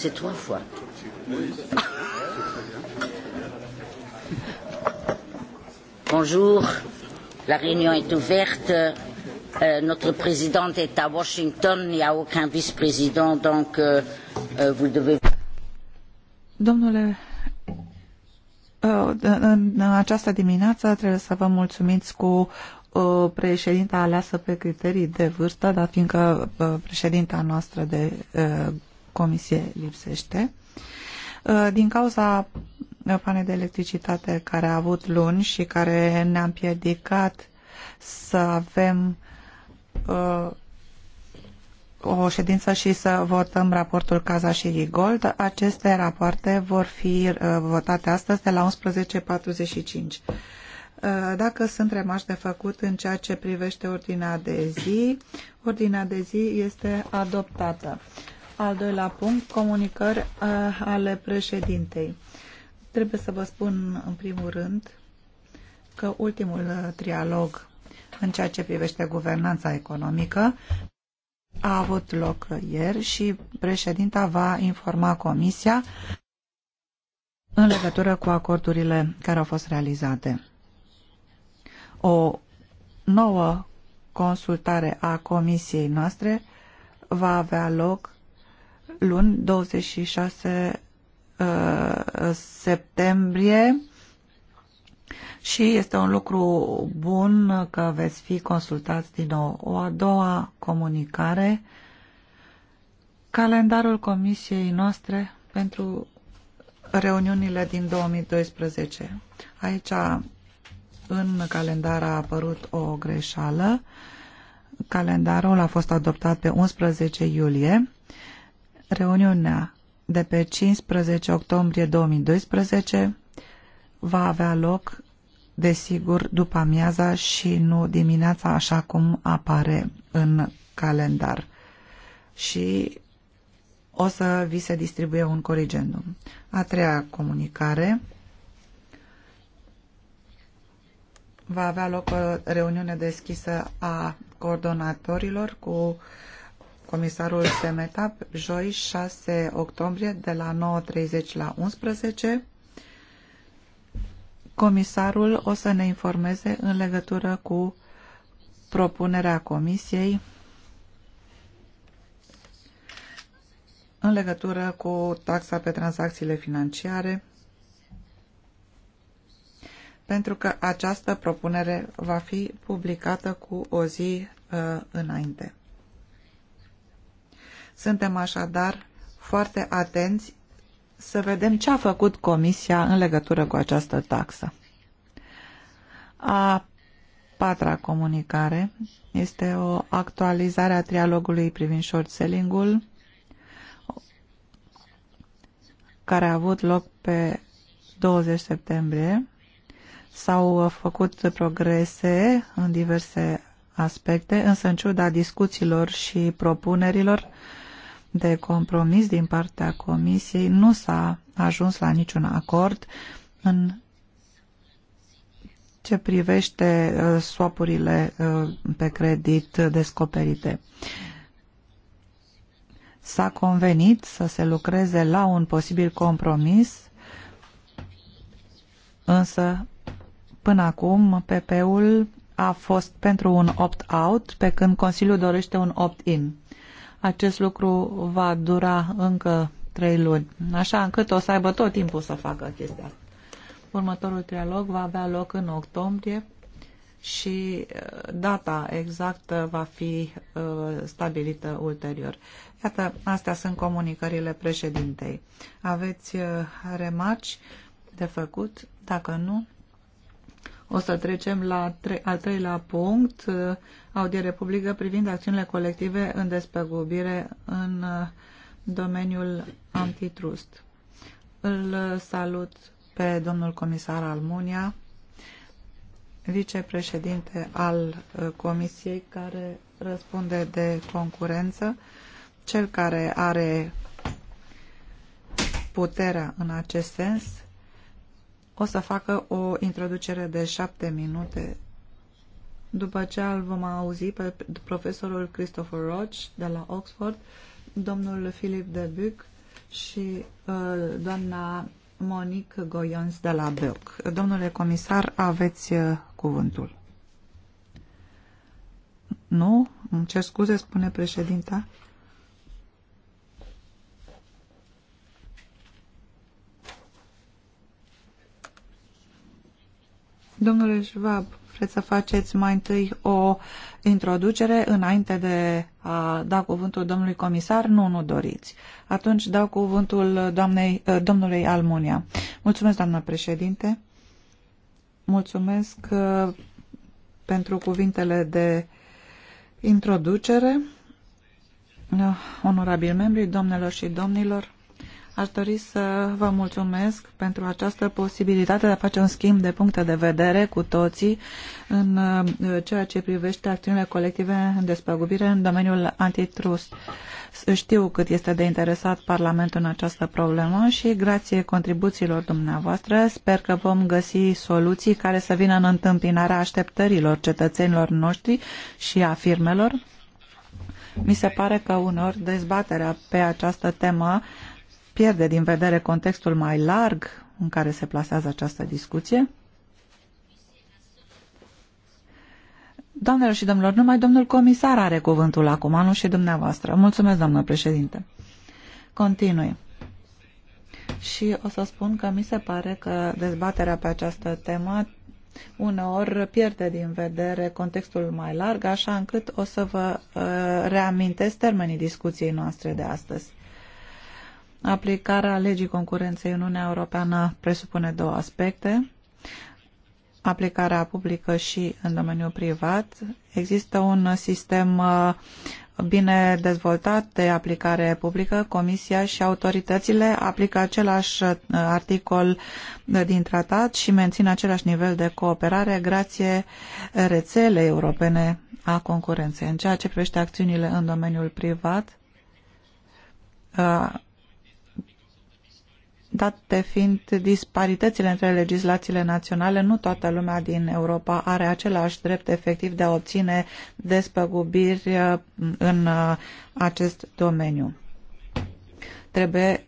C'est trois fois. Bonjour, la réunion est ouverte. Euh, notre présidente est à Washington, il n'y a aucun vice-président, donc euh, euh, vous devez. Domnule, uh, în această dimineață trebuie să vă mulțumiți cu uh, președinta aleasă pe criterii de vârstă, dar fiindcă uh, președinta noastră de comisie lipsește. Uh, din cauza panei de electricitate care a avut luni și care ne-a împiedicat să avem uh, o ședință și să votăm raportul Caza și Rigold. Aceste rapoarte vor fi uh, votate astăzi de la 11.45. Uh, dacă sunt remarci de făcut în ceea ce privește ordinea de zi, ordinea de zi este adoptată. Al doilea punct, comunicări eh, ale președintei. Trebuie să vă spun în primul rând că ultimul eh, trialog în ceea ce privește guvernanța economică a avut loc ieri și președinta va informa Comisia în legătură cu acordurile care au fost realizate. O nouă consultare a Comisiei noastre va avea loc luni, 26 uh, septembrie și este un lucru bun că veți fi consultați din nou. O a doua comunicare, calendarul comisiei noastre pentru reuniunile din 2012. Aici în calendar a apărut o greșeală. Calendarul a fost adoptat pe 11 iulie Reuniunea de pe 15 octombrie 2012 va avea loc, desigur, după amiaza și nu dimineața, așa cum apare în calendar. Și o să vi se distribuie un corigendum. A treia comunicare va avea loc o reuniune deschisă a coordonatorilor cu uh, comisarul Semeta, joi 6 octombrie de la 9.30 la 11. Comisarul o să ne informeze în legătură cu propunerea comisiei în legătură cu taxa pe tranzacțiile financiare pentru că această propunere va fi publicată cu o zi uh, înainte. Suntem așadar foarte atenți să vedem ce a făcut Comisia în legătură cu această taxă. A patra comunicare este o actualizare a trialogului privind short selling-ul care a avut loc pe 20 septembrie. S-au făcut progrese în diverse aspecte, însă în ciuda discuțiilor și propunerilor, de compromis din partea Comisiei, nu s-a ajuns la niciun acord în ce privește uh, swapurile uh, pe credit descoperite. S-a convenit să se lucreze la un posibil compromis, însă până acum PP-ul a fost pentru un opt-out, pe când Consiliul dorește un opt-in. Acest lucru va dura încă trei luni, așa încât o să aibă tot timpul să facă chestia asta. Următorul trialog va avea loc în octombrie și uh, data exactă va fi uh, stabilită ulterior. Iată, astea sunt comunicările președintei. Aveți uh, remarci de făcut? Dacă nu, o să trecem la tre al treilea punct, uh, audiere publică privind acțiunile colective în despăgubire în uh, domeniul antitrust. Îl uh, salut pe domnul comisar Almunia, vicepreședinte al comisiei care răspunde de concurență, cel care are puterea în acest sens o să facă o introducere de șapte minute. După ce îl vom auzi pe profesorul Christopher Roach de la Oxford, domnul Philip de Buc și uh, doamna Monique Goyons de la Beuc. Domnule comisar, aveți uh, cuvântul. Nu? Îmi cer scuze, spune președinta. Domnule Schwab, vreți să faceți mai întâi o introducere înainte de a da cuvântul domnului comisar? Nu, nu doriți. Atunci dau cuvântul doamnei, eh, domnului Almunia. Mulțumesc, doamna președinte. Mulțumesc eh, pentru cuvintele de introducere. Eh, Onorabil membri, domnilor și domnilor, Aș dori să vă mulțumesc pentru această posibilitate de a face un schimb de puncte de vedere cu toții în uh, ceea ce privește acțiunile colective în despăgubire în domeniul antitrust. Știu cât este de interesat Parlamentul în această problemă și grație contribuțiilor dumneavoastră sper că vom găsi soluții care să vină în întâmpinarea așteptărilor cetățenilor noștri și a firmelor. Mi se pare că unor dezbaterea pe această temă pierde din vedere contextul mai larg în care se plasează această discuție. Doamnelor și domnilor, numai domnul comisar are cuvântul acum, nu și dumneavoastră. Mulțumesc, doamnă președinte. Continui. Și o să spun că mi se pare că dezbaterea pe această temă uneori pierde din vedere contextul mai larg, așa încât o să vă uh, reamintesc termenii discuției noastre de astăzi. Aplicarea legii concurenței în Uniunea Europeană presupune două aspecte. Aplicarea publică și în domeniul privat. Există un sistem uh, bine dezvoltat de aplicare publică, Comisia și autoritățile aplică același uh, articol din tratat și mențin același nivel de cooperare grație rețelei europene a concurenței. În ceea ce privește acțiunile în domeniul privat, uh, date fiind disparitățile între legislațiile naționale, nu toată lumea din Europa are același drept efectiv de a obține despăgubiri uh, în uh, acest domeniu. Trebuie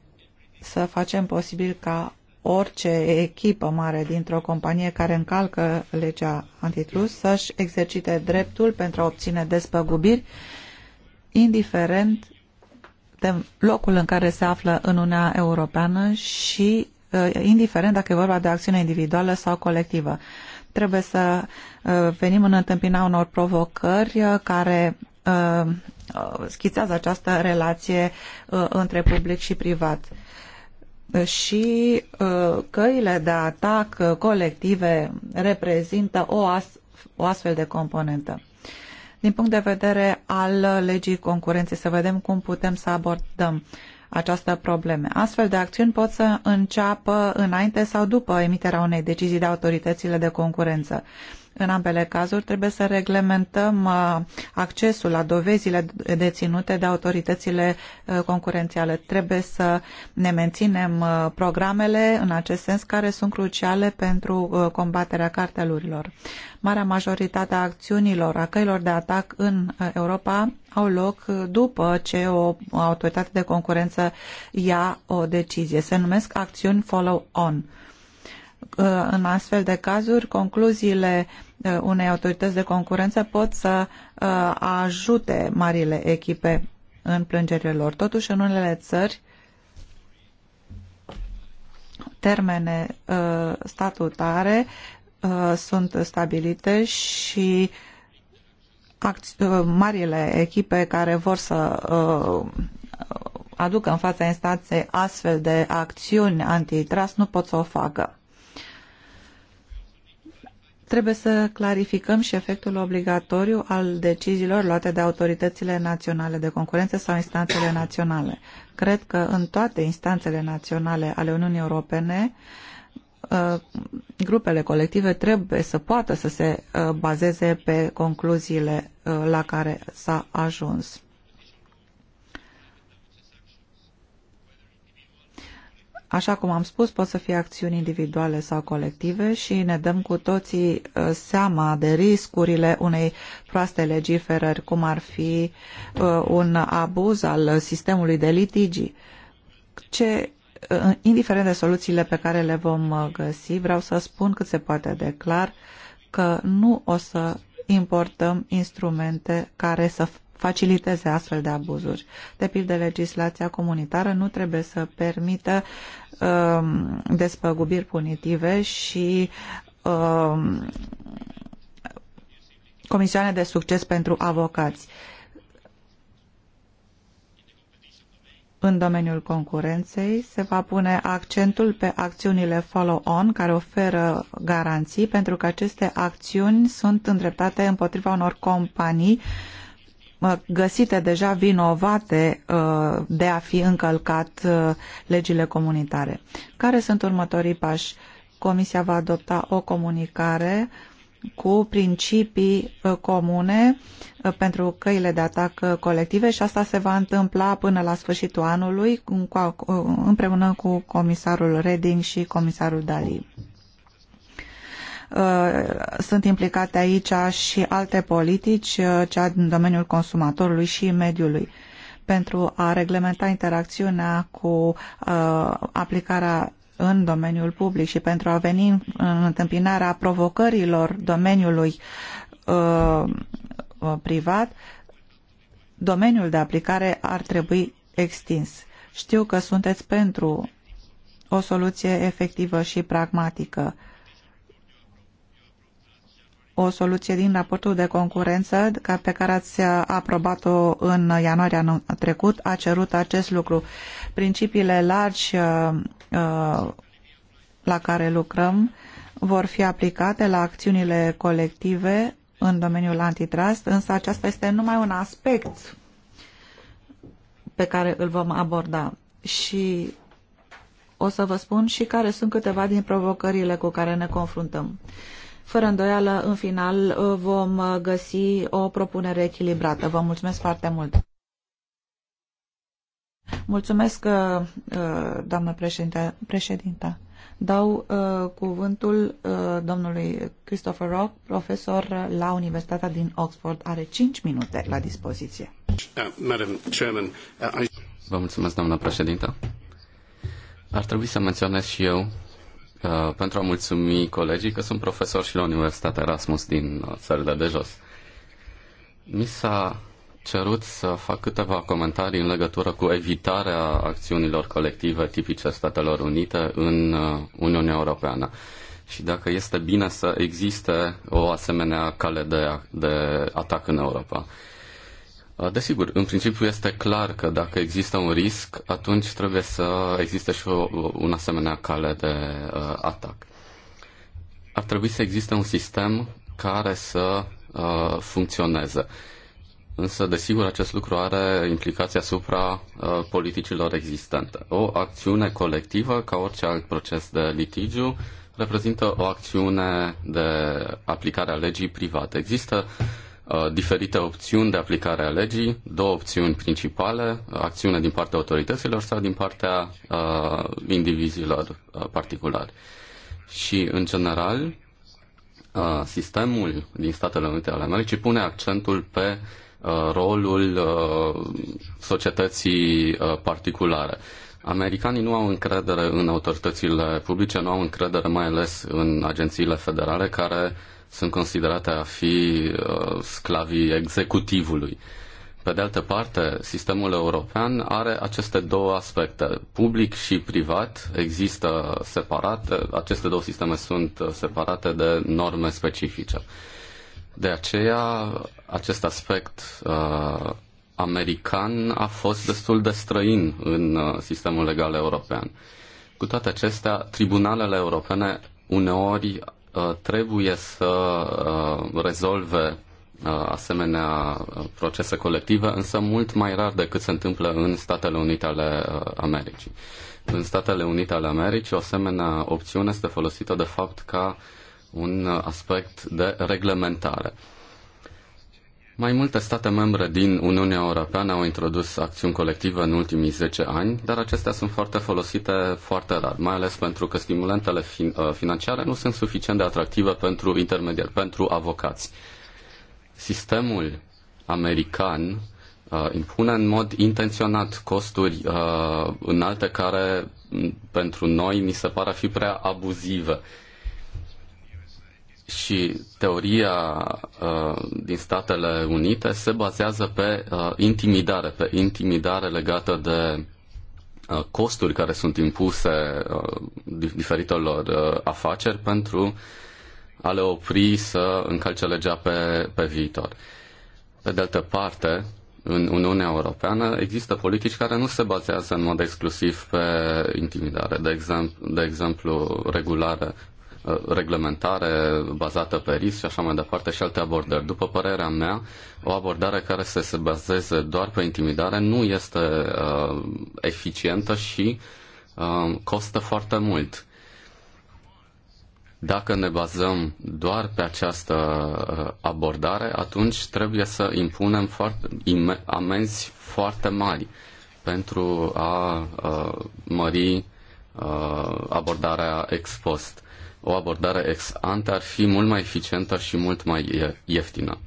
să facem posibil ca orice echipă mare dintr-o companie care încalcă legea antitrust să-și exercite dreptul pentru a obține despăgubiri, indiferent de locul în care se află în Uniunea Europeană și uh, indiferent dacă e vorba de acțiune individuală sau colectivă. Trebuie să uh, venim în întâmpina unor provocări uh, care schițează această relație între public și privat și căile de atac colective reprezintă o, o astfel de componentă din punct de vedere al legii concurenței, să vedem cum putem să abordăm această probleme. Astfel de acțiuni pot să înceapă înainte sau după emiterea unei decizii de autoritățile de concurență. În ambele cazuri trebuie să reglementăm uh, accesul la dovezile deținute de autoritățile uh, concurențiale. Trebuie să ne menținem uh, programele în acest sens care sunt cruciale pentru combaterea cartelurilor. Marea majoritate a acțiunilor, a căilor de atac în Europa au loc după ce o autoritate de concurență ia o decizie. Se numesc acțiuni follow-on Uh, în astfel de cazuri, concluziile uh, unei autorități de concurență pot să uh, ajute marile echipe în plângerile lor. Totuși, în unele țări, termene statutare sunt stabilite și marile echipe care vor să aducă în fața instanței astfel de acțiuni antitrust nu pot să o facă. Trebuie să clarificăm și efectul obligatoriu al deciziilor luate de autoritățile naționale de concurență sau instanțele naționale. Cred că în toate instanțele naționale ale Uniunii Europene uh, grupele colective trebuie să poată să se uh, bazeze pe concluziile uh, la care s-a ajuns. Așa cum am spus, pot să fie acțiuni individuale sau colective și ne dăm cu toții uh, seama de riscurile unei proaste legiferări, cum ar fi uh, un abuz al sistemului de litigi. Ce, uh, indiferent de soluțiile pe care le vom găsi, vreau să spun cât se poate de clar că nu o să importăm instrumente care să faciliteze astfel de abuzuri. De pildă, legislația comunitară nu trebuie să permită um, despăgubiri punitive și um, comisioane de succes pentru avocați. În domeniul concurenței se va pune accentul pe acțiunile follow-on care oferă garanții pentru că aceste acțiuni sunt îndreptate împotriva unor companii uh, găsite deja vinovate uh, de a fi încălcat uh, legile comunitare. Care sunt următorii pași? Comisia va adopta o comunicare cu principii uh, comune pentru căile de atac colective și asta se va întâmpla până la sfârșitul anului împreună cu comisarul Reding și comisarul Dali. Uh, sunt implicate aici și alte politici, uh, cea din domeniul consumatorului și mediului pentru a reglementa interacțiunea cu uh, aplicarea în domeniul public și pentru a veni în întâmpinarea provocărilor domeniului privat, domeniul de aplicare ar trebui extins. Știu că sunteți pentru o soluție efectivă și pragmatică o soluție din raportul de concurență pe care ați aprobat-o în ianuarie anul trecut, a cerut acest lucru. Principiile largi uh, uh, la care lucrăm vor fi aplicate la acțiunile colective în domeniul antitrust, însă aceasta este numai un aspect pe care îl vom aborda. Și o să vă spun și care sunt câteva din provocările cu care ne confruntăm. Fără îndoială, în final, uh, vom uh, găsi o propunere echilibrată. Vă mulțumesc foarte mult! Mulțumesc, uh, doamnă președinte. președinte. Dau uh, cuvântul uh, domnului Christopher Rock, profesor la Universitatea din Oxford. Are 5 minute la dispoziție. Vă mulțumesc, doamnă președinte. Ar trebui să menționez și eu Uh, pentru a mulțumi colegii că sunt profesor și la Universitatea Erasmus din uh, țările de jos. Mi s-a cerut să fac câteva comentarii în legătură cu evitarea acțiunilor colective tipice Statelor Unite în uh, Uniunea Europeană și dacă este bine să existe o asemenea cale de, de atac în Europa. Uh, desigur, în principiu este clar că dacă există un risc, atunci trebuie să existe și o, un asemenea cale de uh, atac. Ar trebui să existe un sistem care să uh, funcționeze. Însă, desigur, acest lucru are implicații asupra uh, politicilor existente. O acțiune colectivă, ca orice alt proces de litigiu, reprezintă o acțiune de aplicare a legii private. Există uh, Uh, diferite opțiuni de aplicare a legii, două opțiuni principale, uh, acțiune din partea autorităților sau din partea uh, indivizilor uh, particulari. Și, în general, uh, sistemul din Statele Unite ale Americii pune accentul pe uh, rolul uh, societății uh, particulare. Americanii nu au încredere în autoritățile publice, nu au încredere mai ales în agențiile federale care uh, sunt considerate a fi uh, sclavii executivului. Pe de altă parte, sistemul european are aceste două aspecte. Public și privat există separat. aceste două sisteme sunt uh, separate de norme specifice. De aceea, acest aspect uh, american a fost destul de străin în uh, sistemul legal european. Cu toate acestea, tribunalele europene uneori Uh, trebuie să uh, rezolve uh, asemenea procese colective, însă mult mai rar decât se întâmplă în Statele Unite ale Americii. În Statele Unite ale Americii, o asemenea opțiune este folosită de fapt ca un aspect de reglementare. Mai multe state membre din Uniunea Europeană au introdus acțiuni colective în ultimii 10 ani, dar acestea sunt foarte folosite foarte rar, mai ales pentru că stimulentele fin- uh, financiare nu sunt suficient de atractive pentru intermediari, pentru avocați. Sistemul american uh, impune în mod intenționat costuri uh, înalte care pentru noi ni se pare a fi prea abuzive. Uh, și teoria uh, din Statele Unite se bazează pe uh, intimidare, pe intimidare legată de uh, costuri care sunt impuse uh, diferitelor uh, afaceri pentru a le opri să încalce legea pe, pe viitor. Pe de altă parte, în Uniunea Europeană există politici care nu se bazează în mod exclusiv pe intimidare. De exemplu, de exemplu regulare, Uh, reglementare bazată pe risc și așa mai departe și alte abordări. După părerea mea, o abordare care să se bazeze doar pe intimidare nu este uh, eficientă și uh, costă foarte mult. Dacă ne bazăm doar pe această uh, abordare, atunci trebuie să impunem foarte, amenzi foarte mari pentru a uh, mări uh, abordarea ex post o abordare ex ante ar fi mult mai eficientă și mult mai ieftină.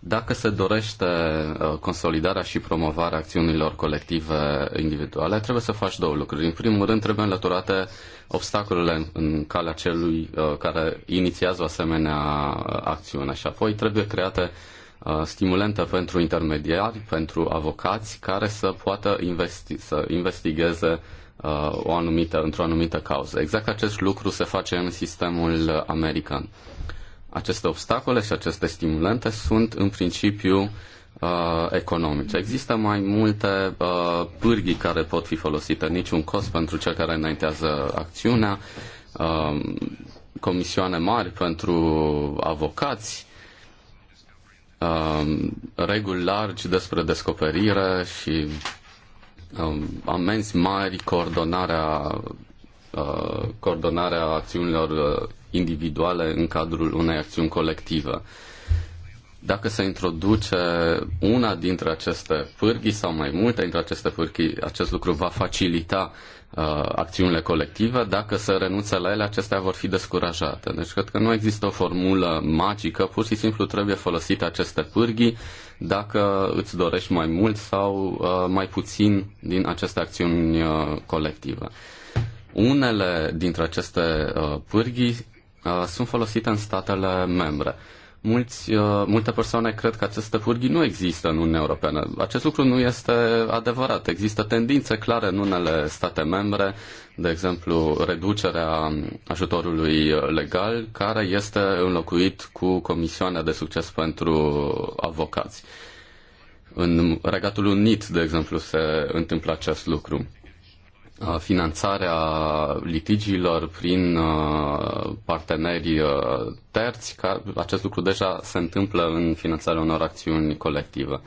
Dacă se dorește uh, consolidarea și promovarea acțiunilor colective individuale, trebuie să faci două lucruri. În primul rând, trebuie înlăturate obstacolele în calea celui uh, care inițiază o asemenea uh, acțiune și apoi trebuie create stimulente pentru intermediari, pentru avocați care să poată investi, să investigheze Uh, o anumită, într-o anumită cauză. Exact acest lucru se face în sistemul american. Aceste obstacole și aceste stimulente sunt în principiu uh, economice. Există mai multe uh, pârghii care pot fi folosite, niciun cost pentru cel care înaintează acțiunea, uh, comisioane mari pentru avocați, uh, reguli largi despre descoperire și Um, amenzi mari, coordonarea, uh, coordonarea acțiunilor uh, individuale în cadrul unei acțiuni colective. Dacă se introduce una dintre aceste pârghii sau mai multe dintre aceste pârghii, acest lucru va facilita uh, Uh, acțiunile colective, dacă se renunță la ele, acestea vor fi descurajate. Deci cred că nu există o formulă magică, pur și simplu trebuie folosite aceste pârghii dacă îți dorești mai mult sau uh, mai puțin din aceste acțiuni uh, colective. Unele dintre aceste pârghii sunt folosite în statele membre mulți, uh, multe persoane cred că aceste pârghii nu există în Uniunea Europeană. Acest lucru nu este adevărat. Există tendințe clare în unele state membre, de exemplu reducerea ajutorului legal, care este înlocuit cu comisioane de succes pentru avocați. În Regatul Unit, de exemplu, se întâmplă acest lucru. Uh, finanțarea litigiilor prin uh, parteneri uh, terți, că acest lucru deja se întâmplă în finanțarea unor acțiuni colective.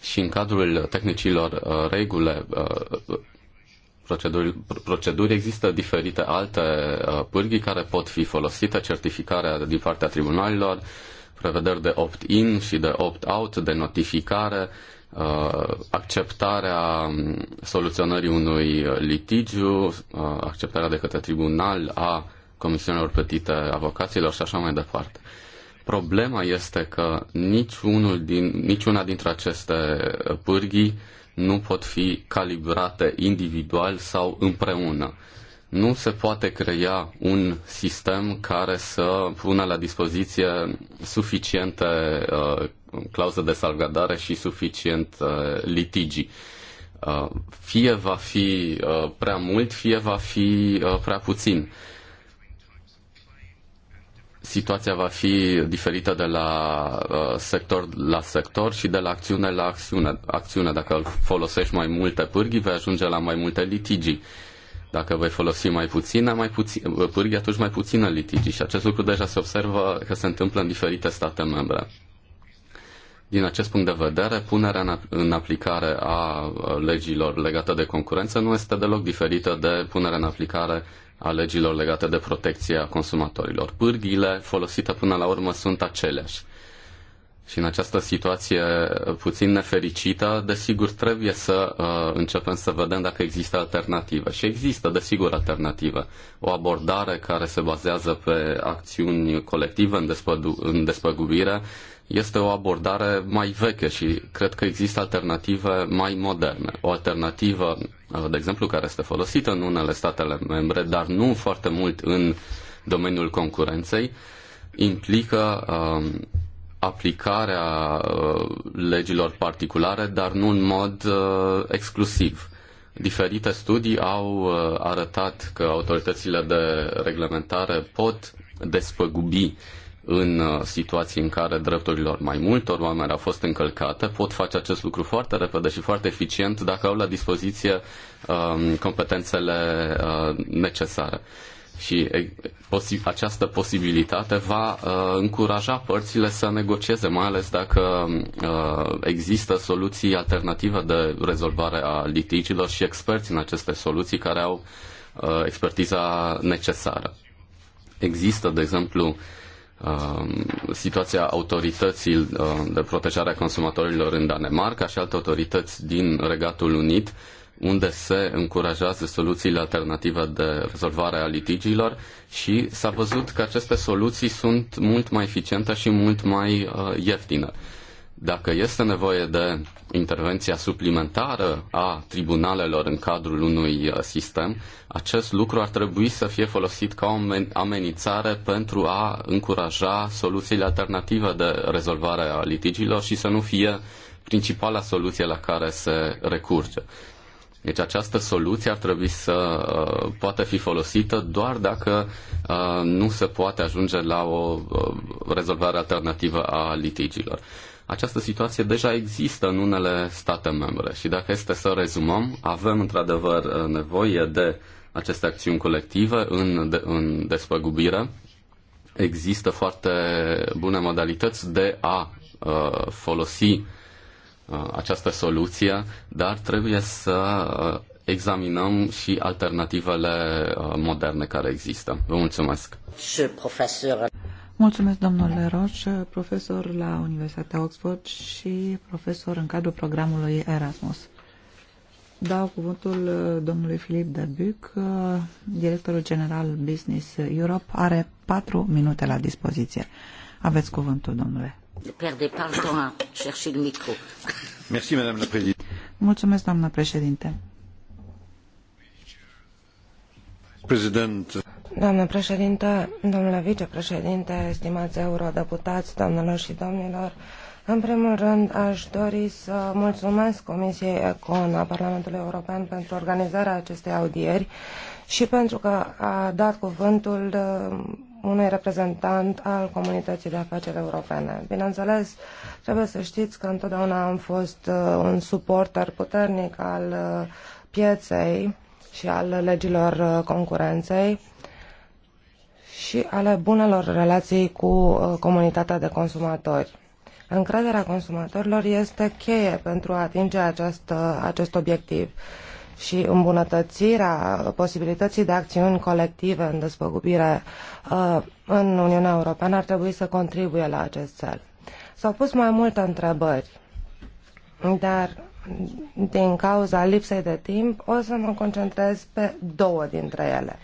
Și în cadrul tehnicilor regule, proceduri, proceduri există diferite alte pârghii care pot fi folosite, certificarea din partea tribunalilor, prevederi de opt-in și de opt-out, de notificare, Uh, acceptarea soluționării unui litigiu, uh, acceptarea de către tribunal a comisiunilor plătite avocaților și așa mai departe. Problema este că niciunul din, niciuna dintre aceste pârghii nu pot fi calibrate individual sau împreună. Nu se poate crea un sistem care să pună la dispoziție suficiente uh, clauze de salvgardare și suficient uh, litigii. Uh, fie va fi uh, prea mult, fie va fi prea puțin situația va fi diferită de la sector la sector și de la acțiune la acțiune. acțiune. Dacă folosești mai multe pârghii, vei ajunge la mai multe litigii. Dacă vei folosi mai puține mai puțin, pârghii, atunci mai puține litigii. Și acest lucru deja se observă că se întâmplă în diferite state membre. Din acest punct de vedere, punerea în aplicare a legilor legate de concurență nu este deloc diferită de punerea în aplicare a legilor legate de protecția consumatorilor. Pârghile folosite până la urmă sunt aceleași. Și în această situație uh, puțin nefericită, desigur, trebuie să uh, începem să vedem dacă există alternative. Și există, desigur, alternative. O abordare care se bazează pe acțiuni colective în, despădu- în despăgubire, uh, este o abordare mai veche și cred că există alternative mai moderne. O alternativă, uh, de exemplu, care este folosită în unele statele membre, dar nu foarte mult în domeniul concurenței, implică um, aplicarea uh, legilor particulare, dar nu în mod uh, exclusiv. Diferite studii au uh, arătat că autoritățile de reglementare pot despăgubi uh, în uh, situații în care drepturilor mai multor oameni au fost încălcate, pot face acest lucru foarte repede și foarte eficient dacă au la dispoziție um, competențele uh, necesare. Și posi- această posibilitate va uh, încuraja părțile să negocieze, mai ales dacă uh, există soluții alternative de rezolvare a litigilor și experți în aceste soluții care au uh, expertiza necesară. Există, de exemplu, uh, Um, situația autorității uh, de protejare a consumatorilor în Danemarca și alte autorități din Regatul Unit, unde se încurajează soluțiile alternative de rezolvare a litigiilor și s-a văzut că aceste soluții sunt mult mai eficiente și mult mai uh, ieftine dacă este nevoie de intervenția suplimentară a tribunalelor în cadrul unui uh, sistem, acest lucru ar trebui să fie folosit ca o amenințare pentru a încuraja soluțiile alternative de rezolvare a litigiilor și să nu fie principala soluție la care se recurge. Deci această soluție ar trebui să uh, poată fi folosită doar dacă uh, nu se poate ajunge la o uh, rezolvare alternativă a litigiilor. Această situație deja există în unele state membre și dacă este să rezumăm, avem într-adevăr uh, nevoie de aceste acțiuni colective în, de, în despăgubire. Există foarte bune modalități de a uh, folosi uh, această soluție, dar trebuie să uh, examinăm și alternativele uh, moderne care există. Vă mulțumesc! Profesor. Mulțumesc, domnule Roș, profesor la Universitatea Oxford și profesor în cadrul programului Erasmus. Dau cuvântul uh, domnului Filip Debuc, uh, directorul general Business Europe, are patru minute la dispoziție. Aveți cuvântul, domnule. Perde micro. Mulțumesc, doamnă președinte. President. Doamnă președinte, domnule vicepreședinte, stimați eurodeputați, doamnelor și domnilor, în primul rând aș dori să mulțumesc Comisiei ECON a Parlamentului European pentru organizarea acestei audieri și pentru că a dat cuvântul uh, unui reprezentant al comunității de afaceri europene. Bineînțeles, trebuie să știți că întotdeauna am fost uh, un suporter puternic al uh, pieței și al legilor concurenței și ale bunelor relații cu uh, comunitatea de consumatori. Încrederea consumatorilor este cheie pentru a atinge acest, uh, acest obiectiv și îmbunătățirea posibilității de acțiuni colective în despăgubire uh, în Uniunea Europeană ar trebui să contribuie la acest cel. S-au pus mai multe întrebări, dar din cauza lipsei de timp o să mă concentrez pe două dintre ele.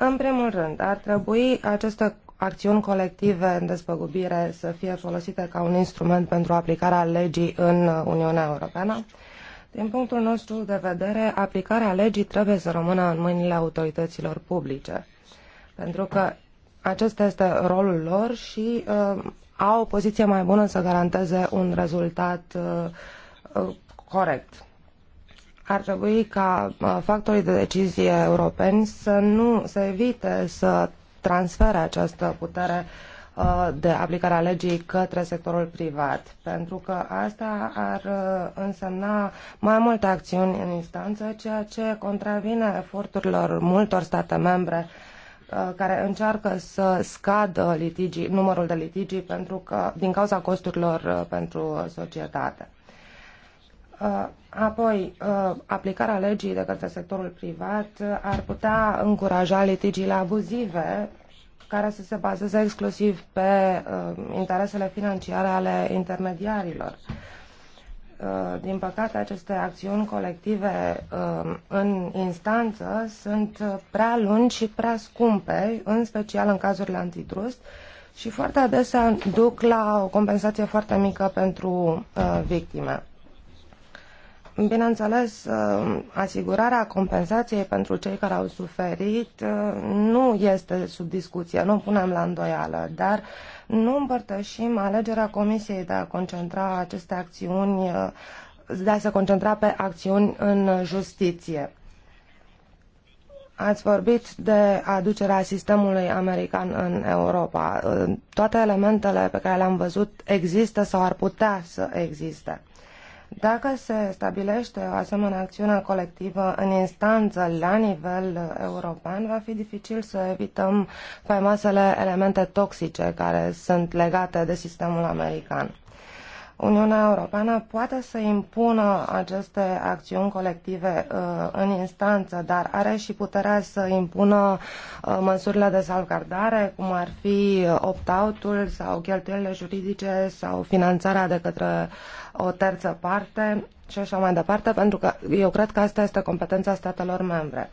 În primul rând, ar trebui aceste acțiuni colective în despăgubire să fie folosite ca un instrument pentru aplicarea legii în Uniunea Europeană. Din punctul nostru de vedere, aplicarea legii trebuie să rămână în mâinile autorităților publice, pentru că acesta este rolul lor și uh, au o poziție mai bună să garanteze un rezultat uh, uh corect ar trebui ca uh, factorii de decizie europeni să nu să evite să transfere această putere uh, de aplicare a legii către sectorul privat, pentru că asta ar uh, însemna mai multe acțiuni în instanță, ceea ce contravine eforturilor multor state membre care încearcă să scadă litigii, numărul de litigii pentru că, din cauza costurilor pentru societate Apoi, uh, aplicarea legii de către sectorul privat ar putea încuraja litigiile abuzive care să se bazeze exclusiv pe uh, interesele financiare ale intermediarilor. Uh, din păcate, aceste acțiuni colective în instanță sunt prea lungi și prea scumpe, în special în cazurile antitrust, și foarte adesea duc la o compensație foarte mică pentru victime. Bineînțeles, uh, asigurarea compensației pentru cei care au suferit uh, nu este sub discuție, nu o punem la îndoială, dar nu împărtășim alegerea Comisiei de a concentra aceste acțiuni, uh, de a se concentra pe acțiuni în justiție. Ați vorbit de aducerea sistemului american în Europa. Toate elementele pe care le-am văzut există sau ar putea să existe. Dacă se stabilește o asemenea acțiune colectivă în instanță la nivel european, va fi dificil să evităm faimoasele elemente toxice care sunt legate de sistemul american. Uniunea Europeană poate să impună aceste acțiuni colective uh, în instanță, dar are și puterea să impună uh, măsurile de salvgardare, cum ar fi uh, opt-out-ul sau cheltuielile juridice sau finanțarea de către o terță parte și așa mai departe, pentru că eu cred că asta este competența statelor membre.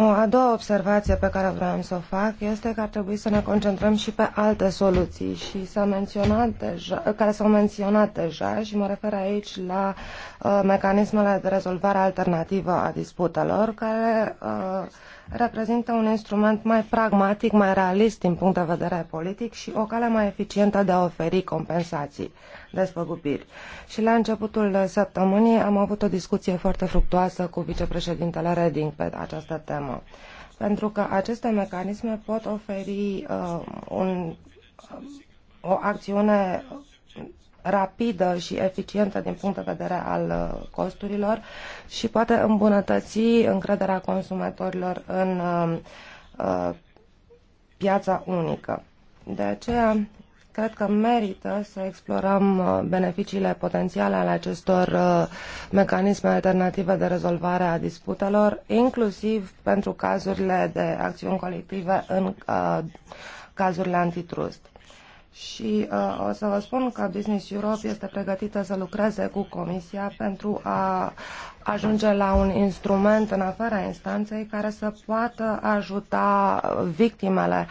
O a doua observație pe care vreau să o fac este că ar trebui să ne concentrăm și pe alte soluții și s-a menționat deja, care s-au menționat deja și mă refer aici la uh, mecanismele de rezolvare alternativă a disputelor care uh, reprezintă un instrument mai pragmatic, mai realist din punct de vedere politic și o cale mai eficientă de a oferi compensații, despăgubiri. Și la începutul săptămânii am avut o discuție foarte fructuoasă cu vicepreședintele Reding pe această temă. Pentru că aceste mecanisme pot oferi uh, un, o acțiune rapidă și eficientă din punct de vedere al uh, costurilor și poate îmbunătăți încrederea consumatorilor în uh, uh, piața unică. De aceea, cred că merită să explorăm beneficiile potențiale ale acestor mecanisme alternative de rezolvare a disputelor, inclusiv pentru cazurile de acțiuni colective în cazurile antitrust și uh, o să vă spun că Business Europe este pregătită să lucreze cu Comisia pentru a ajunge la un instrument în afara instanței care să poată ajuta victimele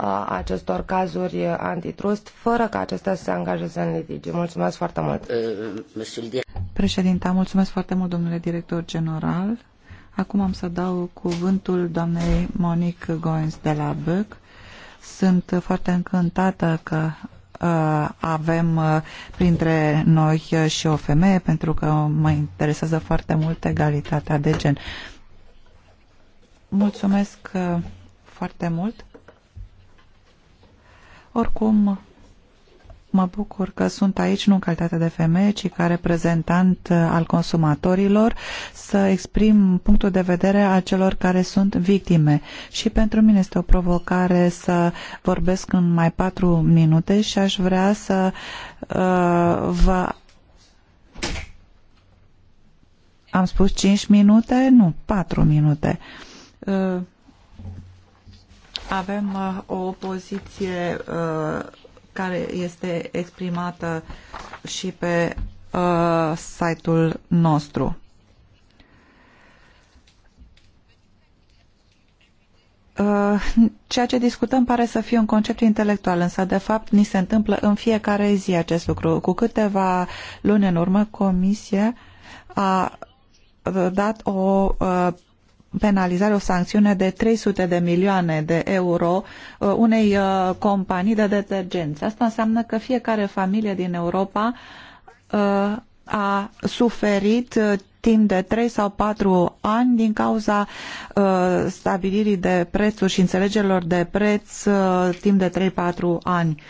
uh, acestor cazuri antitrust fără ca acestea să se angajeze în litigi. Mulțumesc foarte mult! Uh, Președinta, mulțumesc foarte mult, domnule director general. Acum am să dau cuvântul doamnei Monique Goins de la BEC sunt foarte încântată că uh, avem uh, printre noi și o femeie, pentru că mă interesează foarte mult egalitatea de gen. Mulțumesc uh, foarte mult. Oricum, Mă bucur că sunt aici nu în calitate de femeie, ci ca reprezentant uh, al consumatorilor să exprim punctul de vedere al celor care sunt victime. Și pentru mine este o provocare să vorbesc în mai patru minute și aș vrea să uh, vă am spus 5 minute? Nu, 4 minute. Uh, avem uh, o poziție care este exprimată și pe uh, site-ul nostru. Uh, ceea ce discutăm pare să fie un concept intelectual, însă de fapt ni se întâmplă în fiecare zi acest lucru. Cu câteva luni în urmă, Comisia a dat o uh, penalizare, o sancțiune de 300 de milioane de euro uh, unei uh, companii de detergenți. Asta înseamnă că fiecare familie din Europa uh, a suferit timp de trei sau patru ani din cauza stabilirii de prețuri și înțelegerilor de preț timp de trei patru ani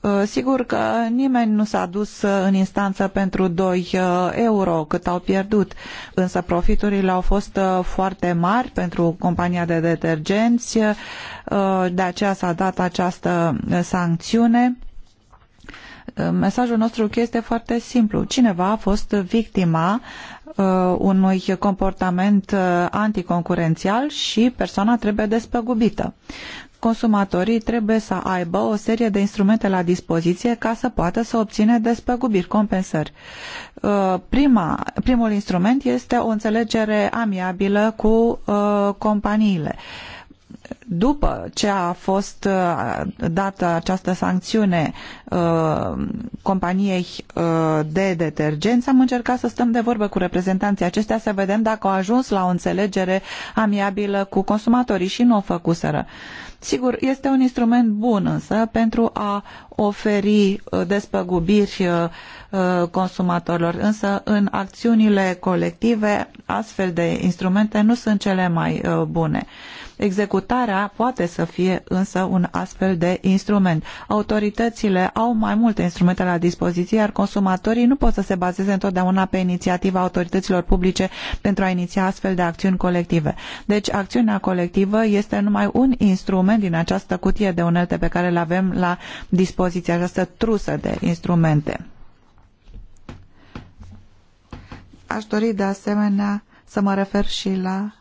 Uh, sigur că nimeni nu s-a dus uh, în instanță pentru 2 uh, euro cât au pierdut, însă profiturile au fost foarte mari pentru compania de detergenți, de aceea s-a dat această sancțiune. Mesajul nostru este foarte simplu. Cineva a fost victima unui comportament anticoncurențial și persoana trebuie despăgubită consumatorii trebuie să aibă o serie de instrumente la dispoziție ca să poată să obține despăgubiri, compensări. Uh, prima, primul instrument este o înțelegere amiabilă cu uh, companiile după ce a fost uh, dată această sancțiune companiei de detergenți, am încercat să stăm de vorbă cu reprezentanții acestea să vedem dacă au ajuns la o înțelegere amiabilă cu consumatorii și nu o făcuseră. Sigur, este un instrument bun însă pentru a oferi uh, despăgubiri uh, uh, consumatorilor, însă în acțiunile colective astfel de instrumente nu sunt cele mai bune. Executarea poate să fie însă un astfel de instrument. Autoritățile au mai multe instrumente la dispoziție, iar consumatorii nu pot să se bazeze întotdeauna pe inițiativa autorităților publice pentru a iniția astfel de acțiuni colective. Deci acțiunea colectivă este numai un instrument din această cutie de unelte pe care le avem la dispoziție, această trusă de instrumente. Aș dori de asemenea să mă refer și la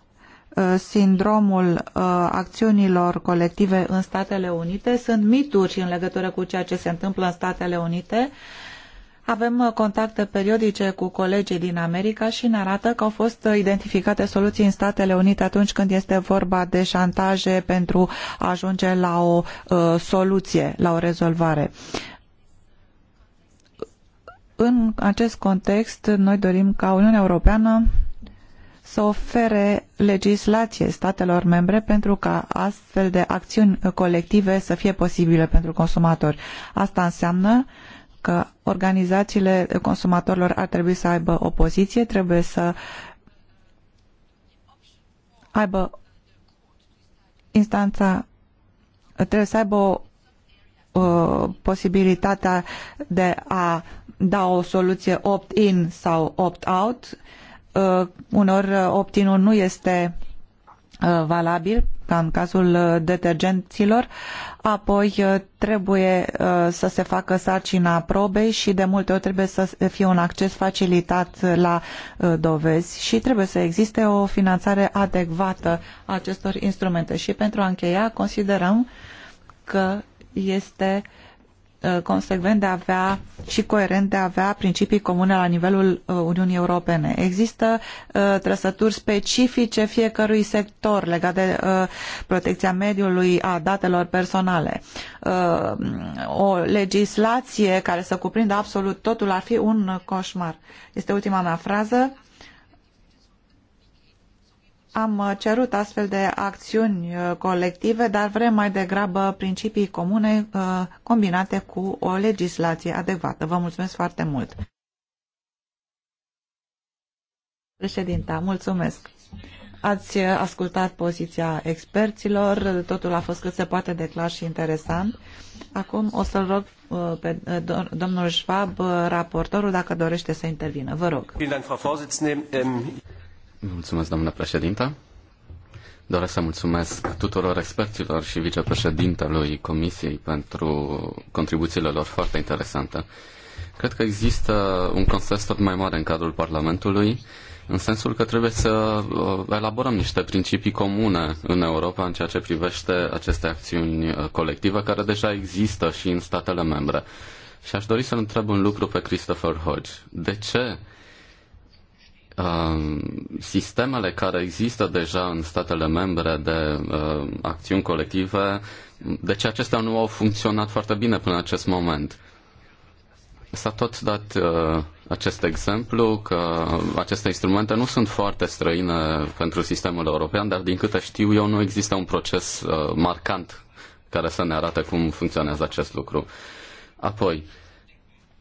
Uh, sindromul uh, acțiunilor colective în Statele Unite. Sunt mituri în legătură cu ceea ce se întâmplă în Statele Unite. Avem uh, contacte periodice cu colegii din America și ne arată că au fost identificate soluții în Statele Unite atunci când este vorba de șantaje pentru a ajunge la o soluție, la o rezolvare. În acest context, noi dorim ca Uniunea Europeană să ofere legislație statelor membre pentru ca astfel de acțiuni colective să fie posibile pentru consumatori. Asta înseamnă că organizațiile consumatorilor ar trebui să aibă o poziție, trebuie să aibă instanța, trebuie să aibă o, uh, o posibilitatea de a da o soluție opt-in sau opt-out Uh, unor uh, optinuri nu este uh, valabil, ca în cazul detergenților, apoi trebuie să se facă sarcina probei și de multe ori trebuie să fie un acces facilitat la dovezi și trebuie să existe o finanțare adecvată a acestor instrumente. Și pentru a încheia, considerăm că este uh, Uh, consecvent de a avea și coerent de a avea principii comune la nivelul uh, Uniunii Europene. Există uh, trăsături specifice fiecărui sector legate de protecția mediului, a datelor personale. O legislație care să cuprindă absolut totul ar fi un coșmar. Este ultima mea frază am uh, cerut astfel de acțiuni uh, colective, dar vrem mai degrabă principii comune uh, combinate cu o legislație adecvată. Vă mulțumesc foarte mult! Președinta, mulțumesc! Ați ascultat poziția experților, totul a fost cât se poate de clar și interesant. Acum o să-l rog pe domnul Schwab, raportorul, dacă dorește să intervină. Vă rog. Mulțumesc, domnule președinte. Doresc să mulțumesc tuturor experților și vicepreședintelui Comisiei pentru contribuțiile lor foarte interesante. Cred că există un consens tot mai mare în cadrul Parlamentului, în sensul că trebuie să uh, elaborăm niște principii comune în Europa în ceea ce privește aceste acțiuni uh, colective, care deja există și în statele membre. Și aș dori să-l întreb un lucru pe Christopher Hodge. De ce Um, sistemele care există deja în statele membre de uh, acțiuni colective, deci acestea nu au funcționat foarte bine până în acest moment. S-a tot dat uh, acest exemplu că aceste instrumente nu sunt foarte străine pentru sistemul european, dar din câte știu eu nu există un proces uh, marcant care să ne arate cum funcționează acest lucru. Apoi,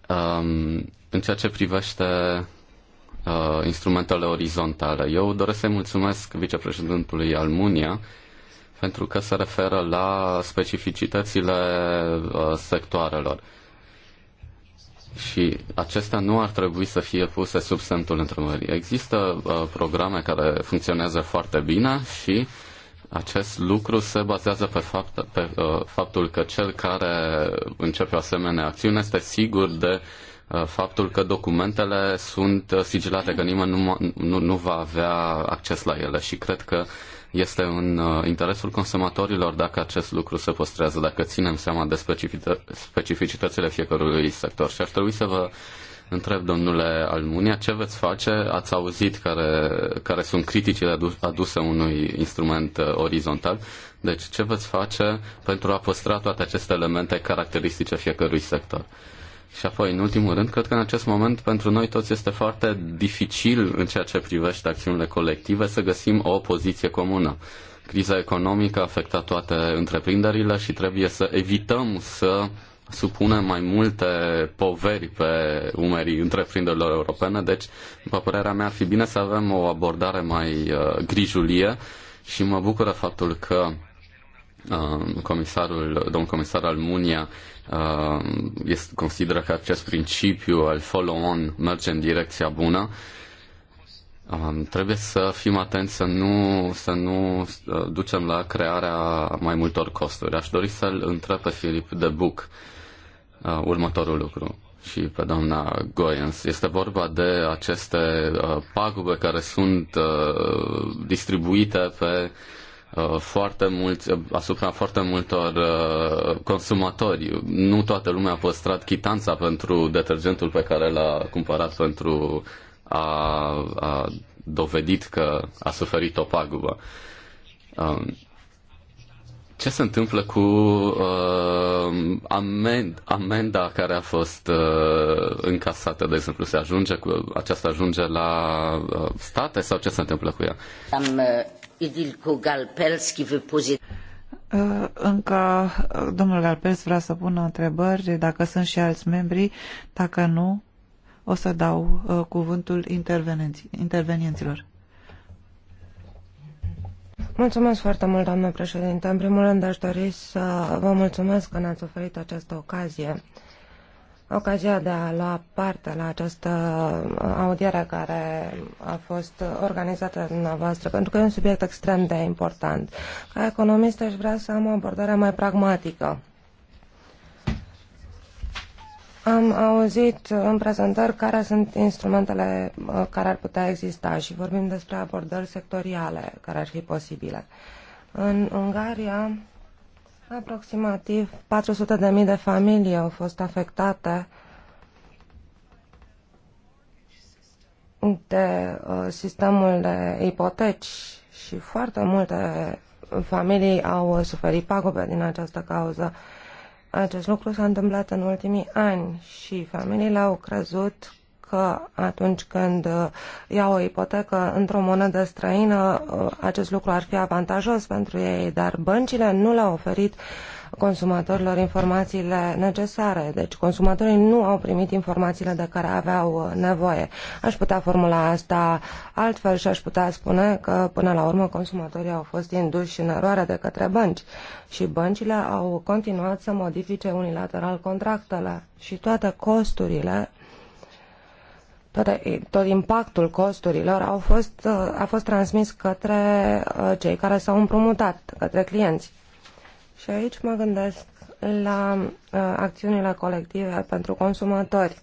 um, în ceea ce privește uh, instrumentele orizontale. Eu doresc să-i mulțumesc vicepreședintului Almunia pentru că se referă la specificitățile uh, sectoarelor. Și acestea nu ar trebui să fie puse sub semnul întrebării. Există uh, programe care funcționează foarte bine și acest lucru se bazează pe, fapt, pe uh, faptul că cel care începe o asemenea acțiune este sigur de uh, Uh, faptul că documentele sunt uh, sigilate, că nimeni nu, nu, nu va avea acces la ele și cred că este în uh, interesul consumatorilor dacă acest lucru se păstrează, dacă ținem seama de specificitățile fiecărui sector. Și ar trebui să vă întreb, domnule Almunia, ce veți face? Ați auzit care, care sunt criticile aduse unui instrument orizontal. Deci, ce veți face pentru a păstra toate aceste elemente caracteristice fiecărui sector? Și apoi, în ultimul rând, cred că în acest moment pentru noi toți este foarte dificil în ceea ce privește acțiunile colective să găsim o poziție comună. Criza economică a afectat toate întreprinderile și trebuie să evităm să supunem mai multe poveri pe umerii întreprinderilor europene, deci, după părerea mea, ar fi bine să avem o abordare mai uh, grijulie și mă bucură faptul că Uh, comisarul, domnul comisar Almunia uh, este, consideră că acest principiu al follow-on merge în direcția bună. Uh, trebuie să fim atenți să nu, să nu ducem la crearea mai multor costuri. Aș dori să-l întreb pe Filip de Buc următorul lucru și pe doamna Goyens. Este vorba de aceste pagube care sunt distribuite pe Uh, foarte mulți, uh, asupra foarte multor uh, consumatori. Nu toată lumea a păstrat chitanța pentru detergentul pe care l-a cumpărat pentru a, a dovedit că a suferit o pagubă. Um, ce se întâmplă cu uh, amend, amenda care a fost uh, încasată, de exemplu? Se ajunge cu, aceasta ajunge la uh, state sau ce se întâmplă cu ea? Am uh Idilcu Galpelski wypozi... Uh, încă uh, domnul Galpels vrea să pună întrebări, dacă sunt și alți membri, dacă nu, o să dau uh, cuvântul intervenienților. Mulțumesc foarte mult, doamnă președinte. În primul rând, aș dori să vă mulțumesc că ne-ați oferit această ocazie. Uh, ocazia de a lua parte la această uh, audiere care a fost organizată de dumneavoastră, pentru că e un subiect extrem de important. Ca economist aș vrea să am o abordare mai pragmatică. Am auzit în prezentări care sunt instrumentele uh, care ar putea exista și vorbim despre abordări sectoriale care ar fi posibile. În Ungaria, Aproximativ 400.000 de familii au fost afectate de uh, sistemul de ipoteci și foarte multe familii au uh, suferit pagube din această cauză. Acest lucru s-a întâmplat în ultimii ani și familiile au crezut că atunci când uh, iau o ipotecă într-o monedă străină, uh, acest lucru ar fi avantajos pentru ei, dar băncile nu le-au oferit consumatorilor informațiile necesare. Deci consumatorii nu au primit informațiile de care aveau uh, nevoie. Aș putea formula asta altfel și aș putea spune că până la urmă consumatorii au fost induși în eroare de către bănci și băncile au continuat să modifice unilateral contractele și toate costurile tot impactul costurilor au fost, a fost transmis către uh, cei care s-au împrumutat, către clienți. Și aici mă gândesc la uh, acțiunile colective pentru consumatori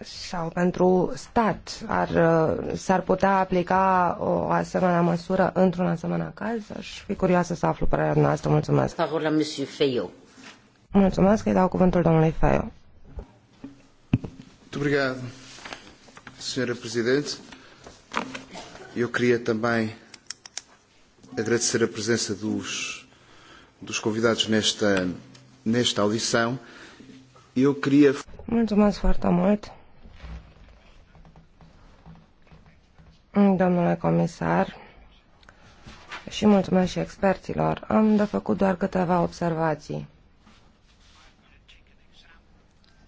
sau pentru stat. Ar, uh, s-ar putea aplica o asemenea măsură într-un asemenea caz? Aș fi curioasă să aflu părerea noastră. Mulțumesc. Mulțumesc, îi dau cuvântul domnului Feio. Muito obrigado, Senhora Presidente. Eu queria também agradecer a presença dos, dos convidados nesta, nesta audição. Eu queria... Muito Mulțumesc foarte mult. Domnule comisar, și mulțumesc și experților. Am de făcut doar câteva observații.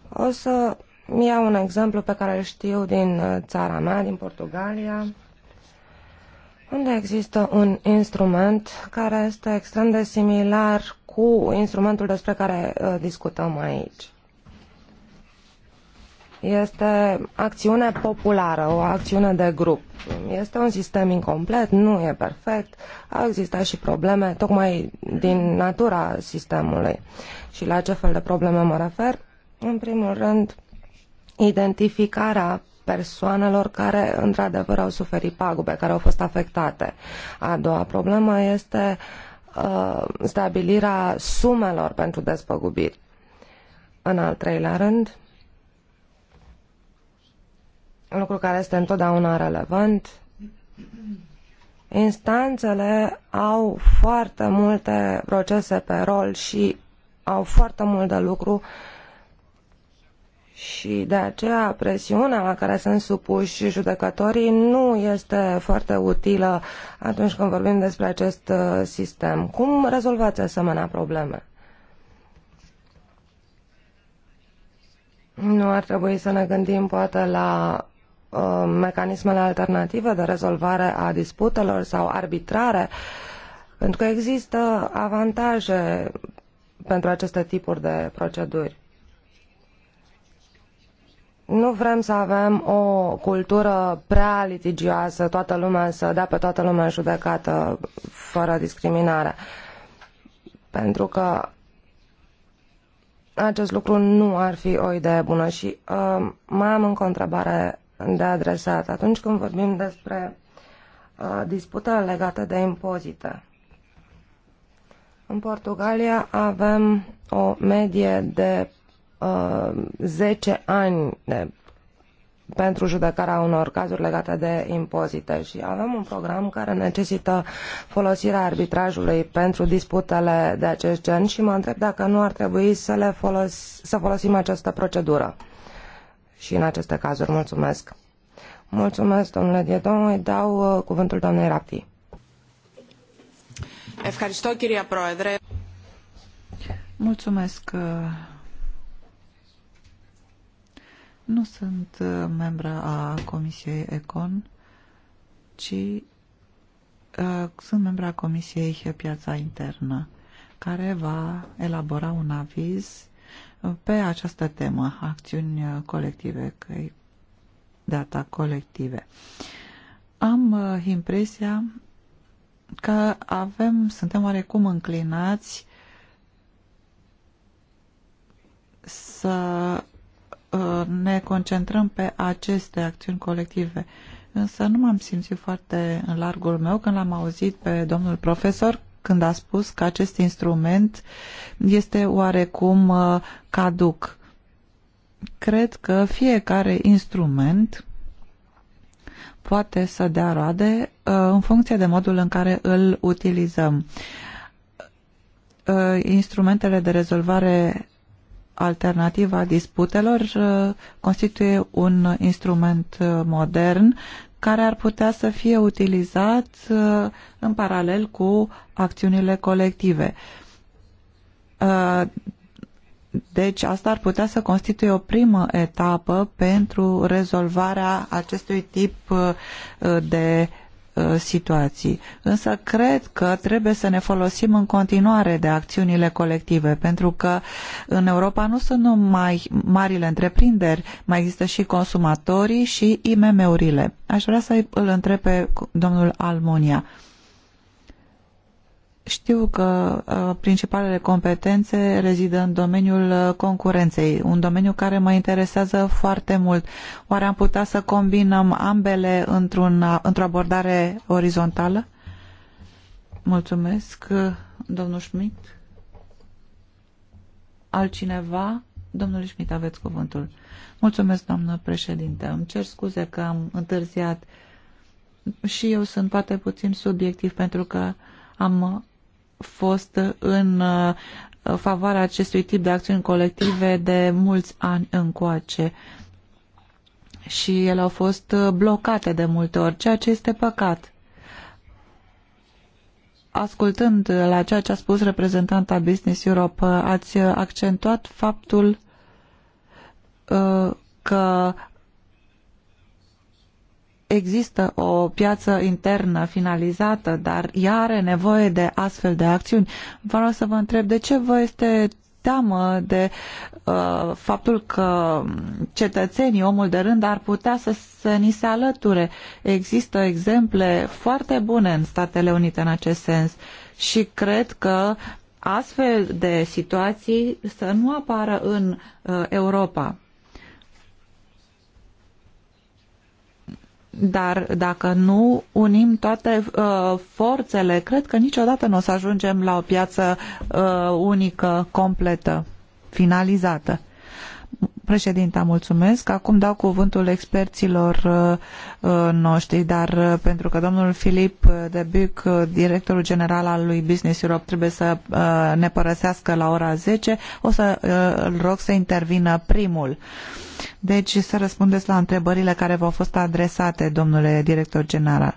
O să Iau un exemplu pe care îl știu din uh, țara mea, din Portugalia, unde există un instrument care este extrem de similar cu instrumentul despre care uh, discutăm aici. Este acțiune populară, o acțiune de grup. Este un sistem incomplet, nu e perfect, au existat și probleme tocmai din natura sistemului. Și la ce fel de probleme mă refer? În primul rând, identificarea persoanelor care într-adevăr au suferit pagube, care au fost afectate. A doua problemă este uh, stabilirea sumelor pentru despăgubiri. În al treilea rând, lucru care este întotdeauna relevant, instanțele au foarte multe procese pe rol și au foarte mult de lucru uh, și de aceea presiunea la care sunt supuși judecătorii nu este foarte utilă atunci când vorbim despre acest uh, sistem. Cum rezolvați asemenea probleme? Nu ar trebui să ne gândim poate la uh, mecanismele alternative de rezolvare a disputelor sau arbitrare, pentru că există avantaje pentru aceste tipuri de proceduri. Nu vrem să avem o cultură prea litigioasă, toată lumea să dea pe toată lumea în judecată fără discriminare. Pentru că acest lucru nu ar fi o idee bună și uh, mai am încă o întrebare de adresat. Atunci când vorbim despre uh, dispute legată de impozite, în Portugalia avem o medie de 10 uh, ani de, pentru judecarea unor cazuri legate de impozite și avem un program care necesită folosirea arbitrajului pentru disputele de acest gen și mă întreb dacă nu ar trebui să, le folos- să folosim această procedură. Și în aceste cazuri mulțumesc. Mulțumesc, domnule Diedon. Îi dau uh, cuvântul doamnei Rapti. Mulțumesc, uh, nu sunt uh, membra a Comisiei Econ, ci uh, sunt membra a Comisiei Piața Internă, care va elabora un aviz uh, pe această temă, acțiuni uh, colective, că de data colective. Am uh, impresia că avem, suntem oarecum înclinați să ne concentrăm pe aceste acțiuni colective. Însă nu m-am simțit foarte în largul meu când l-am auzit pe domnul profesor când a spus că acest instrument este oarecum uh, caduc. Cred că fiecare instrument poate să dea roade uh, în funcție de modul în care îl utilizăm. Uh, instrumentele de rezolvare alternativa disputelor uh, constituie un instrument uh, modern care ar putea să fie utilizat uh, în paralel cu acțiunile colective. Deci asta ar putea să constituie o primă etapă pentru rezolvarea acestui tip de Uh, situații. Însă cred că trebuie să ne folosim în continuare de acțiunile colective, pentru că în Europa nu sunt numai marile întreprinderi, mai există și consumatorii și IMM-urile. Aș vrea să îl întreb pe domnul Almonia. Uh, știu că uh, principalele competențe rezidă în domeniul uh, concurenței, un domeniu care mă interesează foarte mult. Oare am putea să combinăm ambele într-un, uh, într abordare orizontală? Mulțumesc, domnul Schmidt. Altcineva? Domnul Schmidt, aveți cuvântul. Mulțumesc, doamnă președinte. Îmi cer scuze că am întârziat. Și eu sunt poate puțin subiectiv pentru că am fost în uh, favoarea acestui tip de acțiuni colective de mulți ani încoace și ele au fost blocate de multe ori, ceea ce este păcat. Ascultând la ceea ce a spus reprezentanta Business Europe, ați accentuat faptul uh, că există o piață internă finalizată, dar ea are nevoie de astfel de acțiuni. Vreau să vă întreb de ce vă este teamă de uh, faptul că cetățenii, omul de rând, ar putea să, să ni se alăture. Există exemple foarte bune în Statele Unite în acest sens și cred că astfel de situații să nu apară în uh, Europa. Dar dacă nu unim toate uh, forțele, cred că niciodată nu o să ajungem la o piață uh, unică, completă, finalizată. Președinta, mulțumesc. Acum dau cuvântul experților uh, uh, noștri, dar uh, pentru că domnul Filip de Buc, directorul general al lui Business Europe, trebuie să ne părăsească la ora zece, o să îl rog să intervină primul. Deci să răspundeți la întrebările care v-au fost adresate, domnule director general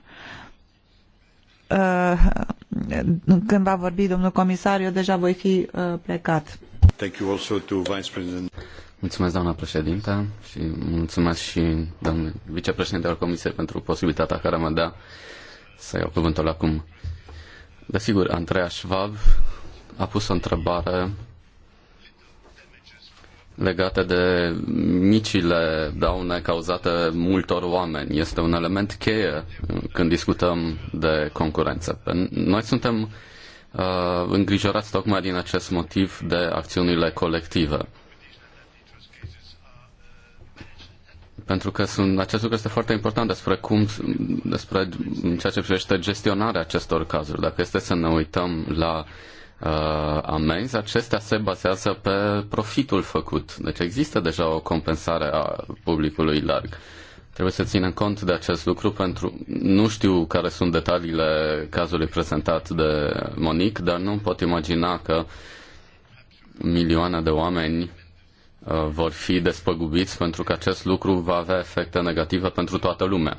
când va vorbi domnul comisar, eu deja voi fi plecat. Thank you also to Vice President. Mulțumesc, doamna președintă, și mulțumesc și domnului vicepreședinte al Comisiei pentru posibilitatea care mă dă să iau cuvântul acum. Desigur, Andreea Schwab a pus o întrebare legată de micile daune cauzate multor oameni. Este un element cheie când discutăm de concurență. Noi suntem uh, îngrijorați tocmai din acest motiv de acțiunile colective pentru că sunt, acest lucru este foarte important despre cum, despre ceea ce privește gestionarea acestor cazuri. Dacă este să ne uităm la uh, amenzi, acestea se bazează pe profitul făcut. Deci există deja o compensare a publicului larg. Trebuie să ținem cont de acest lucru pentru... Nu știu care sunt detaliile cazului prezentat de Monic, dar nu pot imagina că milioane de oameni Uh, vor fi despăgubiți pentru că acest lucru va avea efecte negative pentru toată lumea.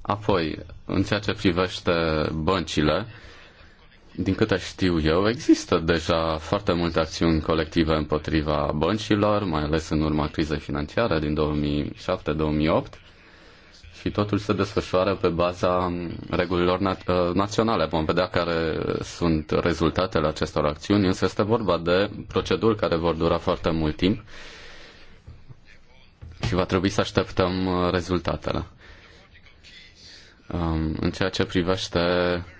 Apoi, în ceea ce privește băncile, din câte știu eu, există deja foarte multe acțiuni colective împotriva băncilor, mai ales în urma crizei financiare din 2007-2008 și totul se desfășoară pe baza um, regulilor na- uh, naționale. Vom vedea care sunt rezultatele acestor acțiuni, însă este vorba de proceduri care vor dura foarte mult timp și va trebui să așteptăm uh, rezultatele. Um, în ceea ce privește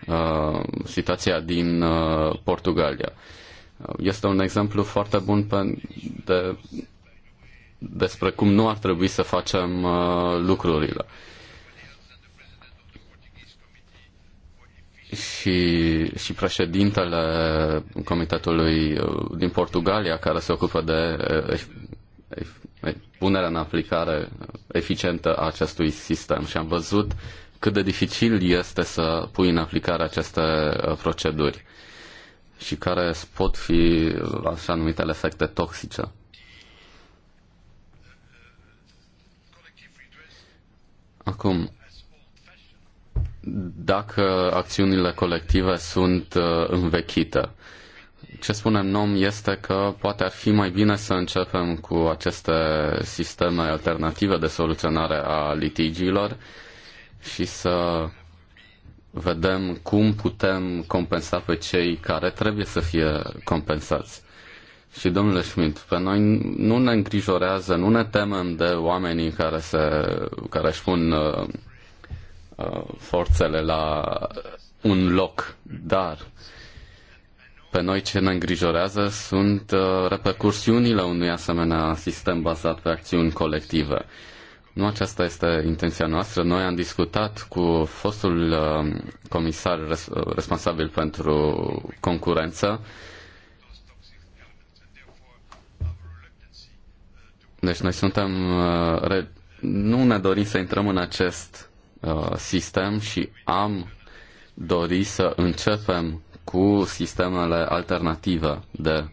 uh, situația din Portugalia. Este un exemplu foarte bun de despre cum nu ar trebui să facem uh, lucrurile. și, și președintele Comitetului uh, din Portugalia, care se ocupă de uh, punerea în aplicare eficientă a acestui sistem. Și am văzut cât de dificil este să pui în aplicare aceste proceduri și care pot fi așa numitele efecte toxice. Acum, dacă acțiunile colective sunt uh, învechite, ce spunem NOM este că poate ar fi mai bine să începem cu aceste sisteme alternative de soluționare a litigiilor și să vedem cum putem compensa pe cei care trebuie să fie compensați. Și domnule Schmidt, pe noi nu ne îngrijorează, nu ne temem de oamenii care, se, care își pun uh, uh, forțele la un loc, dar pe noi ce ne îngrijorează sunt uh, repercursiunile unui asemenea sistem bazat pe acțiuni colective. Nu aceasta este intenția noastră. Noi am discutat cu fostul uh, comisar res- uh, responsabil pentru concurență uh, Deci noi suntem, uh, nu ne dorim să intrăm în acest uh, sistem și am dori să începem cu sistemele alternative de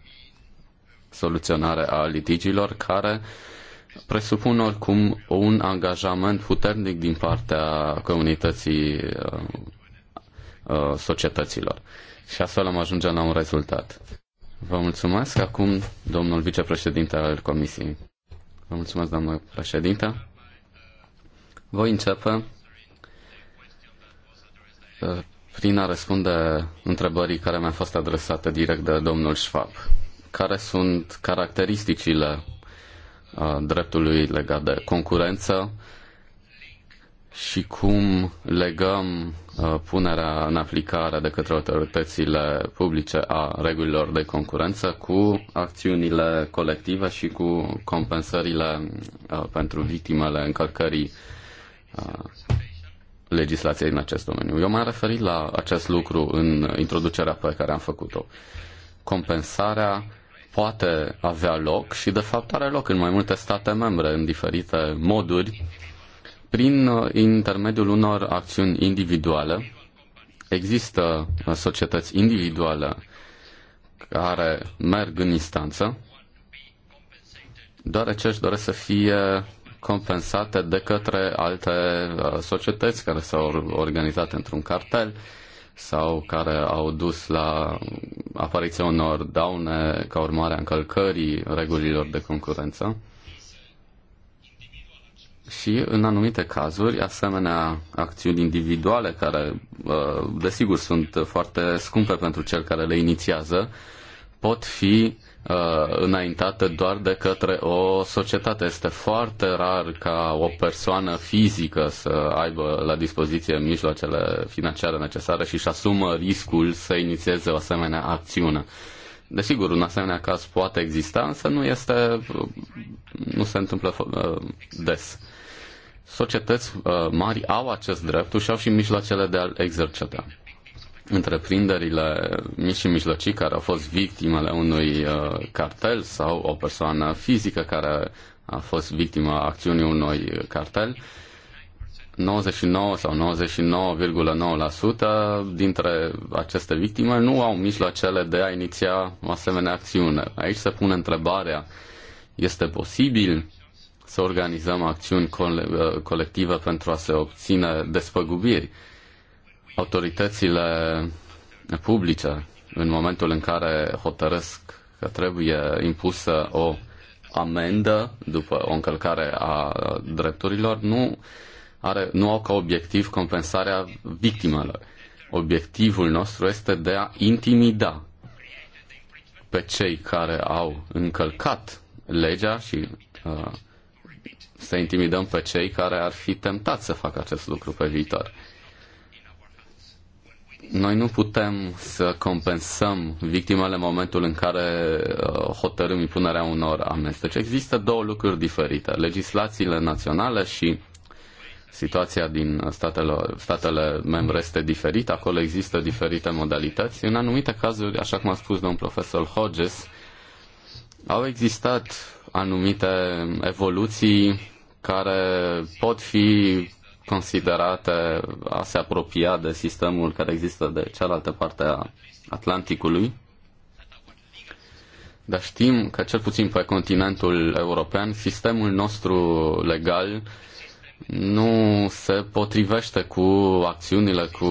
soluționare a litigiilor care presupun oricum un angajament puternic din partea comunității uh, societăților. Și astfel am ajunge la un rezultat. Vă mulțumesc. Acum, domnul vicepreședinte al Comisiei. Vă mulțumesc, doamnă președintă. Voi începe uh, prin a răspunde întrebării care mi-a fost adresată direct de domnul Schwab. Care sunt caracteristicile uh, dreptului legat de concurență și cum legăm uh, punerea în aplicare de către autoritățile publice a regulilor de concurență cu acțiunile colective și cu compensările uh, pentru victimele încălcării uh, legislației în acest domeniu. Eu m-am referit la acest lucru în introducerea pe care am făcut-o. Compensarea poate avea loc și, de fapt, are loc în mai multe state membre, în diferite moduri prin uh, intermediul unor acțiuni individuale. Există uh, societăți individuale care merg în instanță, deoarece își doresc să fie compensate de către alte uh, societăți care s-au organizat într-un cartel sau care au dus la apariția unor daune ca urmare a încălcării regulilor de concurență și, în anumite cazuri, asemenea acțiuni individuale, care, uh, desigur, sunt foarte scumpe pentru cel care le inițiază, pot fi uh, înaintate doar de către o societate. Este foarte rar ca o persoană fizică să aibă la dispoziție mijloacele financiare necesare și își asumă riscul să inițieze o asemenea acțiune. Desigur, un asemenea caz poate exista, însă nu este, nu se întâmplă uh, des societăți uh, mari au acest drept și au și mijloacele de a-l exercita. Întreprinderile mici și mijlocii care au fost victimele unui uh, cartel sau o persoană fizică care a fost victima acțiunii unui cartel, 99 sau 99,9% dintre aceste victime nu au mijloacele de a iniția o asemenea acțiune. Aici se pune întrebarea, este posibil să organizăm acțiuni uh, colective pentru a se obține despăgubiri. Autoritățile publice, în momentul în care hotărăsc că trebuie impusă o amendă după o încălcare a drepturilor, nu, are, nu au ca obiectiv compensarea victimelor. Obiectivul nostru este de a intimida pe cei care au încălcat legea și uh, să intimidăm pe cei care ar fi tentați să facă acest lucru pe viitor. Noi nu putem să compensăm victimele în momentul în care uh, hotărâm impunerea unor amesteci. Deci există două lucruri diferite. Legislațiile naționale și situația din statele, statele membre este diferită, acolo există diferite modalități. În anumite cazuri, așa cum a spus domnul profesor Hodges, au existat anumite evoluții care pot fi considerate a se apropia de sistemul care există de cealaltă parte a Atlanticului. Dar știm că, cel puțin pe continentul european, sistemul nostru legal nu se potrivește cu acțiunile, cu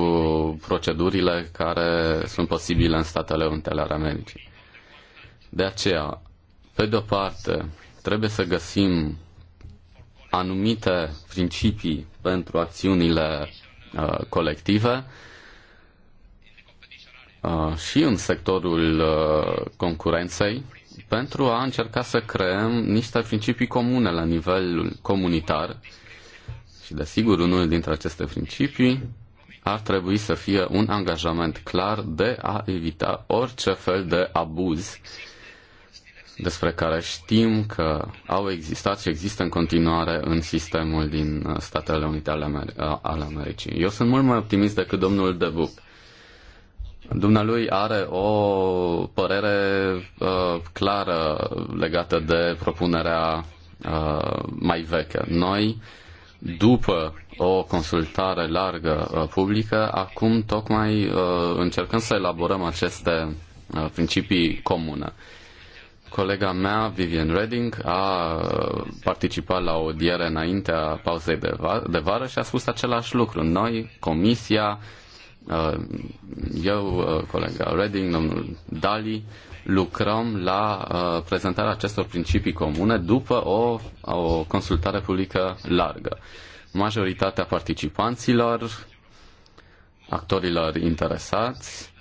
procedurile care sunt posibile în Statele Unite ale Americii. De aceea, pe de-o parte, trebuie să găsim anumite principii pentru acțiunile uh, colective uh, și în sectorul uh, concurenței pentru a încerca să creăm niște principii comune la nivel comunitar și desigur unul dintre aceste principii ar trebui să fie un angajament clar de a evita orice fel de abuz uh, despre care știm că au existat și există în continuare în sistemul din uh, Statele Unite ale, Amer- uh, ale Americii. Eu sunt mult mai optimist decât domnul Debu. Dumnealui are o părere uh, clară legată de propunerea uh, mai veche. Noi, după o consultare largă uh, publică, acum tocmai uh, încercăm să elaborăm aceste uh, principii comune. Uh, Colega mea, Vivian Redding, a participat la o diere înaintea pauzei de, va- de vară și a spus același lucru. Noi, Comisia, uh, eu, uh, colega Redding, domnul Dali, lucrăm la uh, prezentarea acestor principii comune după o, o consultare publică largă. Majoritatea participanților, actorilor interesați,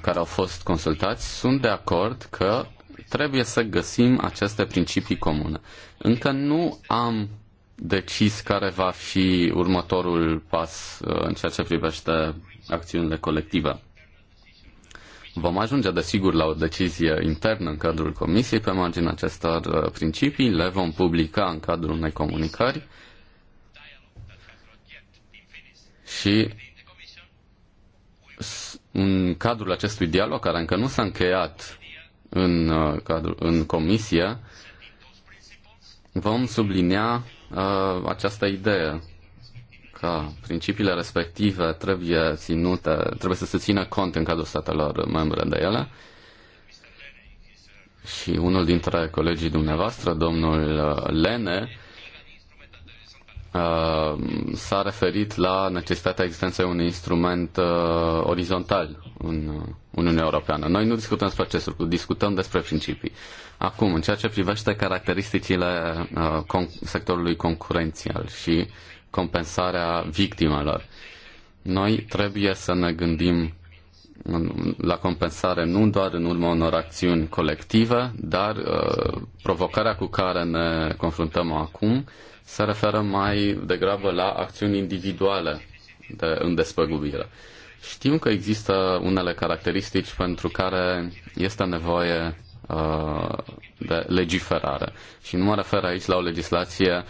care au fost consultați sunt de acord că trebuie să găsim aceste principii comune. Încă nu am decis care va fi următorul pas uh, în ceea ce privește acțiunile colective. Vom ajunge, desigur, la o decizie internă în cadrul Comisiei pe marginea acestor uh, principii, le vom publica în cadrul unei comunicări și în cadrul acestui dialog, care încă nu s-a încheiat în, uh, cadru, în comisie, vom sublinia uh, această idee că principiile respective trebuie ținute, trebuie să se țină cont în cadrul statelor membre de ele. Și unul dintre colegii dumneavoastră, domnul uh, Lene, Uh, s-a referit la necesitatea existenței unui instrument uh, orizontal în uh, Uniunea Europeană. Noi nu discutăm despre acest lucru, discutăm despre principii. Acum, în ceea ce privește caracteristicile uh, con- sectorului concurențial și compensarea victimelor, noi trebuie să ne gândim la compensare nu doar în urma unor acțiuni colective, dar uh, provocarea cu care ne confruntăm acum se referă mai degrabă la acțiuni individuale de îndespăgubire. Știm că există unele caracteristici pentru care este nevoie uh, de legiferare. Și nu mă refer aici la o legislație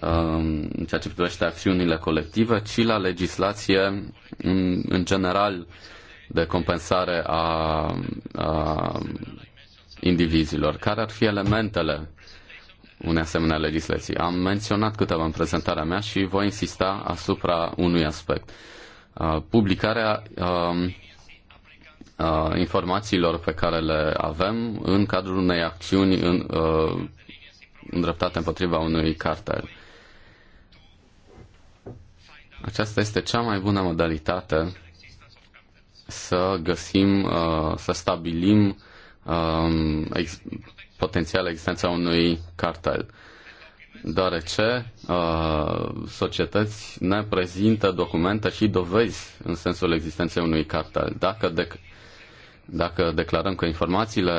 uh, în ceea ce privește acțiunile colective, ci la legislație în, în general de compensare a, a indivizilor. Care ar fi elementele unei asemenea legislații. Am menționat câteva în prezentarea mea și voi insista asupra unui aspect. Uh, publicarea um, uh, informațiilor pe care le avem în cadrul unei acțiuni în, uh, îndreptate împotriva unui cartel. Aceasta este cea mai bună modalitate să găsim, să stabilim um, potențială existența unui cartel deoarece uh, societăți ne prezintă documente și dovezi în sensul existenței unui cartel. Dacă, dec- dacă declarăm că informațiile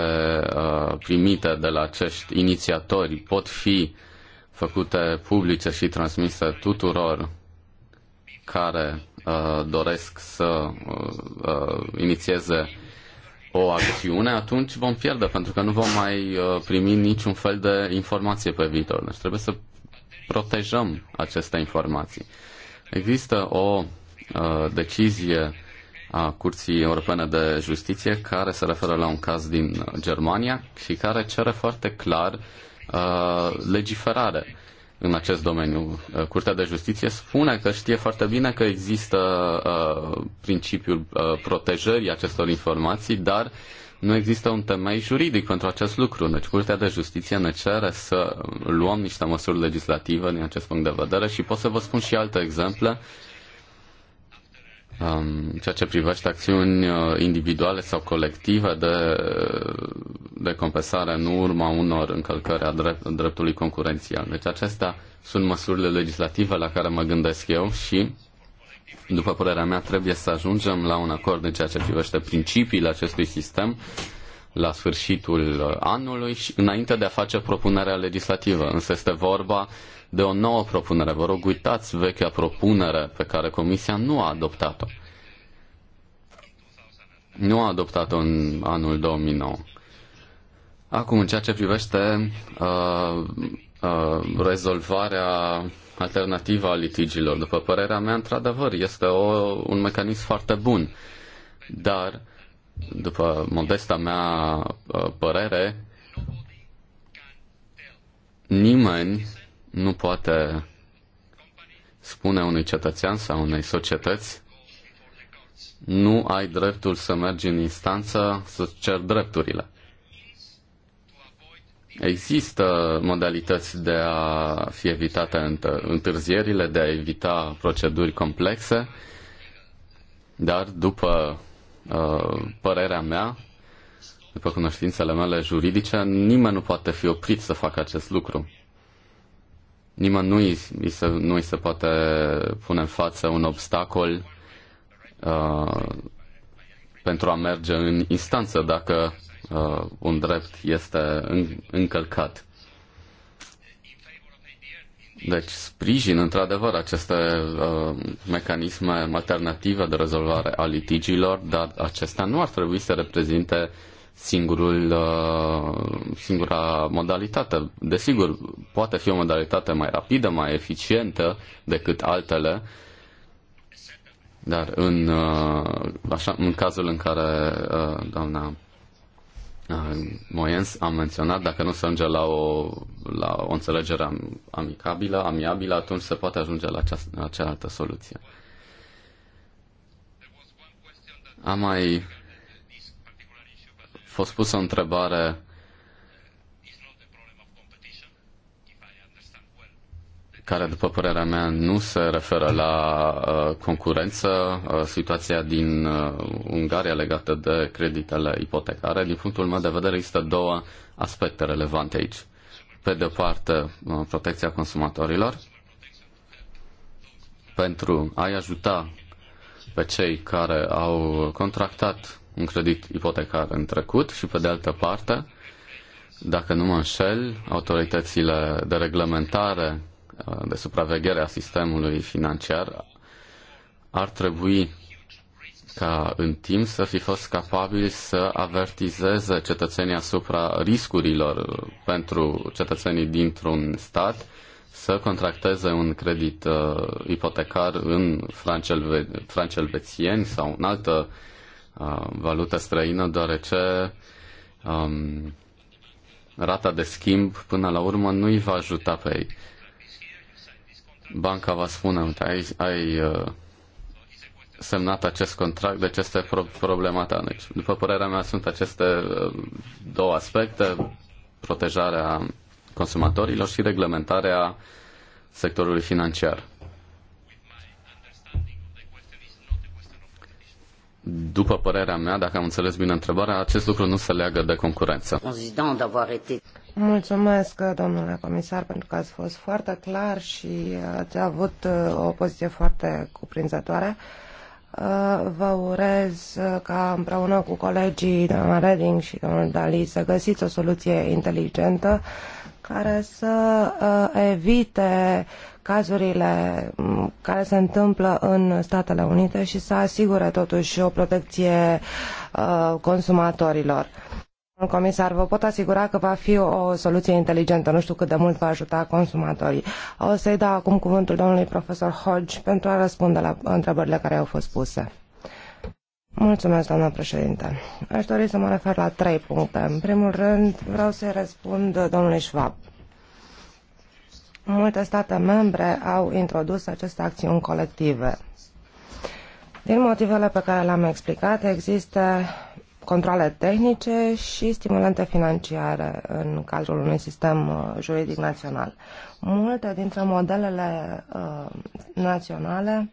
uh, primite de la acești inițiatori pot fi făcute publice și transmise tuturor care uh, doresc să uh, uh, inițieze o acțiune, atunci vom pierde, pentru că nu vom mai uh, primi niciun fel de informație pe viitor. Deci trebuie să protejăm aceste informații. Există o uh, decizie a Curții Europene de Justiție care se referă la un caz din Germania și care cere foarte clar uh, legiferare în acest domeniu. Uh, Curtea de Justiție spune că știe foarte bine că există uh, principiul uh, protejării acestor informații, dar nu există un temei juridic pentru acest lucru. Deci Curtea de Justiție ne cere să luăm niște măsuri legislative din acest punct de vedere și pot să vă spun și alte exemple uh, în ceea ce privește acțiuni uh, individuale sau colective de, de compensare în urma unor încălcări a drept, dreptului concurențial. Deci acestea sunt măsurile legislative la care mă gândesc eu și, după părerea mea, trebuie să ajungem la un acord în ceea ce privește principiile acestui sistem la sfârșitul uh, anului și înainte de a face propunerea legislativă. Însă este vorba de o nouă propunere. Vă rog, uitați vechea propunere pe care Comisia nu a adoptat-o. Nu a adoptat-o în anul 2009. Acum, în ceea ce privește uh, uh, rezolvarea alternativă a litigilor, după părerea mea, într-adevăr, este o, un mecanism foarte bun. Dar uh, după modesta mea uh, părere, nimeni nu poate spune unui cetățean sau unei societăți nu ai dreptul să mergi în instanță să cer drepturile. Există modalități de a fi evitate întârzierile, de a evita proceduri complexe, dar după Uh, părerea mea, după cunoștințele mele juridice, nimeni nu poate fi oprit să facă acest lucru. Nimeni nu îi, se, nu îi se poate pune în față un obstacol uh, pentru a merge în instanță dacă uh, un drept este încălcat. Deci sprijin într-adevăr aceste uh, mecanisme alternative de rezolvare a litigiilor, dar acestea nu ar trebui să reprezinte singurul, uh, singura modalitate. Desigur, poate fi o modalitate mai rapidă, mai eficientă decât altele, dar în, uh, așa, în cazul în care uh, doamna Moens a menționat, dacă nu se ajunge la o, la o înțelegere amicabilă, amiabilă, atunci se poate ajunge la, cea la cealaltă soluție. A mai fost pusă o întrebare care, după părerea mea, nu se referă la uh, concurență, uh, situația din uh, Ungaria legată de creditele ipotecare. Din punctul meu de vedere, există două aspecte relevante aici. Pe de o parte, uh, protecția consumatorilor, pentru a-i ajuta pe cei care au contractat un credit ipotecar în trecut și, pe de altă parte, dacă nu mă înșel, autoritățile de reglementare de supraveghere a sistemului financiar, ar trebui ca în timp să fi fost capabil să avertizeze cetățenii asupra riscurilor pentru cetățenii dintr-un stat, să contracteze un credit uh, ipotecar în francelvețieni elve- sau în altă uh, valută străină, deoarece um, rata de schimb până la urmă nu îi va ajuta pe ei banca va spune, uite, ai, ai uh, semnat acest contract, deci este problema ta. Deci, după părerea mea, sunt aceste uh, două aspecte, protejarea consumatorilor și reglementarea sectorului financiar. După părerea mea, dacă am înțeles bine întrebarea, acest lucru nu se leagă de concurență. Mulțumesc, domnule comisar, pentru că ați fost foarte clar și ați avut uh, o poziție foarte cuprinzătoare. Uh, vă urez uh, ca împreună cu colegii doamna Reding și domnul Dali să găsiți o soluție inteligentă care să evite cazurile mm, care se întâmplă în Statele Unite și să asigure totuși o protecție consumatorilor. Domnul comisar, vă pot asigura că va fi o soluție inteligentă. Nu știu cât de mult va ajuta consumatorii. O să-i dau acum cuvântul domnului profesor Hodge pentru a răspunde la întrebările care au fost puse. Mulțumesc, doamnă președinte. Aș dori să mă refer la trei puncte. În primul rând, vreau să-i răspund domnului Schwab. Multe state membre au introdus aceste acțiuni colective. Din motivele pe care le-am explicat, există controle tehnice și stimulente financiare în cadrul unui sistem uh, juridic național. Multe dintre modelele uh, naționale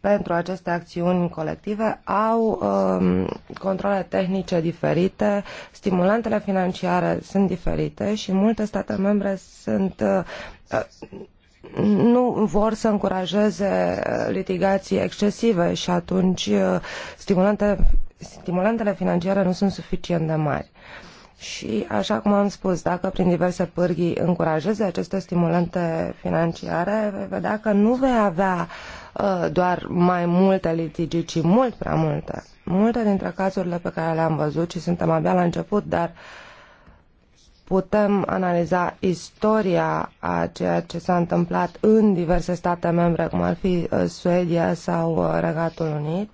pentru aceste acțiuni colective au um, controle tehnice diferite, stimulantele financiare sunt diferite și multe state membre sunt uh, uh nu vor să încurajeze uh, litigații excesive și atunci stimulante stimulantele financiare nu sunt suficient de mari. Și, așa cum am spus, dacă prin diverse pârghii încurajezi aceste stimulante financiare, vei vedea că nu vei avea uh, doar mai multe litigi, ci mult prea multe. Multe dintre cazurile pe care le-am văzut și suntem abia la început, dar putem analiza istoria a ceea ce s-a întâmplat în diverse state membre, cum ar fi uh, Suedia sau uh, Regatul Unit,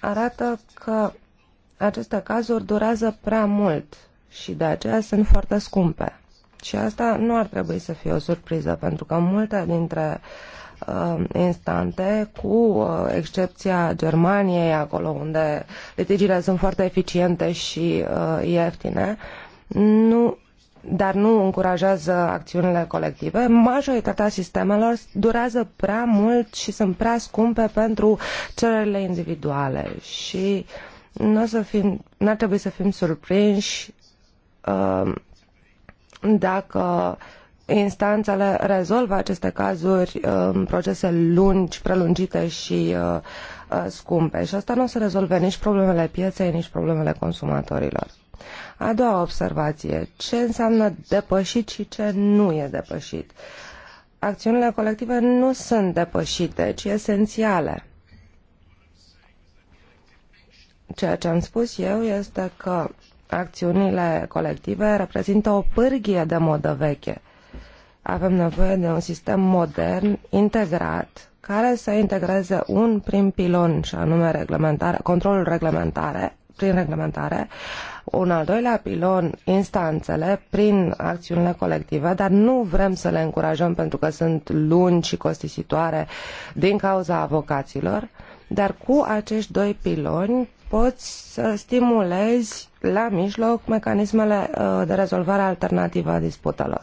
arată că aceste cazuri durează prea mult și de aceea sunt foarte scumpe. Și asta nu ar trebui să fie o surpriză, pentru că multe dintre uh, instante, cu uh, excepția Germaniei, acolo unde litigiile sunt foarte eficiente și uh, ieftine, nu dar nu încurajează acțiunile colective. Majoritatea sistemelor durează prea mult și sunt prea scumpe pentru cererile individuale și nu să fim, n-ar trebui să fim surprinși uh, dacă instanțele rezolvă aceste cazuri în um, procese lungi, prelungite și uh, uh, scumpe. Și asta nu o să rezolve nici problemele pieței, nici problemele consumatorilor. A doua observație, ce înseamnă depășit și ce nu e depășit. Acțiunile colective nu sunt depășite, ci esențiale. Ceea ce am spus eu este că acțiunile colective reprezintă o pârghie de modă veche. Avem nevoie de un sistem modern, integrat, care să integreze un prim pilon, și anume reglementare, controlul reglementare, prin reglementare, un al doilea pilon, instanțele, prin acțiunile colective, dar nu vrem să le încurajăm pentru că sunt lungi și costisitoare din cauza avocaților, dar cu acești doi piloni poți să stimulezi la mijloc mecanismele uh, de rezolvare alternativă a disputelor.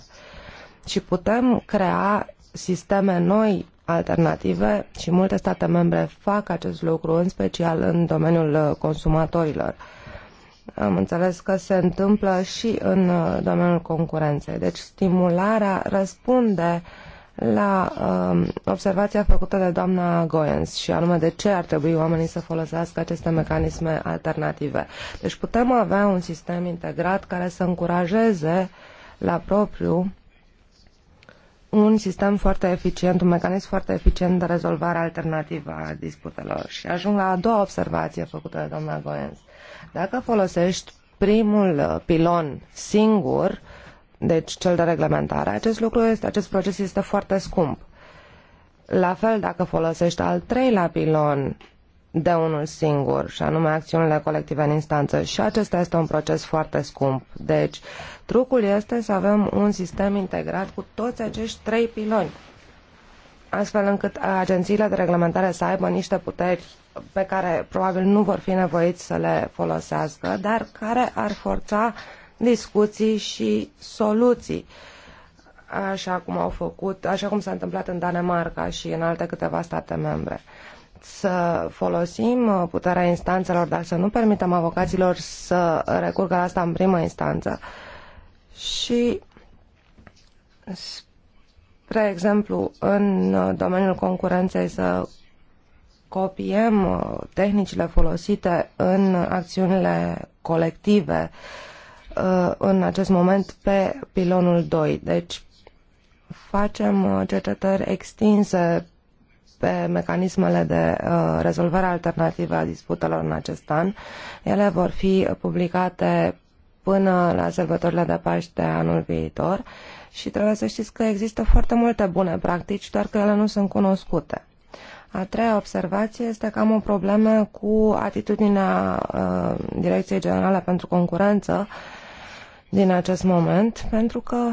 Și putem crea sisteme noi alternative și multe state membre fac acest lucru, în special în domeniul uh, consumatorilor. Am înțeles că se întâmplă și în uh, domeniul concurenței. Deci stimularea răspunde la um, observația făcută de doamna Goens și anume de ce ar trebui oamenii să folosească aceste mecanisme alternative. Deci putem avea un sistem integrat care să încurajeze la propriu un sistem foarte eficient, un mecanism foarte eficient de rezolvare alternativă a disputelor. Și ajung la a doua observație făcută de doamna Goens. Dacă folosești primul uh, pilon singur, deci cel de reglementare, acest lucru este, acest proces este foarte scump. La fel, dacă folosești al treilea pilon de unul singur, și anume acțiunile colective în instanță. Și acesta este un proces foarte scump. Deci, trucul este să avem un sistem integrat cu toți acești trei piloni, astfel încât agențiile de reglementare să aibă niște puteri pe care probabil nu vor fi nevoiți să le folosească, dar care ar forța discuții și soluții, așa cum au făcut, așa cum s-a întâmplat în Danemarca și în alte câteva state membre. Să folosim uh, puterea instanțelor, dar să nu permitem avocaților să recurgă la asta în primă instanță. Și spre exemplu, în uh, domeniul concurenței să copiem uh, tehnicile folosite în acțiunile colective uh, în acest moment pe pilonul 2. Deci facem uh, cercetări extinse pe mecanismele de rezolvare alternativă a disputelor în acest an. Ele vor fi publicate până la sărbătorile de Paște anul viitor și trebuie să știți că există foarte multe bune practici, doar că ele nu sunt cunoscute. A treia observație este că am o problemă cu atitudinea uh, Direcției Generale pentru Concurență din acest moment, pentru că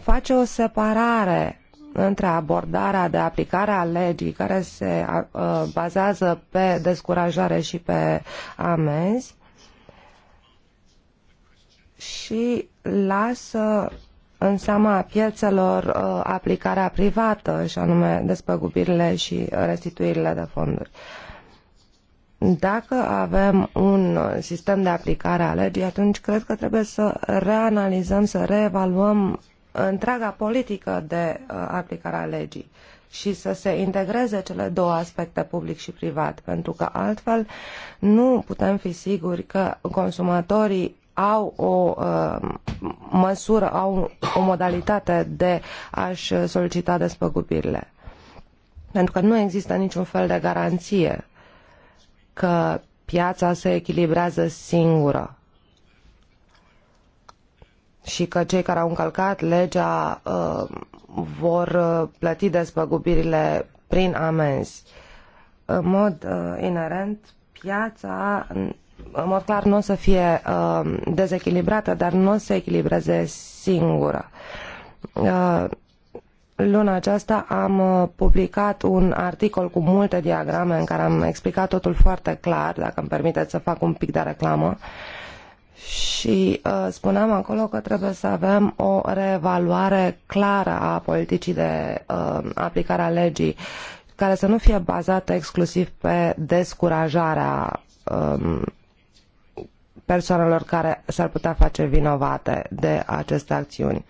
face o separare între abordarea de aplicare a legii care se uh, bazează pe descurajare și pe amenzi și lasă în seama a piețelor uh, aplicarea privată, și anume despăgubirile și restituirile de fonduri. Dacă avem un sistem de aplicare a legii, atunci cred că trebuie să reanalizăm, să reevaluăm întreaga politică de uh, aplicare a legii și să se integreze cele două aspecte, public și privat, pentru că altfel nu putem fi siguri că consumatorii au o uh, măsură, au o modalitate de a-și solicita despăgubirile. Pentru că nu există niciun fel de garanție că piața se echilibrează singură și că cei care au încălcat legea uh, vor uh, plăti despăgubirile prin amenzi. În mod uh, inerent, piața în mod clar nu o să fie uh, dezechilibrată, dar nu o să se echilibreze singură. Uh, luna aceasta am uh, publicat un articol cu multe diagrame în care am explicat totul foarte clar, dacă îmi permiteți să fac un pic de reclamă. Și uh, spuneam acolo că trebuie să avem o reevaluare clară a politicii de uh, aplicare a legii, care să nu fie bazată exclusiv pe descurajarea uh, persoanelor care s-ar putea face vinovate de aceste acțiuni.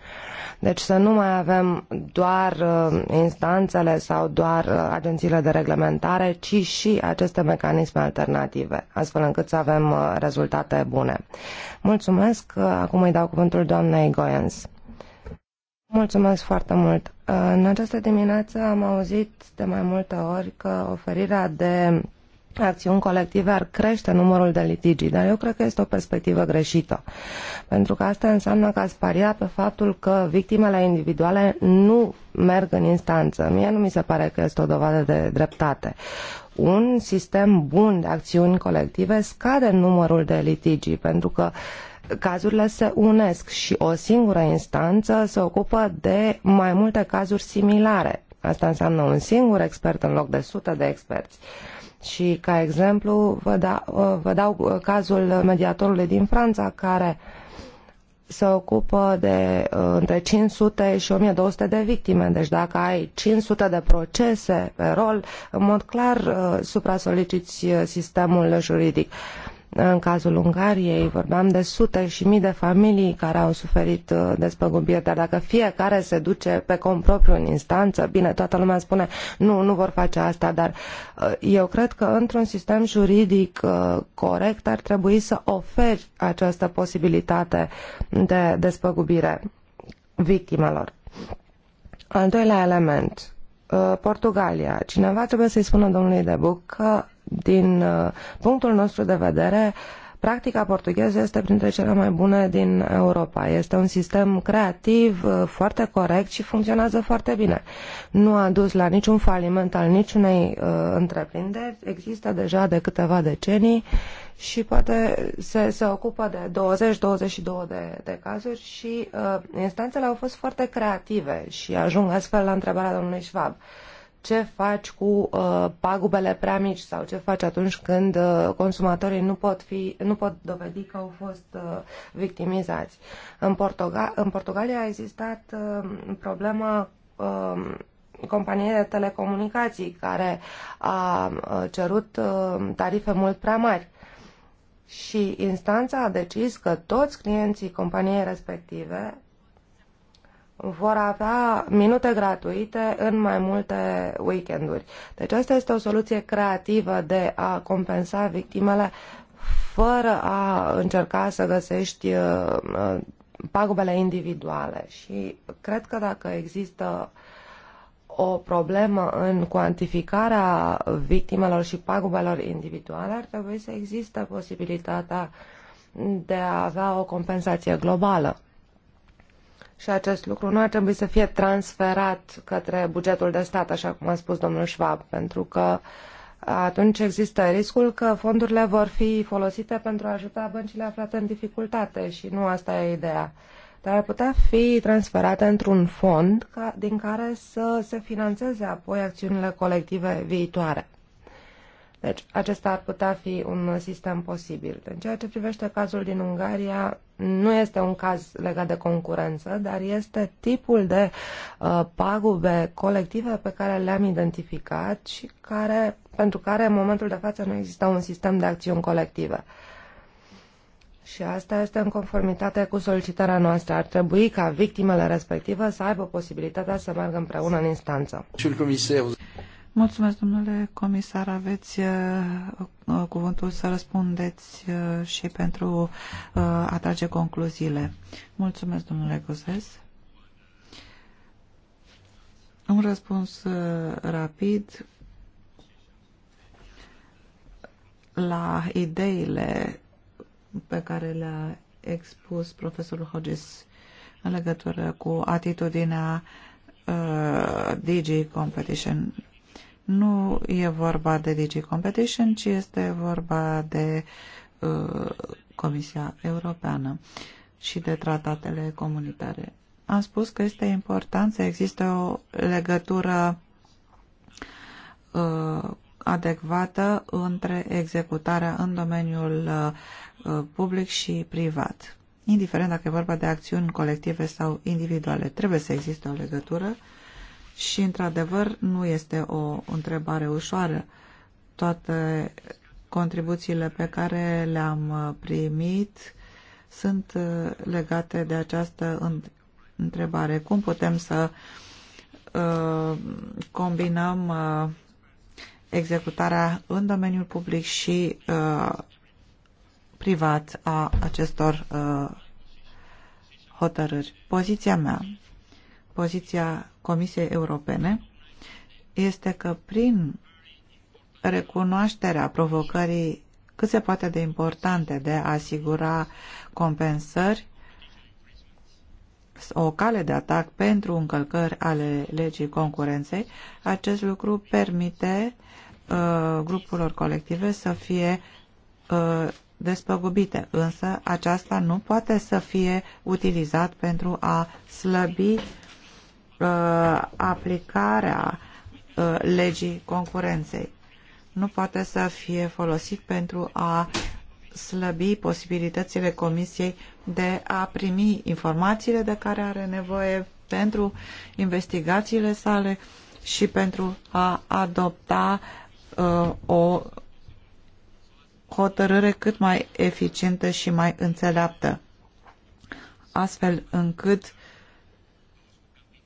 Deci să nu mai avem doar uh, instanțele sau doar uh, agențiile de reglementare, ci și aceste mecanisme alternative, astfel încât să avem uh, rezultate bune. Mulțumesc. Acum îi dau cuvântul doamnei Goens. Mulțumesc foarte mult. În această dimineață am auzit de mai multe ori că oferirea de acțiuni colective ar crește numărul de litigi, dar eu cred că este o perspectivă greșită. Pentru că asta înseamnă că ați paria pe faptul că victimele individuale nu merg în instanță. Mie nu mi se pare că este o dovadă de dreptate. Un sistem bun de acțiuni colective scade numărul de litigi, pentru că cazurile se unesc și o singură instanță se ocupă de mai multe cazuri similare. Asta înseamnă un singur expert în loc de sute de experți. Uh, și ca exemplu vă, da, vă dau uh, cazul mediatorului din Franța care se ocupă de uh, între 500 și 1200 de victime. Deci dacă ai 500 de procese pe rol, în mod clar uh, suprasoliciți sistemul juridic. Uh, în cazul Ungariei vorbeam de sute și mii de familii care au suferit uh, despăgubiri, dar dacă fiecare se duce pe cont propriu în instanță, bine, toată lumea spune nu, nu vor face asta, dar uh, eu cred că într-un sistem juridic uh, corect ar trebui să oferi această posibilitate de despăgubire victimelor. Al doilea element, Portugalia. Cineva trebuie să-i spună domnului De Buc că din uh, punctul nostru de vedere, practica portugheză este printre cele mai bune din Europa. Este un sistem creativ, uh, foarte corect și funcționează foarte bine. Nu a dus la niciun faliment al niciunei uh, întreprinderi, există deja de câteva decenii și poate se, se ocupă de 20-22 de, de cazuri și uh, instanțele au fost foarte creative și ajung astfel la întrebarea domnului Schwab. Uh, ce faci cu uh, pagubele prea mici sau ce faci atunci când uh, consumatorii nu pot, fi, nu pot dovedi că au fost uh, victimizați. În, Portuga- în Portugalia a existat uh, problema uh, um, companiei de telecomunicații care a uh, cerut uh, tarife mult prea mari și instanța a decis că toți clienții companiei respective vor avea minute gratuite în mai multe weekenduri. Deci asta este o soluție creativă de a compensa victimele fără a încerca să găsești uh, uh, pagubele individuale. Și cred că dacă există o problemă în cuantificarea victimelor și pagubelor individuale, ar trebui să existe posibilitatea de a avea o compensație globală și acest lucru nu ar trebui să fie transferat către bugetul de stat, așa cum a spus domnul Schwab, pentru că atunci există riscul că fondurile vor fi folosite pentru a ajuta băncile aflate în dificultate și nu asta e ideea. Dar ar putea fi transferate într-un fond ca, din care să se financeze apoi acțiunile colective viitoare. Deci acesta ar putea fi un sistem posibil. În ceea ce privește cazul din Ungaria, nu este un caz legat de concurență, dar este tipul de uh, pagube colective pe care le-am identificat și care, pentru care în momentul de față nu există un sistem de acțiuni colective. Și asta este în conformitate cu solicitarea noastră. Ar trebui ca victimele respective să aibă posibilitatea să meargă împreună în instanță. Mulțumesc, domnule comisar. Aveți uh, uh, cuvântul să răspundeți uh, și pentru a trage concluziile. Mulțumesc, domnule Gozes. Un răspuns rapid la ideile pe care le-a expus profesorul Hodges în legătură cu atitudinea uh, DG Competition nu e vorba de DG Competition, ci este vorba de uh, Comisia Europeană și de tratatele comunitare. Am spus că este important să existe o legătură uh, adecvată între executarea în domeniul uh, public și privat. Indiferent dacă e vorba de acțiuni colective sau individuale, trebuie să existe o legătură uh, și, într-adevăr, nu este o întrebare ușoară. Toate contribuțiile pe care le-am uh, primit sunt uh, legate de această întrebare. Cum putem să uh, combinăm uh, executarea în domeniul public și uh, privat a acestor uh, hotărâri? Poziția mea poziția Comisiei Europene este că prin recunoașterea provocării cât se poate de importante de a asigura compensări, o cale de atac pentru încălcări ale legii concurenței, acest lucru permite uh, grupurilor colective să fie uh, despăgubite, însă aceasta nu poate să fie utilizat pentru a slăbi Uh, aplicarea uh, legii concurenței. Nu poate să fie folosit pentru a slăbi posibilitățile Comisiei de a primi informațiile de care are nevoie pentru investigațiile sale și pentru a adopta uh, o hotărâre cât mai eficientă și mai înțeleaptă, astfel încât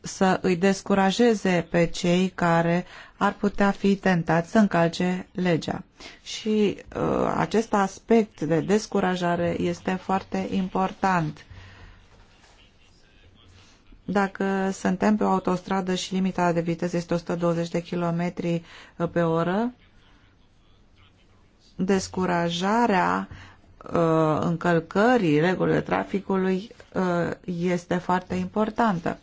să îi descurajeze pe cei care ar putea fi tentați să încalce legea. Și uh, acest aspect de descurajare este foarte important. Dacă suntem pe o autostradă și limita de viteză este 120 de km uh, pe oră, descurajarea uh, încălcării regulilor traficului uh, este foarte importantă.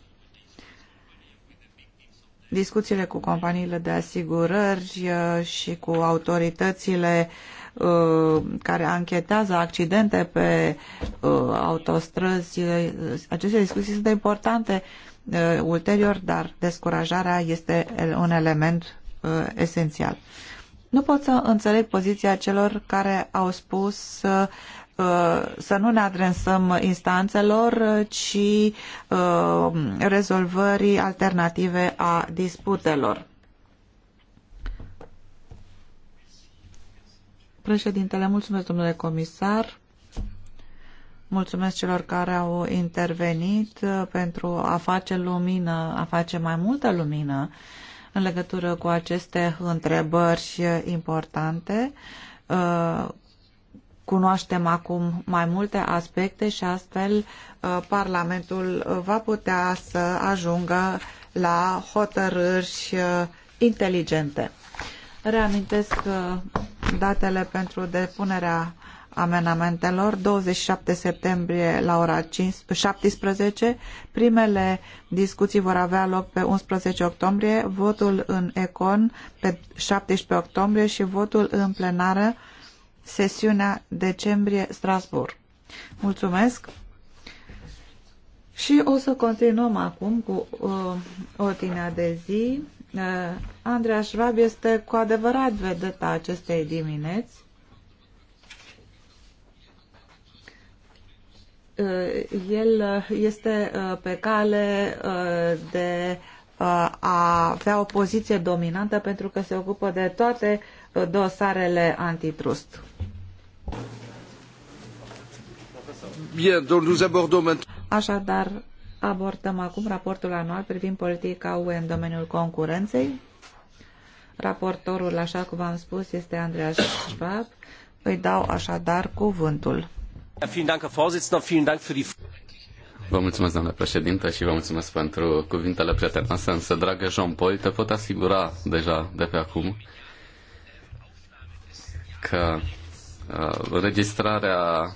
Discuțiile cu companiile de asigurări uh, și cu autoritățile uh, care anchetează accidente pe uh, autostrăzi, aceste discuții sunt importante ulterior, dar descurajarea este un element esențial. Nu pot să înțeleg poziția celor care au spus Uh, să nu ne adresăm instanțelor, ci uh, rezolvării alternative a disputelor. Președintele, mulțumesc domnule comisar. Mulțumesc celor care au intervenit uh, pentru a face lumină, a face mai multă lumină în legătură cu aceste întrebări importante cunoaștem acum mai multe aspecte și astfel uh, Parlamentul uh, va putea să ajungă la hotărâri uh, inteligente. Reamintesc datele pentru depunerea amenamentelor, 27 septembrie la ora 5, 17. Primele discuții vor avea loc pe 11 octombrie, votul în Econ pe 17 octombrie și votul în plenară sesiunea decembrie Strasbourg. Mulțumesc! Și o să continuăm acum cu uh, ordinea de zi. Uh, Andreea Schwab este cu adevărat vedeta acestei dimineți. Uh, el uh, este uh, pe cale uh, de uh, a avea o poziție dominantă pentru că se ocupă de toate uh, dosarele antitrust. Bien, donc nous abordons maintenant... Așadar, abordăm acum raportul anual privind politica UE în domeniul concurenței. Raportorul, așa cum am spus, este Andreas Schwab. Îi dau așadar cuvântul. Vă mulțumesc, doamnă președintă, și vă mulțumesc pentru cuvintele prietenoase, însă, dragă Jean-Paul, te pot asigura deja de pe acum că uh, registrarea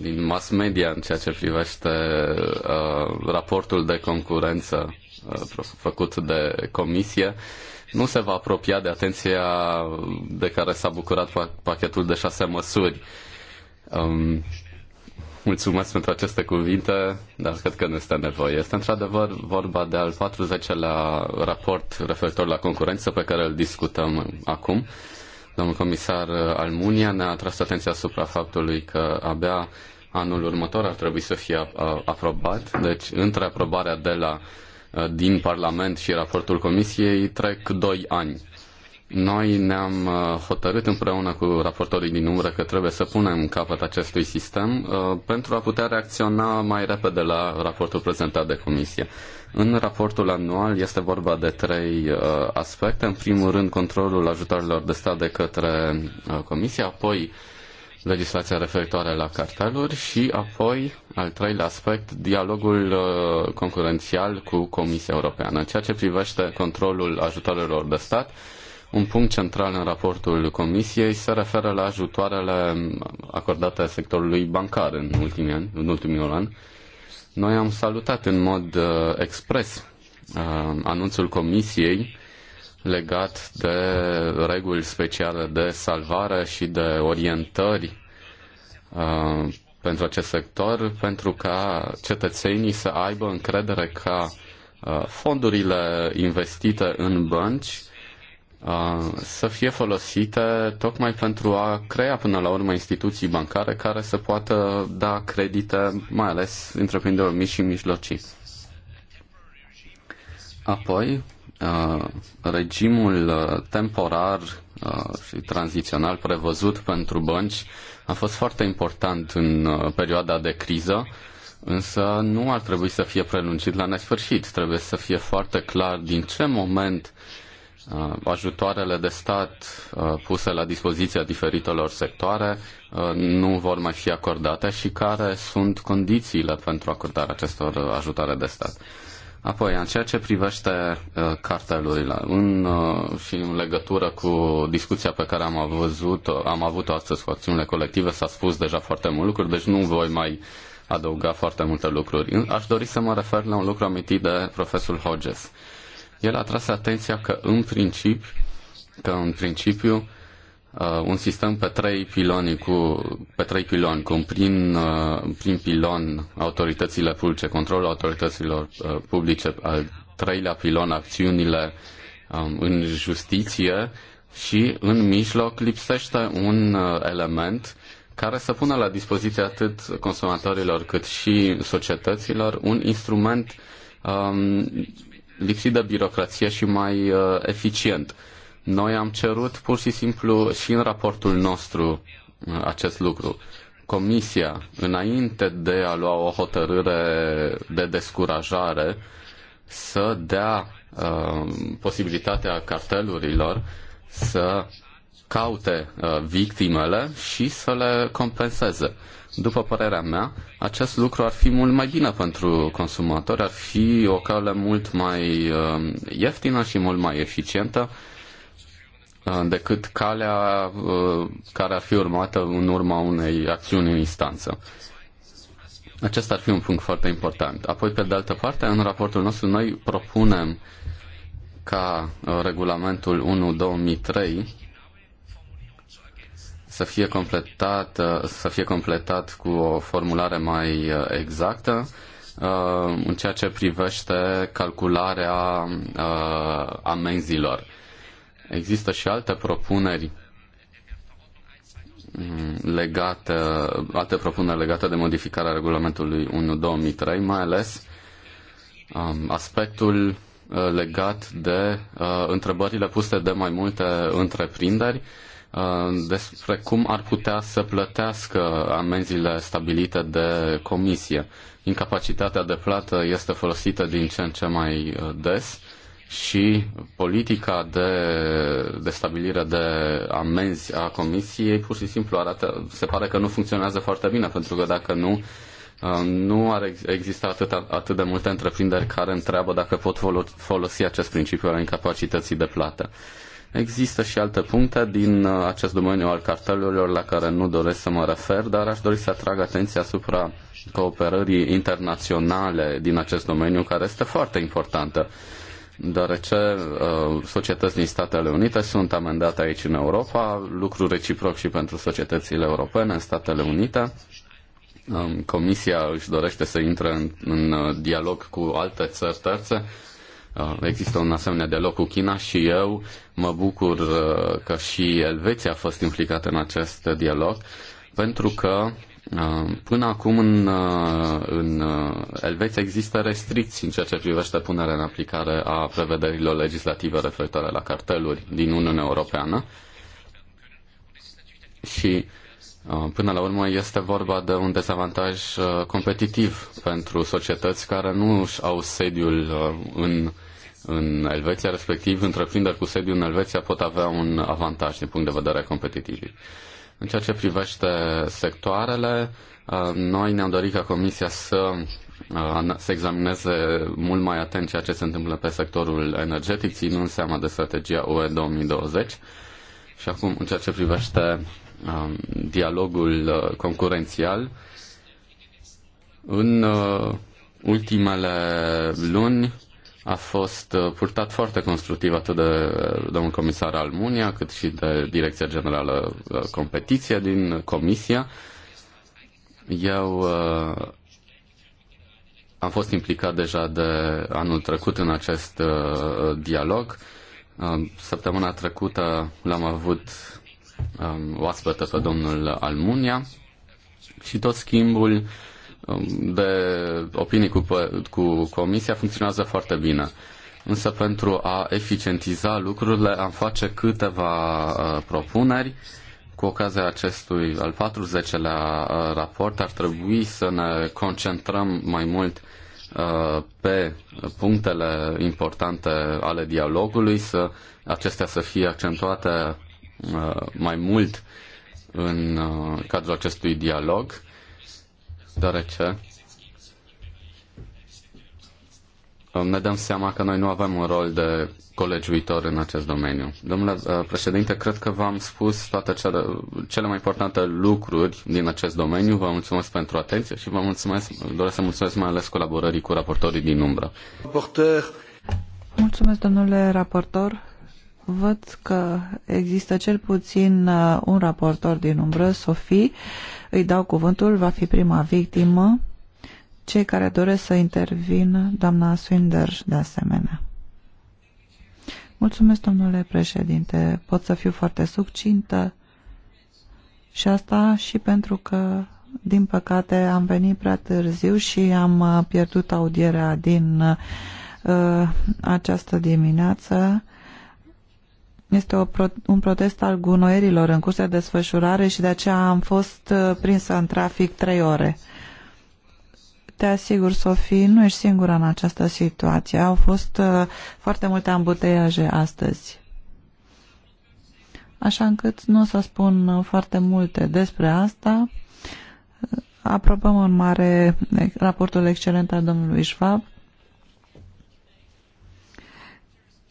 din mass media în ceea ce privește uh, raportul de concurență uh, făcut de comisie nu se va apropia de atenția de care s-a bucurat pachetul de șase măsuri. Um, mulțumesc pentru aceste cuvinte, dar cred că nu este nevoie. Este într-adevăr vorba de al 40-lea raport referitor la concurență pe care îl discutăm acum Domnul comisar Almunia ne-a atras atenția asupra faptului că abia anul următor ar trebui să fie uh, aprobat. Deci, între aprobarea de la uh, din Parlament și raportul Comisiei trec doi ani. Noi ne-am uh, hotărât împreună cu raportorii din umbră că trebuie să punem capăt acestui sistem uh, pentru a putea reacționa mai repede la raportul prezentat de comisie. În raportul anual este vorba de trei uh, aspecte. În primul rând, controlul ajutorilor de stat de către comisie, apoi legislația referitoare la carteluri și apoi, al treilea aspect, dialogul concurențial cu Comisia Europeană. În ceea ce privește controlul ajutoarelor de stat, un punct central în raportul Comisiei se referă la ajutoarele acordate sectorului bancar în ultimii ani, în ultimul an. Noi am salutat în mod uh, expres uh, anunțul Comisiei legat de reguli speciale de salvare și de orientări uh, pentru acest sector, pentru ca cetățenii să aibă încredere ca fondurile investite în bănci Uh, să fie folosite tocmai pentru a crea până la urmă instituții bancare care să poată da credite, mai ales întreprinderilor mici și mijlocii. Apoi, uh, regimul uh, temporar și tranzițional prevăzut pentru bănci a fost foarte important în perioada de criză, însă nu ar trebui să fie prelungit la nesfârșit. Trebuie să fie foarte clar din ce moment uh, Uh, ajutoarele de stat uh, puse la dispoziția diferitelor sectoare uh, nu vor mai fi acordate și care sunt condițiile pentru acordarea acestor ajutoare de stat. Apoi, în ceea ce privește cartelurile, în, și în legătură cu discuția pe care am avut, am avut-o astăzi cu acțiunile colective, s-a spus deja foarte mult lucruri, deci nu voi mai adăuga foarte multe lucruri. Aș dori să mă refer la un lucru amintit de profesorul Hodges. Uh, el a tras atenția că în principiu, că în principiu uh, un sistem pe trei piloni cu pe trei piloni cu un prim, uh, prim pilon autoritățile publice, controlul autorităților uh, publice, al treilea pilon acțiunile um, în justiție și în mijloc lipsește un uh, element care să pună la dispoziție atât consumatorilor cât și societăților un instrument um, lipsit de birocrație și mai uh, eficient. Noi am cerut pur și simplu și în raportul nostru uh, acest lucru. Comisia, înainte de a lua o hotărâre de descurajare, să dea uh, posibilitatea cartelurilor să caute uh, victimele și să le compenseze. După părerea mea, acest lucru ar fi mult mai bine pentru consumatori, ar fi o cale mult mai uh, ieftină și mult mai eficientă uh, decât calea uh, care ar fi urmată în urma unei acțiuni în instanță. Acesta ar fi un punct foarte important. Apoi, pe de altă parte, în raportul nostru noi propunem ca regulamentul 1-2003 să fie completat, uh, să fie completat cu o formulare mai uh, exactă uh, în ceea ce privește calcularea amenzilor. Există și alte propuneri mm, legate, alte propuneri legate de modificarea regulamentului 1-2003, mai ales um, aspectul legat de întrebările puse de mai multe întreprinderi Uh, despre cum ar putea să plătească amenziile stabilite de comisie. Incapacitatea de plată este folosită din ce în ce mai uh, des și politica de, de stabilire de amenzi a comisiei pur și simplu arată, se pare că nu funcționează foarte bine, pentru că dacă nu, uh, nu ar exista atât, atât de multe întreprinderi care întreabă dacă pot folosi acest principiu al incapacității de plată. Există și alte puncte din uh, acest domeniu al cartelurilor la care nu doresc să mă refer, dar aș dori să atrag atenția asupra cooperării internaționale din acest domeniu, care este foarte importantă deoarece uh, societăți din Statele Unite sunt amendate aici în Europa, lucru reciproc și pentru societățile europene în Statele Unite. Um, Comisia își dorește să intre în, în uh, dialog cu alte țări terțe Uh, există un asemenea dialog cu China și eu mă bucur uh, că și Elveția a fost implicată în acest dialog, pentru că uh, Până acum în, în Elveția există restricții în ceea ce privește punerea în aplicare a prevederilor legislative referitoare la carteluri din Uniunea Europeană și până la urmă este vorba de un dezavantaj competitiv pentru societăți care nu își au sediul în în Elveția, respectiv întreprinderi cu sediu în Elveția pot avea un avantaj din punct de vedere competitiv. În ceea ce privește sectoarele, uh, noi ne-am dorit ca Comisia să uh, să examineze mult mai atent ceea ce se întâmplă pe sectorul energetic, ținând seama de strategia UE 2020. Și acum, în ceea ce privește um, dialogul uh, concurențial, în ultimele luni a fost uh, purtat foarte constructiv atât de uh, domnul comisar Almunia, cât și de Direcția Generală uh, Competiție din Comisia. Eu am fost implicat deja de anul trecut în acest dialog. Săptămâna trecută l-am avut um, oaspătă pe domnul Almunia și tot schimbul uh, Um, de opinii cu, cu comisia funcționează foarte bine. Însă pentru a eficientiza lucrurile am face câteva uh, propuneri. Cu ocazia acestui al 40-lea uh, raport ar trebui să ne concentrăm mai mult uh, pe punctele importante ale dialogului, să acestea să fie accentuate mai mult în cadrul acestui dialog deoarece uh, ne dăm seama că noi nu avem un rol de colegiuitor în acest domeniu. Domnule uh, președinte, cred că v-am spus toate cele, cele mai importante lucruri din acest domeniu. Vă mulțumesc pentru atenție și vă mulțumesc, doresc să mulțumesc mai ales colaborării cu raportorii din umbră. Raportor. Mulțumesc, domnule raportor. Văd că există cel puțin uh, un raportor din umbră, Sofie. Îi dau cuvântul, va fi prima victimă. Cei care doresc să intervină, doamna Swinder, de asemenea. Mulțumesc, domnule președinte. Pot să fiu foarte succintă și asta și pentru că, din păcate, am venit prea târziu și am uh, pierdut audierea din uh, această dimineață. Este o pro un protest al gunoierilor în curs de desfășurare și de aceea am fost uh, prinsă în trafic trei ore. Te asigur, Sofie, nu ești singura în această situație. Au fost uh, foarte multe ambuteiaje astăzi. Așa încât nu o să spun uh, foarte multe despre asta. Aprobăm în mare raportul excelent al domnului Schwab.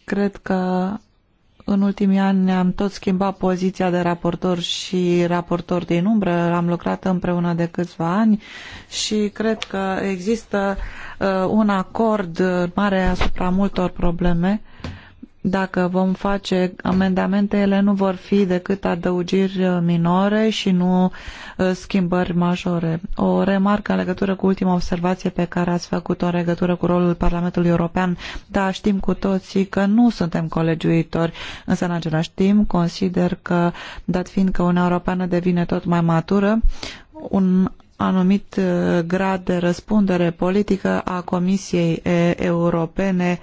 Cred că în ultimii ani ne-am tot schimbat poziția de raportor și raportor din umbră. Am lucrat împreună de câțiva ani și cred că există uh, un acord mare asupra multor probleme uh, dacă vom face amendamente, ele nu vor fi decât adăugiri minore și nu uh, schimbări majore. O remarcă în legătură cu ultima observație pe care ați făcut-o în legătură cu rolul Parlamentului European. Da, știm cu toții că nu suntem colegiuitori, însă în același timp consider că, dat fiind că Uniunea Europeană devine tot mai matură, un anumit uh, grad de răspundere politică a Comisiei Europene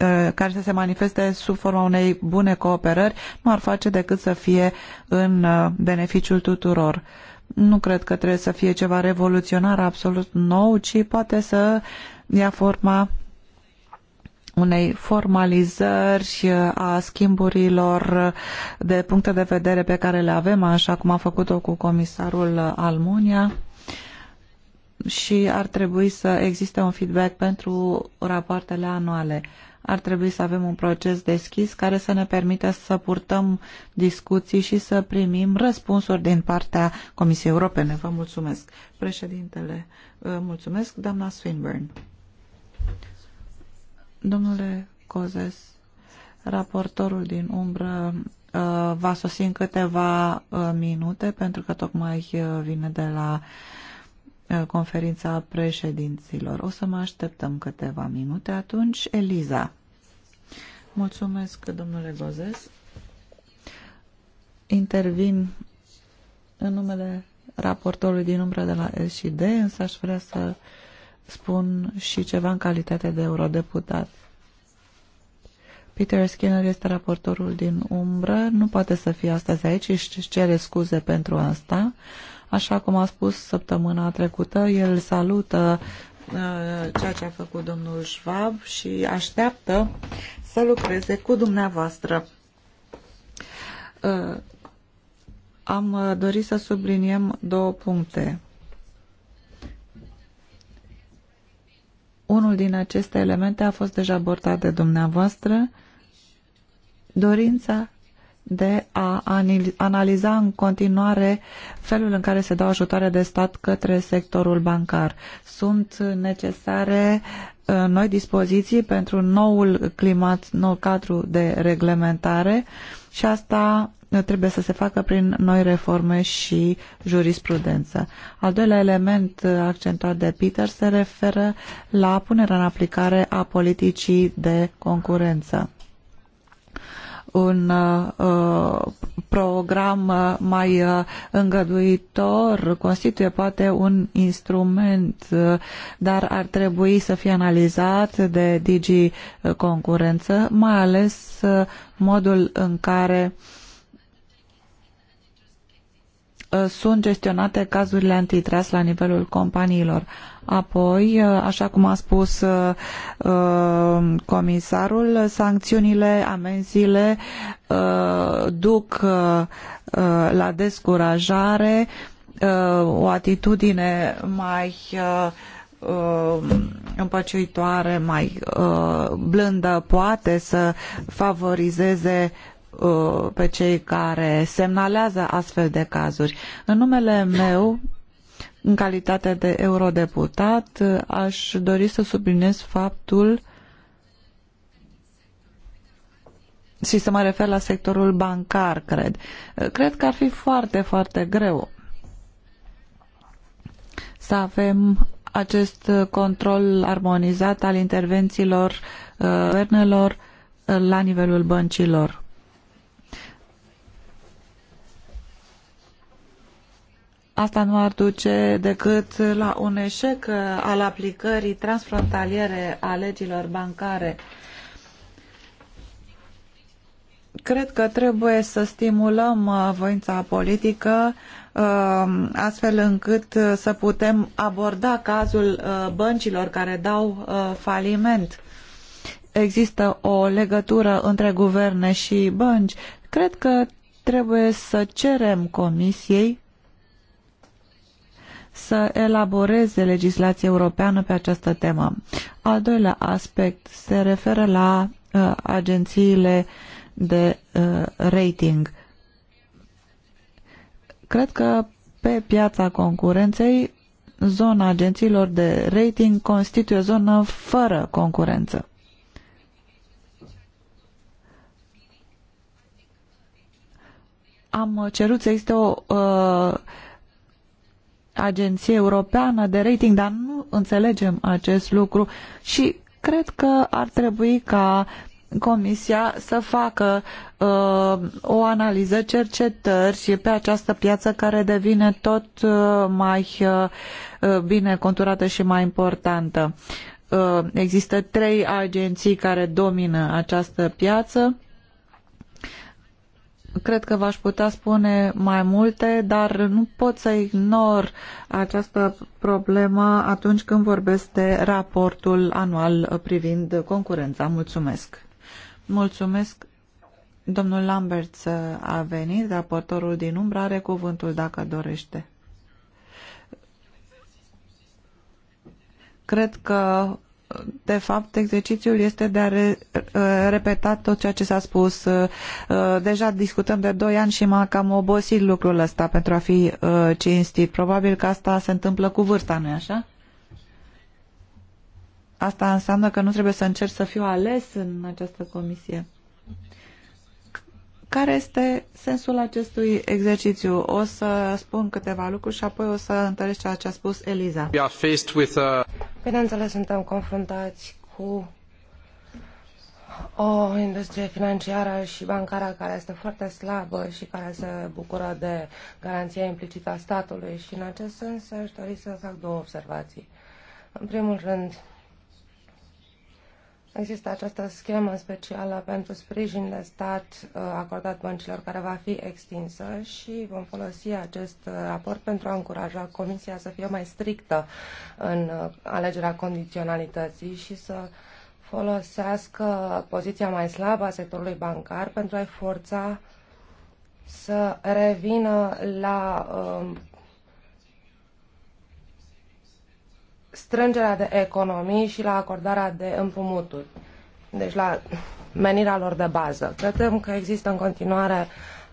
Uh, care să se manifeste sub forma unei bune cooperări nu ar face decât să fie în uh, beneficiul tuturor. Nu cred că trebuie să fie ceva revoluționar absolut nou, ci poate să ia forma unei formalizări uh, a schimburilor de puncte de vedere pe care le avem, așa cum a făcut-o cu comisarul Almunia și ar trebui să existe un feedback pentru rapoartele anuale ar trebui să avem un proces deschis care să ne permită să purtăm discuții și să primim răspunsuri din partea Comisiei Europene. Vă mulțumesc. Președintele, mulțumesc. Doamna Swinburne. Domnule Cozes, raportorul din umbră va sosi în câteva minute pentru că tocmai vine de la Eh, conferința președinților. O să mă așteptăm câteva minute. Atunci, Eliza. Mulțumesc, domnule Gozes. Intervin în numele raportorului din umbră de la SID, însă aș vrea să spun și ceva în calitate de eurodeputat. Peter Skinner este raportorul din umbră, nu poate să fie astăzi aici, își cere scuze pentru asta. Uh, Așa cum a spus săptămâna trecută, el salută uh, ceea ce a făcut domnul Schwab și așteaptă să lucreze cu dumneavoastră. Uh, am dorit să subliniem două puncte. Unul din aceste elemente a fost deja abordat de dumneavoastră, dorința de a analiza în continuare felul în care se dau ajutoare de stat către sectorul bancar. Sunt necesare uh, noi dispoziții pentru noul climat, nou cadru de reglementare și asta uh, trebuie să se facă prin noi reforme și jurisprudență. Al doilea element uh, accentuat de Peter se referă la punerea în aplicare a politicii de concurență un uh, uh, program uh, mai îngăduitor constituie poate un instrument, dar ar trebui să fie analizat de Digi Concurență, mai ales modul în care sunt gestionate cazurile antitras la nivelul companiilor. Apoi, uh, așa cum a spus uh, uh, comisarul, sancțiunile, amenziile duc la descurajare, o atitudine mai um, împăciuitoare, mai blândă, poate să favorizeze pe cei care semnalează astfel de cazuri. În numele meu în calitate de eurodeputat, aș dori să subliniez faptul și să mă refer la sectorul bancar, cred. Cred că ar fi foarte, foarte greu să avem acest control armonizat al intervențiilor uh, guvernelor uh, la nivelul băncilor. Asta nu ar duce decât la un eșec uh, al aplicării transfrontaliere a legilor bancare. Cred că trebuie să stimulăm uh, voința politică uh, astfel încât să putem aborda cazul băncilor care dau faliment. Există o legătură între guverne și bănci. Cred că trebuie să cerem Comisiei să elaboreze legislație europeană pe această temă. Al doilea aspect se referă la uh, agențiile de uh, rating. Cred că pe piața concurenței zona agențiilor de rating constituie o zonă fără concurență. Am cerut să existe o uh, agenție europeană de rating, dar nu înțelegem acest lucru și cred că ar trebui ca Comisia să facă uh, o analiză, cercetări și pe această piață care devine tot uh, mai uh, uh bine conturată și mai importantă. Uh, există trei agenții care domină această piață Cred că v-aș putea spune mai multe, dar nu pot să ignor această problemă atunci când vorbesc de raportul anual privind concurența. Mulțumesc! Mulțumesc! Domnul Lambert a venit, raportorul din umbră are cuvântul dacă dorește. Cred că de fapt, exercițiul este de a re, uh, repeta tot ceea ce s-a spus. Uh, deja discutăm de doi ani și m-a cam obosit lucrul ăsta pentru a fi uh, cinstit. Probabil că asta se întâmplă cu vârsta, nu-i așa? Asta înseamnă că nu trebuie să încerc să fiu ales în această comisie. Care este sensul acestui exercițiu? O să spun câteva lucruri și apoi o să întăresc ceea ce a spus Eliza. Bineînțeles, suntem confruntați cu o industrie financiară și bancară care este foarte slabă și care se bucură de garanția implicită a statului și în acest sens aș dori să fac două observații. În primul rând, Există această schemă specială pentru sprijin de stat uh, acordat băncilor care va fi extinsă și vom folosi acest uh, raport pentru a încuraja Comisia să fie mai strictă în uh, alegerea condiționalității și să folosească poziția mai slabă a sectorului bancar pentru a-i forța să revină la um, strângerea de economii și la acordarea de împrumuturi, deci la menirea lor de bază. Credem că există în continuare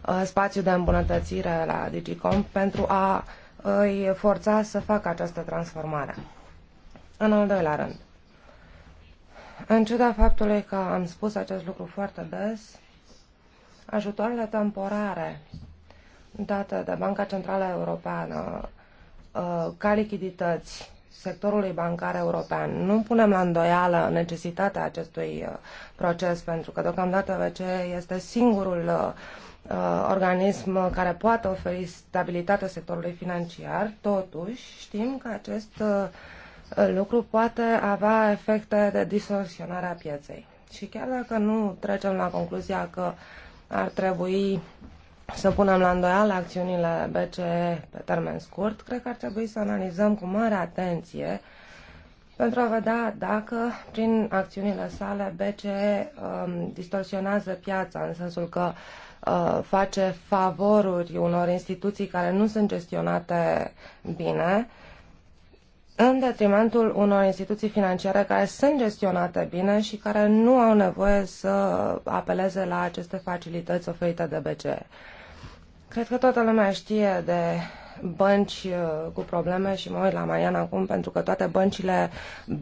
uh, spațiu de îmbunătățire la Digicom pentru a uh, îi forța să facă această transformare. În al doilea rând, în ciuda faptului că am spus acest lucru foarte des, ajutoarele temporare date de Banca Centrală Europeană uh, ca lichidități sectorului bancar european. Nu punem la îndoială necesitatea acestui uh, proces, pentru că deocamdată BCE este singurul uh, uh, organism care poate oferi stabilitate sectorului financiar. Totuși, știm că acest lucru poate avea efecte de distorsionare a pieței. Și chiar dacă nu trecem la concluzia că ar trebui să punem la îndoială acțiunile BCE pe termen scurt, cred că ar trebui să analizăm cu mare atenție pentru a vedea dacă prin acțiunile sale BCE um, distorsionează piața, în sensul că uh, face favoruri unor instituții care nu sunt gestionate bine, în detrimentul unor instituții financiare care sunt gestionate bine și care nu au nevoie să apeleze la aceste facilități oferite de BCE. Cred că toată lumea știe de bănci uh, cu probleme și mă uit la Marian acum pentru că toate băncile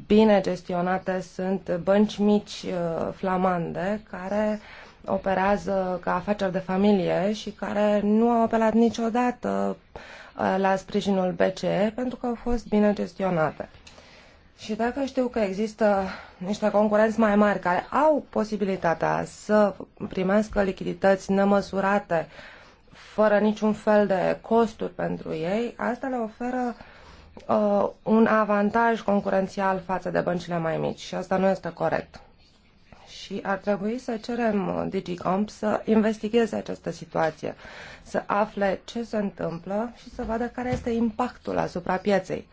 bine gestionate sunt bănci mici uh, flamande care operează ca afaceri de familie și care nu au apelat niciodată uh, la sprijinul BCE pentru că au fost bine gestionate. Și dacă știu că există niște concurenți mai mari care au posibilitatea să primească lichidități nemăsurate uh, fără niciun fel de costuri pentru ei, asta le oferă uh, un avantaj concurențial față de băncile mai mici și asta nu este corect. Și ar trebui să cerem uh, Digicomp să investigheze această situație, să afle ce se întâmplă și să vadă care este impactul asupra pieței.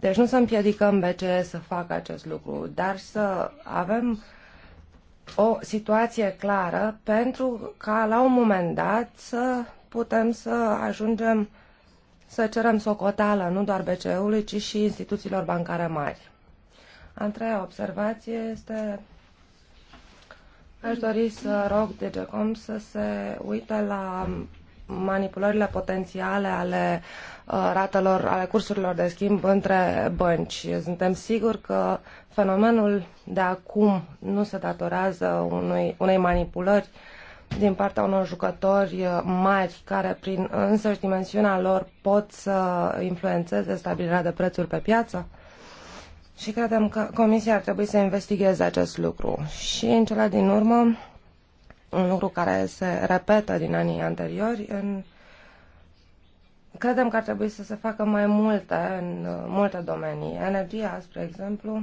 Deci nu să împiedicăm BCE să facă acest lucru, dar să avem o situație clară pentru ca la un moment dat să putem să ajungem să cerem socoteală nu doar BCE-ului, ci și instituțiilor bancare mari. A treia observație este Aș dori să rog DGCOM să se uite la manipulările potențiale ale uh, ratelor, ale cursurilor de schimb între bănci. Suntem siguri că fenomenul de acum nu se datorează unui, unei manipulări din partea unor jucători uh, mari care prin însăși dimensiunea lor pot să influențeze stabilirea de prețuri pe piață? Și credem că Comisia ar trebui să investigheze acest lucru. Și în cele din urmă, un lucru care se repetă din anii anteriori, în... credem că ar trebui să se facă mai multe în uh, multe domenii. Energia, spre exemplu,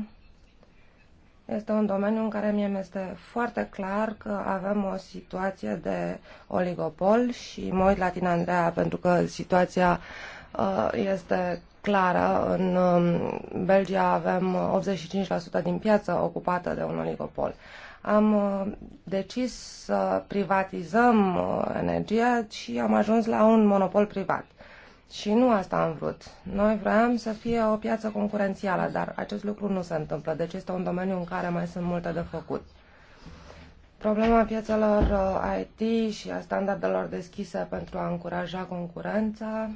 este un domeniu în care mie mi-este foarte clar că avem o situație de oligopol și mă uit la tine, Andreea, pentru că situația uh, este clară. În um, Belgia avem 85% uh, din piață ocupată de un oligopol. Am uh, decis să privatizăm energia și am ajuns la un monopol privat. Și nu asta am vrut. Noi vrem să fie o piață concurențială, dar acest lucru nu se întâmplă, deci este un domeniu în care mai sunt multe de făcut. Problema piețelor uh, IT și a standardelor deschise pentru a încuraja concurența,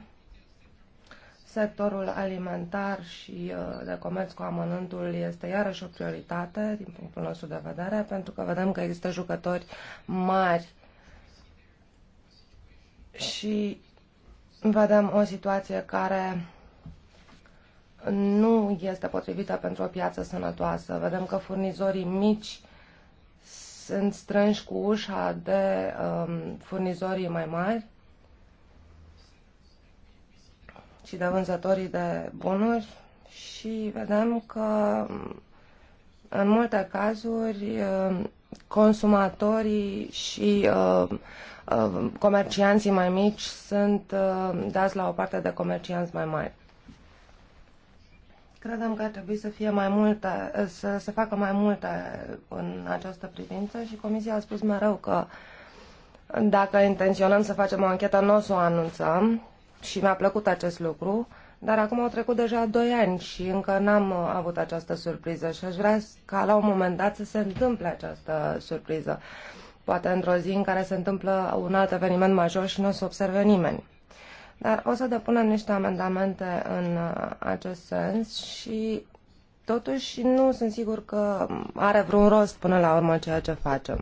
sectorul alimentar și uh, de comerț cu amănântul este iarăși o prioritate din punctul nostru de vedere, pentru că vedem că există jucători mari și vedem o situație care nu este potrivită pentru o piață sănătoasă. Vedem că furnizorii mici sunt strânși cu ușa de um, furnizorii mai mari și de vânzătorii de bunuri și vedem că um, în multe cazuri um, consumatorii și uh, uh, comercianții mai mici sunt uh, dați la o parte de comercianți mai mari. Credem că ar trebui să fie mai multe, să se facă mai multe în această privință și Comisia a spus mereu că dacă intenționăm să facem o anchetă, nu o să o anunțăm și mi-a plăcut acest lucru. Dar acum au trecut deja doi ani și încă n-am uh, avut această surpriză și aș vrea ca la un moment dat să se întâmple această surpriză. Poate într-o zi în care se întâmplă un alt eveniment major și nu o să observe nimeni. Dar o să depunem niște amendamente în uh, acest sens și totuși nu sunt sigur că are vreun rost până la urmă ceea ce facem.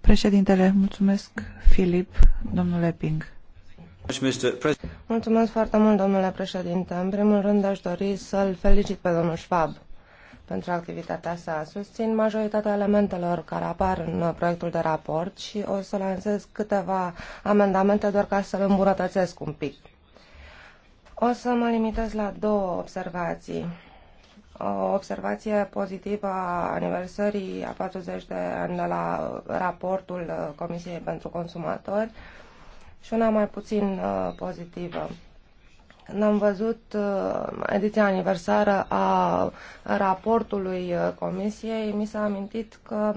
Președintele, mulțumesc, Filip, domnule Ping. Mulțumesc foarte mult, domnule președinte. În primul rând, aș dori să-l felicit pe domnul Schwab pentru activitatea sa. Susțin majoritatea elementelor care apar în proiectul de raport și o să lansez câteva amendamente doar ca să-l îmbunătățesc un pic. O să mă limitez la două observații. O observație pozitivă a aniversării a 40 de ani de la raportul Comisiei pentru Consumatori, și una mai puțin uh, pozitivă. Când am văzut uh, ediția aniversară a raportului uh, Comisiei, mi s-a amintit că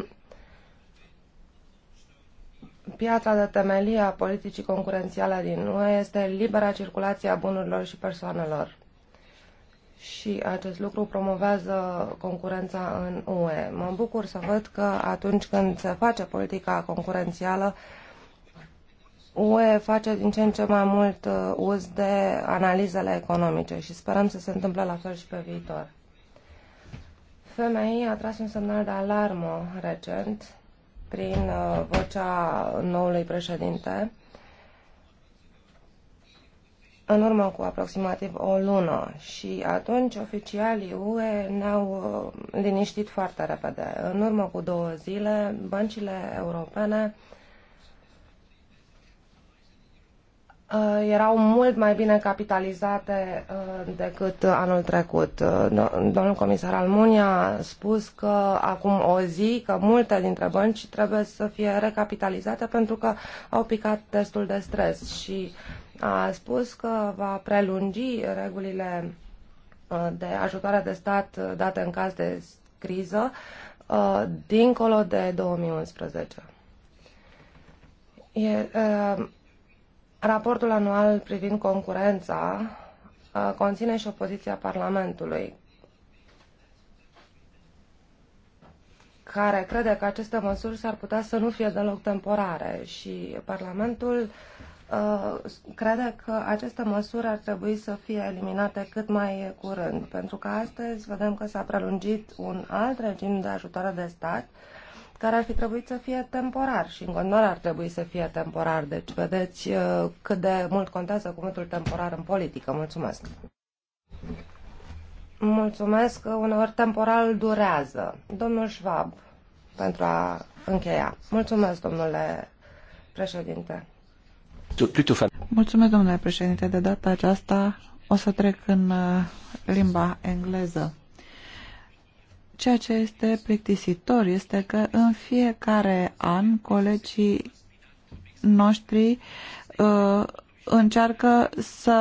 piatra de temelie a politicii concurențiale din UE este libera circulație a bunurilor și persoanelor. Și acest lucru promovează concurența în UE. Mă bucur să văd că atunci când se face politica concurențială, uh, UE face din ce în ce mai mult uh, uz de analizele economice și sperăm să se întâmple la fel și pe viitor. FMI a tras un semnal de alarmă recent prin uh, vocea noului președinte în urmă cu aproximativ o lună și atunci oficialii UE ne-au uh, liniștit foarte repede. În urmă cu două zile, băncile europene Uh, erau mult mai bine capitalizate uh, decât anul trecut. Uh, domnul comisar Almunia a spus că acum o zi că multe dintre bănci trebuie să fie recapitalizate pentru că au picat testul de stres și a spus că va prelungi regulile de ajutoare de stat date în caz de criză dincolo de 2011. E, Raportul anual privind concurența uh, conține și opoziția Parlamentului, care crede că aceste măsuri s-ar putea să nu fie deloc temporare și Parlamentul uh, crede că aceste măsuri ar trebui să fie eliminate cât mai curând, pentru că astăzi vedem că s-a prelungit un alt regim de ajutoare de stat care ar fi trebuit să fie temporar și în continuare ar trebui să fie temporar. Deci vedeți uh, cât de mult contează cuvântul temporar în politică. Mulțumesc! Mulțumesc că uneori temporal durează. Domnul Schwab, pentru a încheia. Mulțumesc, domnule președinte. Mulțumesc, domnule președinte. De data aceasta o să trec în uh, limba engleză. Ceea ce este plictisitor este că în fiecare an colegii noștri uh, încearcă să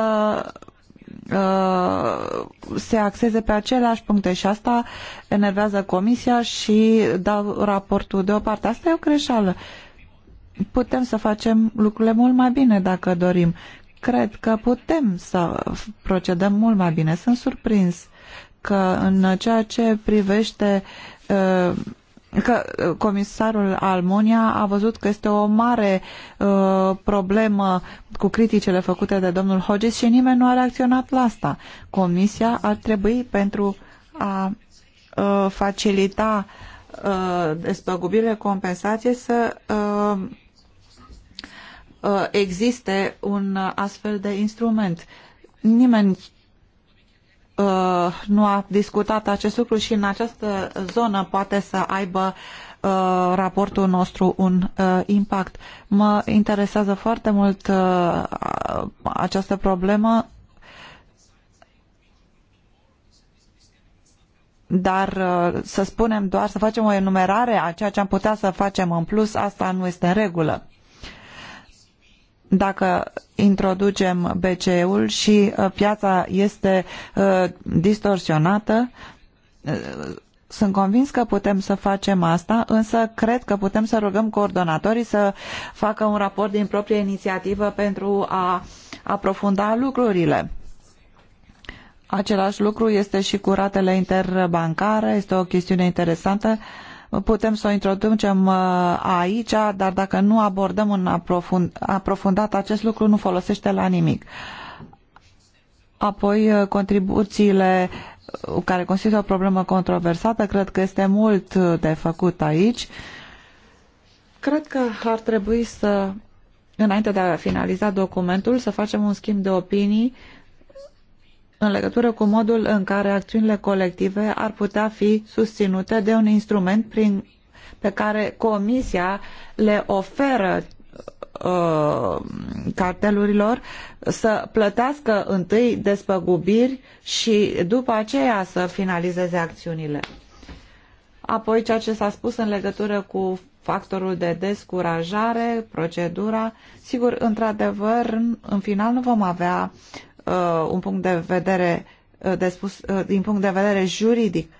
uh, se axeze pe aceleași puncte și asta enervează comisia și dau raportul deoparte. Asta e o greșeală. Putem să facem lucrurile mult mai bine dacă dorim. Cred că putem să procedăm mult mai bine. Sunt surprins că în ceea ce privește uh, că uh, comisarul Almonia a văzut că este o mare uh, problemă cu criticele făcute de domnul Hodges și nimeni nu a reacționat la asta. Comisia ar trebui pentru a facilita despăgubirile compensație să existe un astfel de instrument. Nimeni Uh, nu a discutat acest lucru și în această zonă poate să aibă uh, raportul nostru un uh, impact. Mă interesează foarte mult această problemă dar să spunem doar să facem o enumerare a ceea ce am putea să facem în plus, asta nu este în regulă dacă introducem BCE-ul și uh, piața este uh, distorsionată, uh, sunt convins că putem să facem asta, însă cred că putem să rugăm coordonatorii să facă un raport din proprie inițiativă pentru a aprofunda lucrurile. Același lucru este și cu ratele interbancare, este o chestiune interesantă. Uh, putem să o introducem uh, aici, dar dacă nu abordăm în aprofund, aprofundat acest lucru, nu folosește la nimic. Apoi, uh, contribuțiile uh, care constituie o problemă controversată, cred că este mult de făcut aici. Cred că ar trebui să, înainte de a finaliza documentul, să facem un schimb de opinii în legătură cu modul în care acțiunile colective ar putea fi susținute de un instrument prin, pe care Comisia le oferă uh, cartelurilor să plătească întâi despăgubiri și după aceea să finalizeze acțiunile. Apoi ceea ce s-a spus în legătură cu factorul de descurajare, procedura. Sigur, într-adevăr, în final nu vom avea uh, un punct de vedere uh, de spus, uh, din punct de vedere juridic.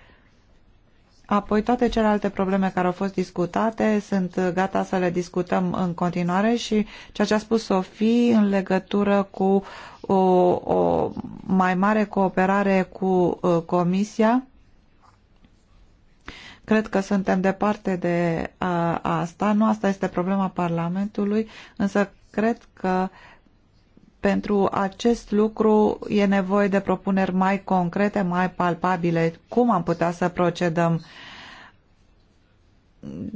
Apoi toate celelalte probleme care au fost discutate sunt gata să le discutăm în continuare și ceea ce a spus Sofie în legătură cu o, o mai mare cooperare cu uh, Comisia cred că suntem departe de uh, asta. Nu asta este problema Parlamentului, însă cred că pentru acest lucru e nevoie de propuneri mai concrete, mai palpabile. Cum am putea să procedăm?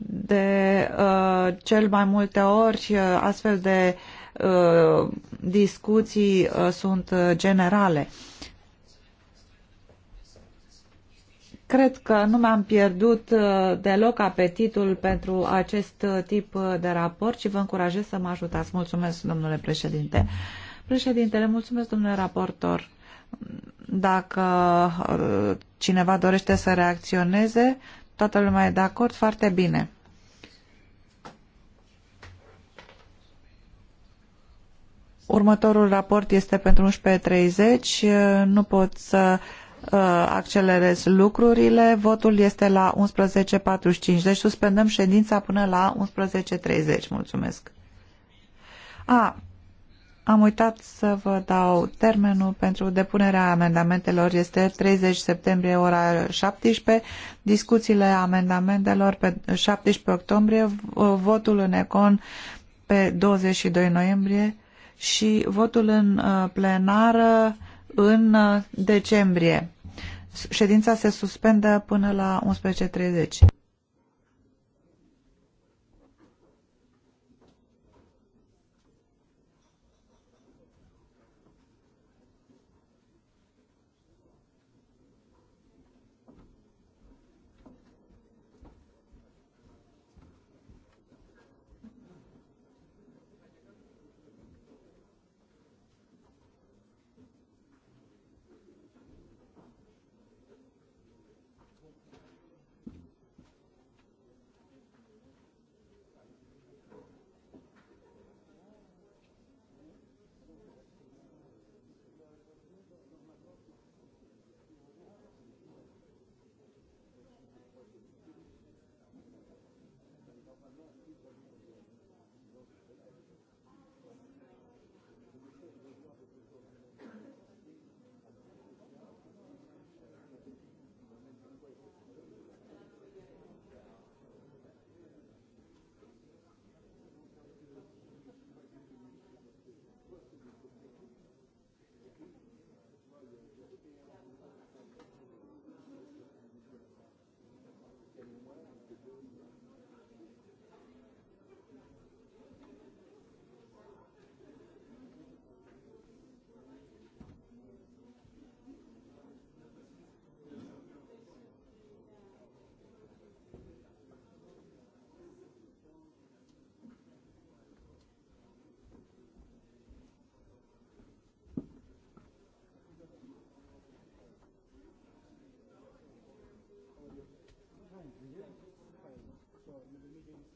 De uh, cel mai multe ori uh, astfel de uh, discuții uh, sunt uh, generale. cred că nu mi-am pierdut uh, deloc apetitul pentru acest tip de raport și vă încurajez să mă ajutați. Mulțumesc, domnule președinte. Președintele, mulțumesc, domnule raportor. Dacă uh, cineva dorește să reacționeze, toată lumea e de acord, foarte bine. Următorul raport este pentru 11.30. Nu pot să uh, accelerez lucrurile. Votul este la 11.45, deci suspendăm ședința până la 11.30. Mulțumesc. A, am uitat să vă dau termenul pentru depunerea amendamentelor. Este 30 septembrie, ora 17. Discuțiile amendamentelor pe 17 octombrie, votul în Econ pe 22 noiembrie și votul în uh, plenară în uh, decembrie. Ședința se suspendă până la 11.30.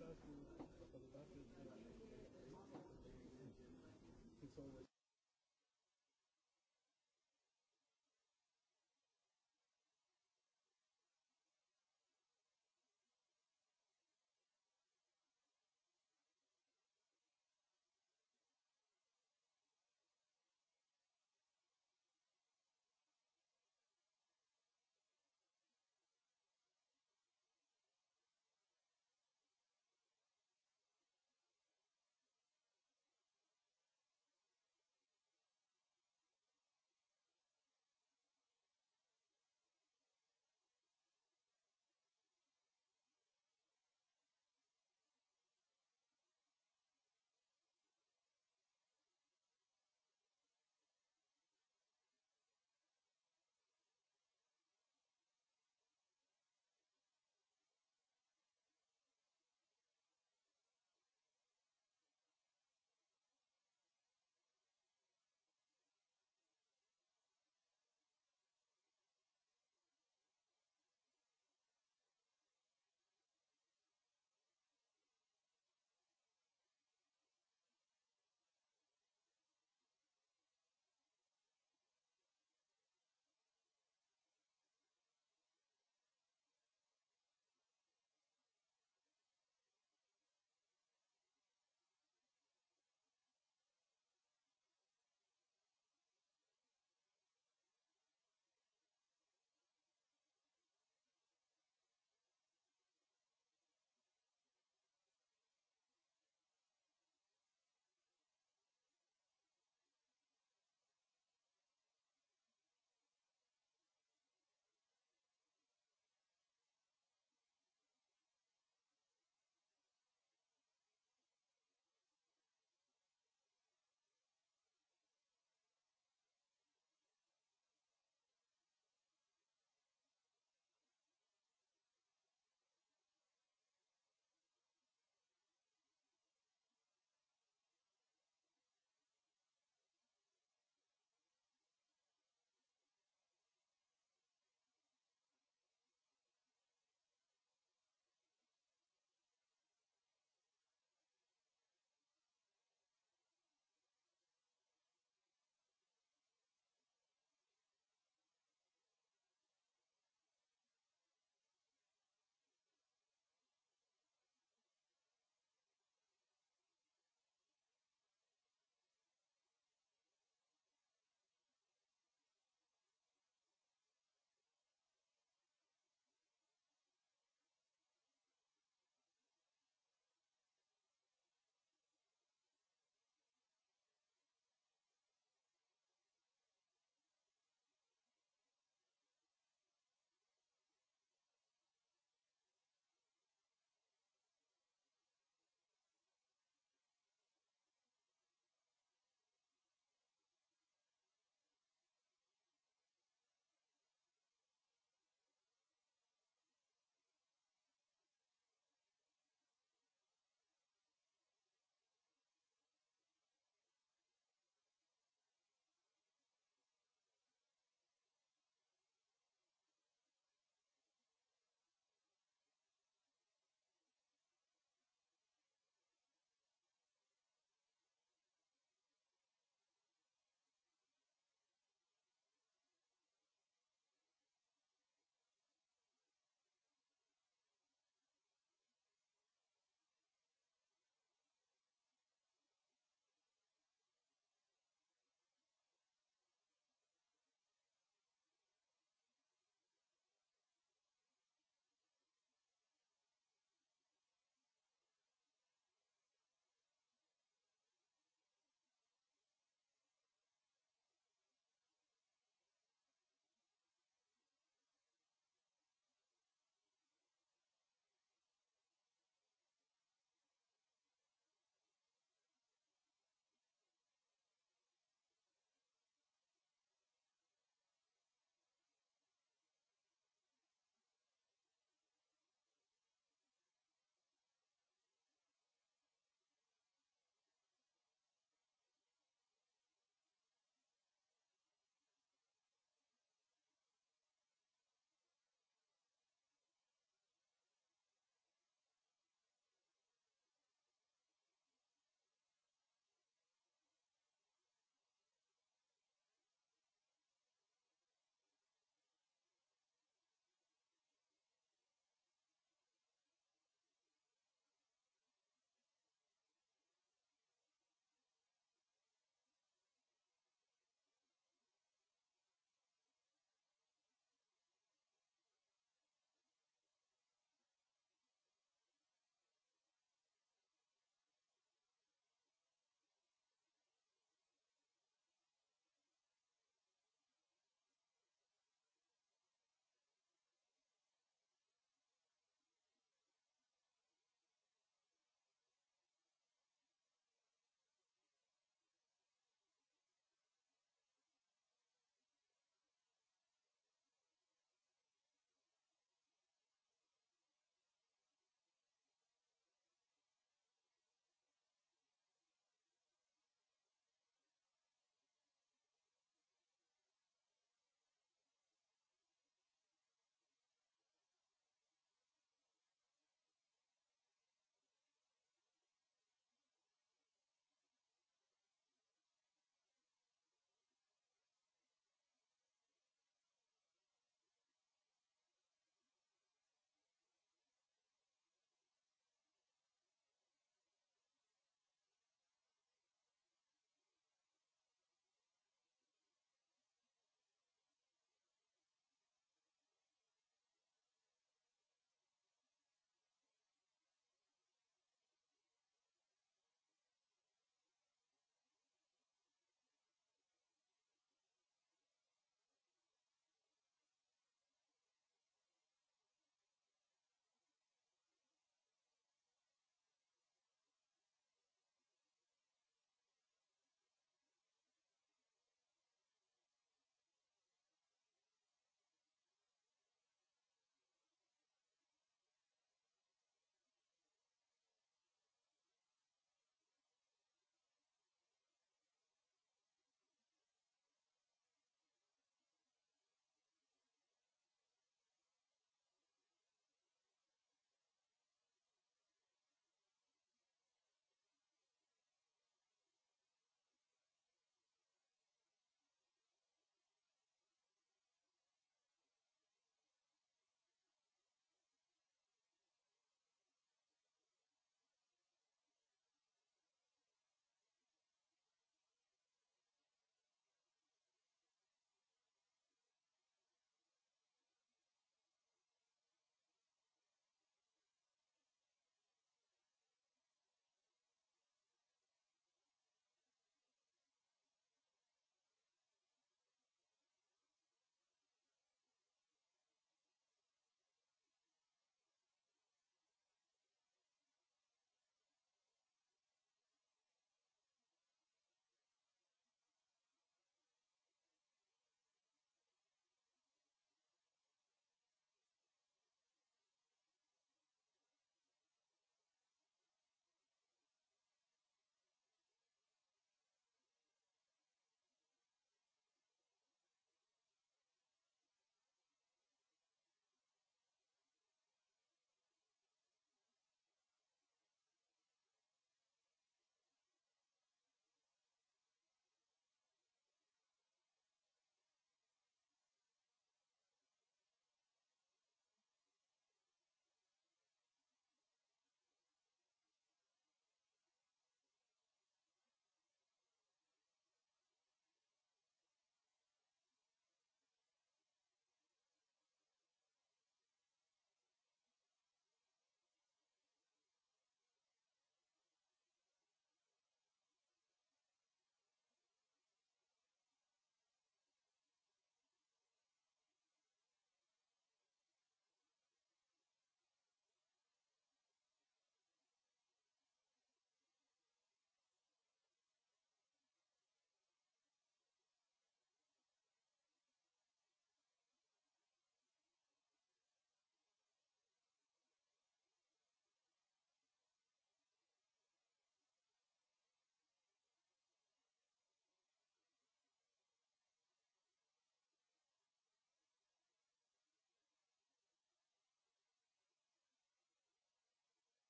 It's always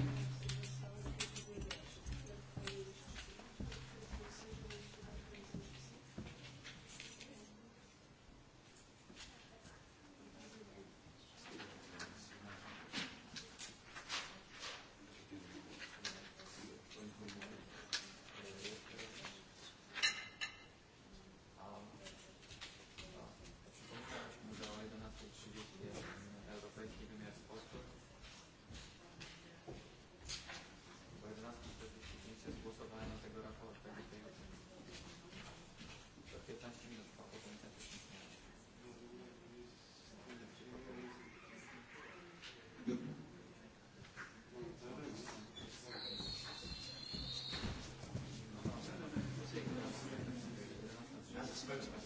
Thank you. Mulțumesc.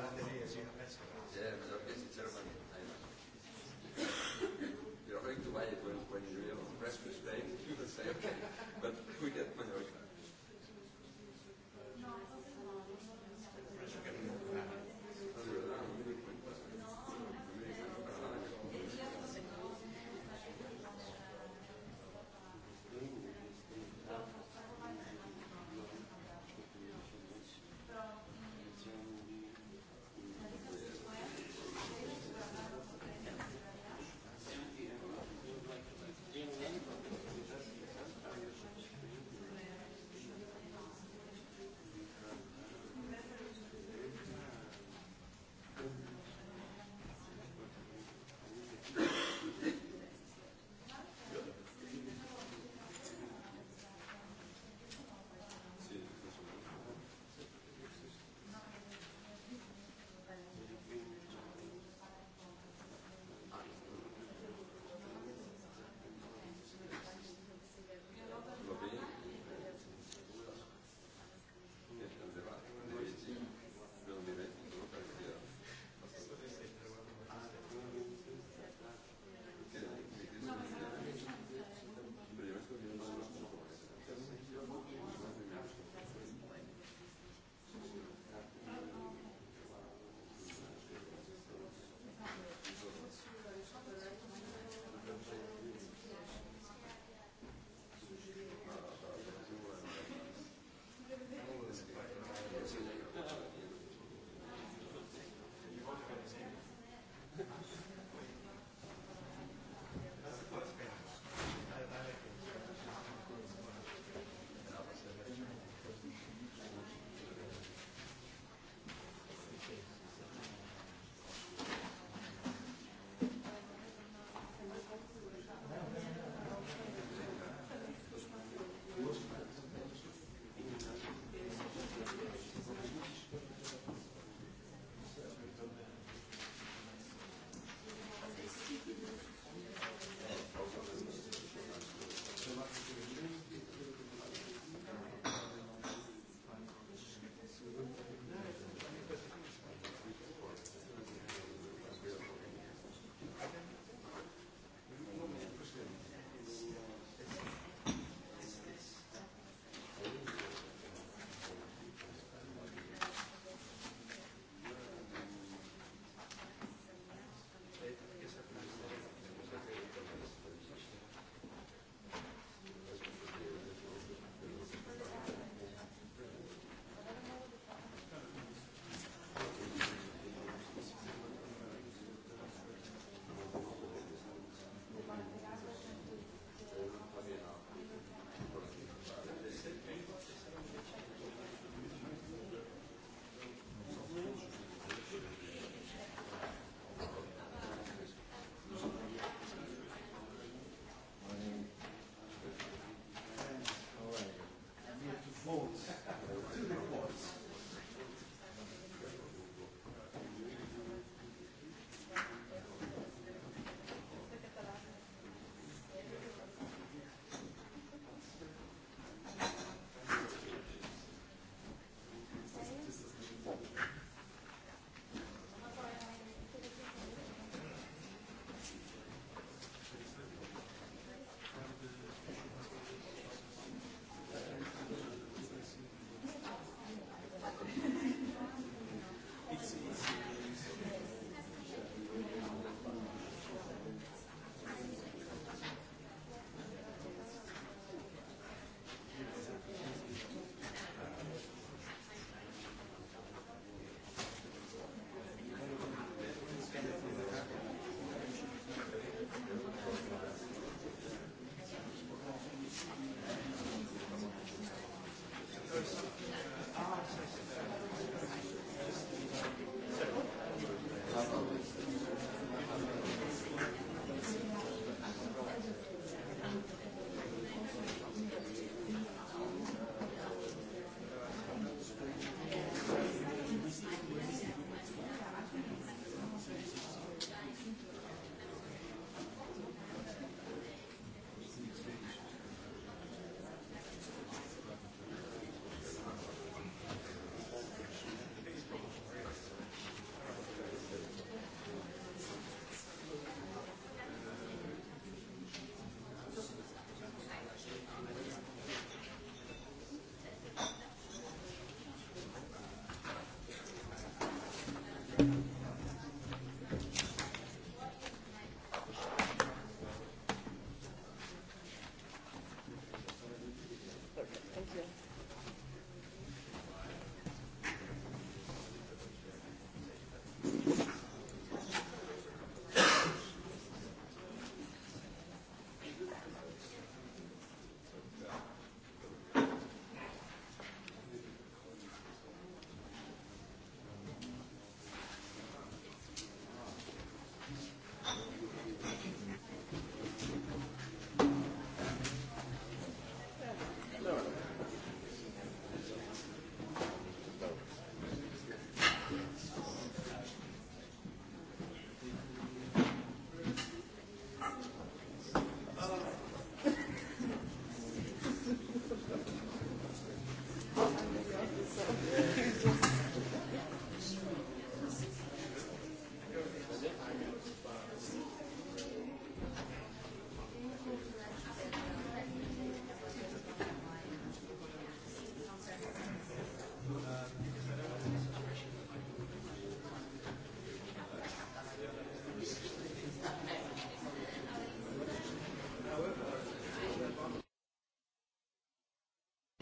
Gracias.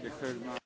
Because my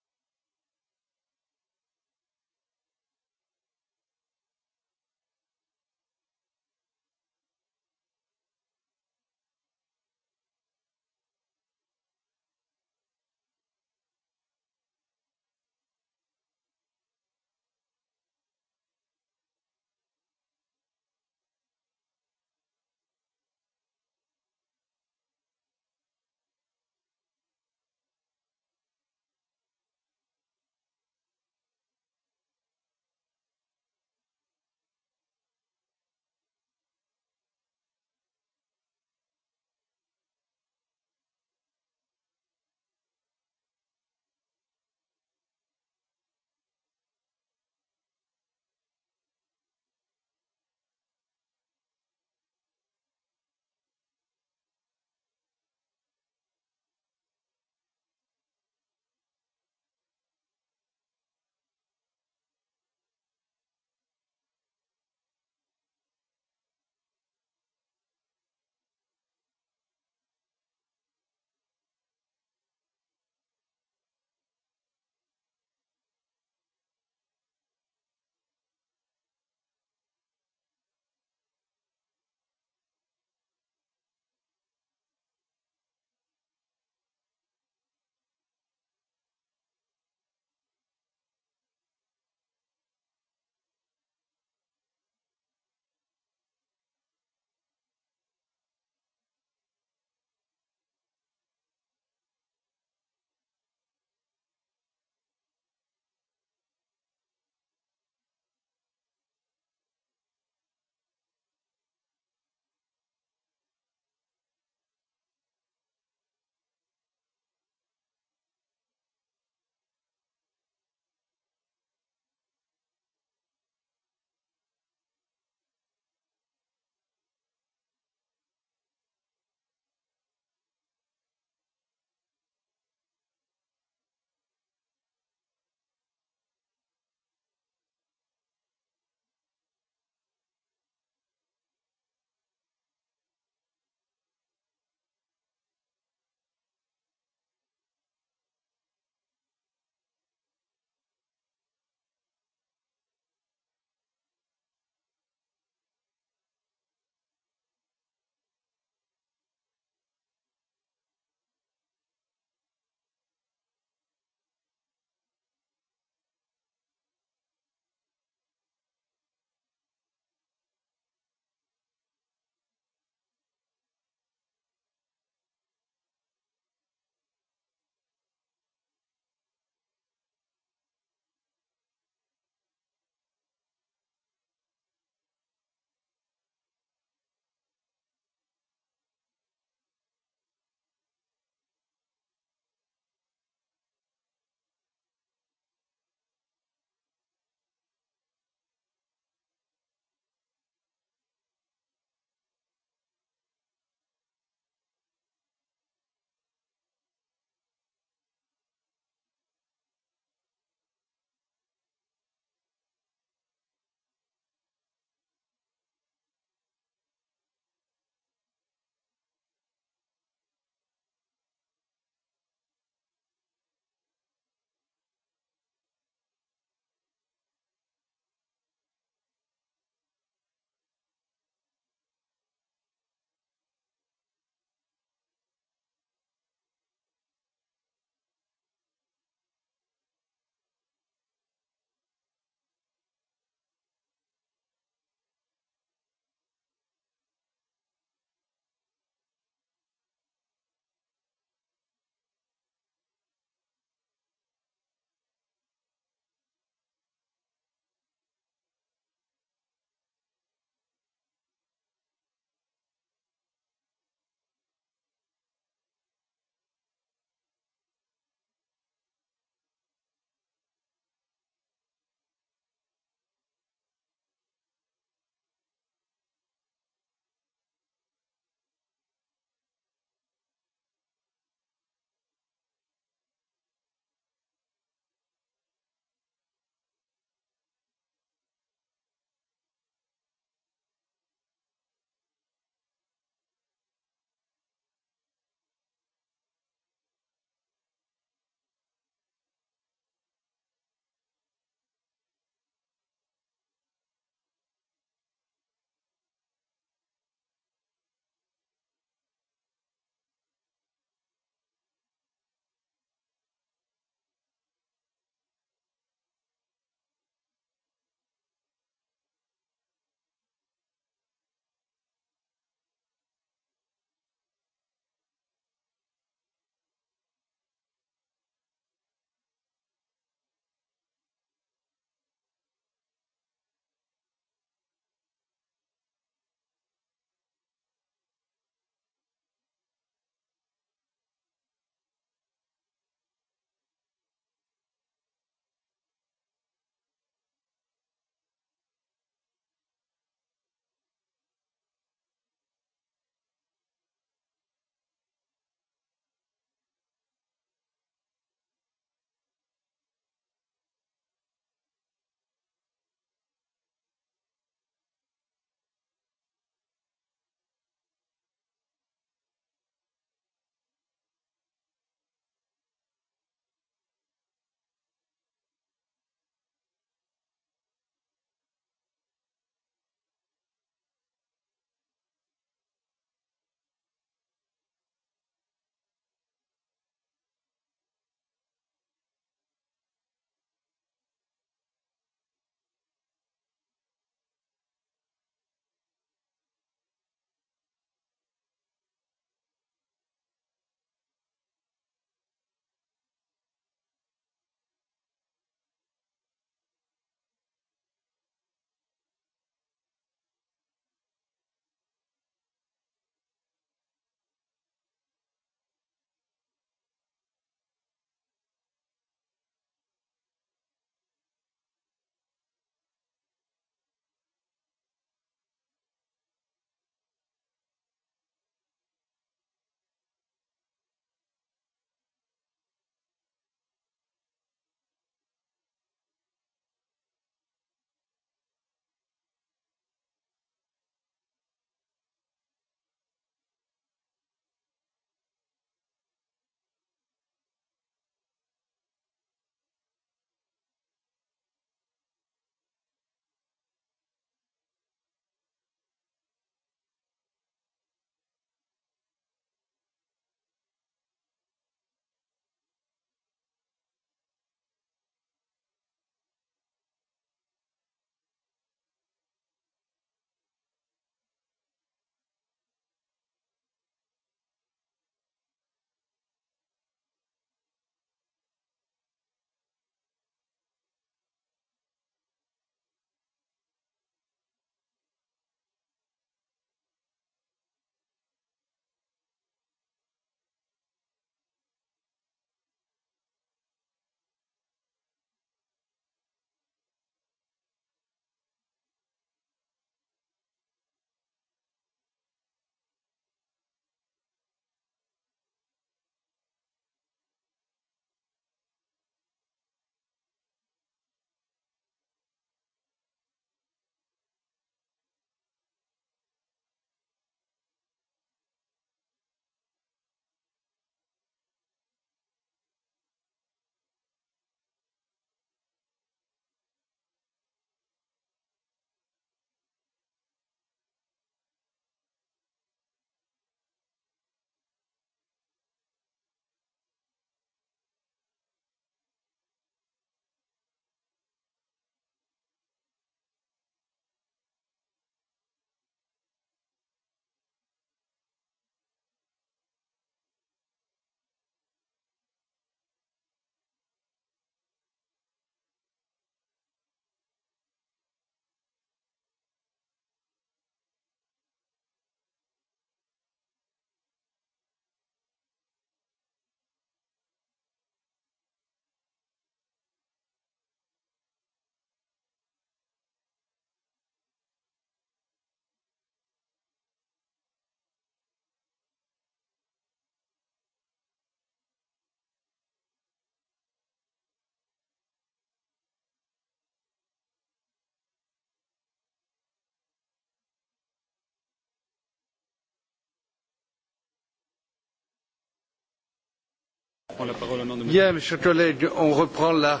prendre la parole au nom de Bien, mes chers collègues, on reprend la,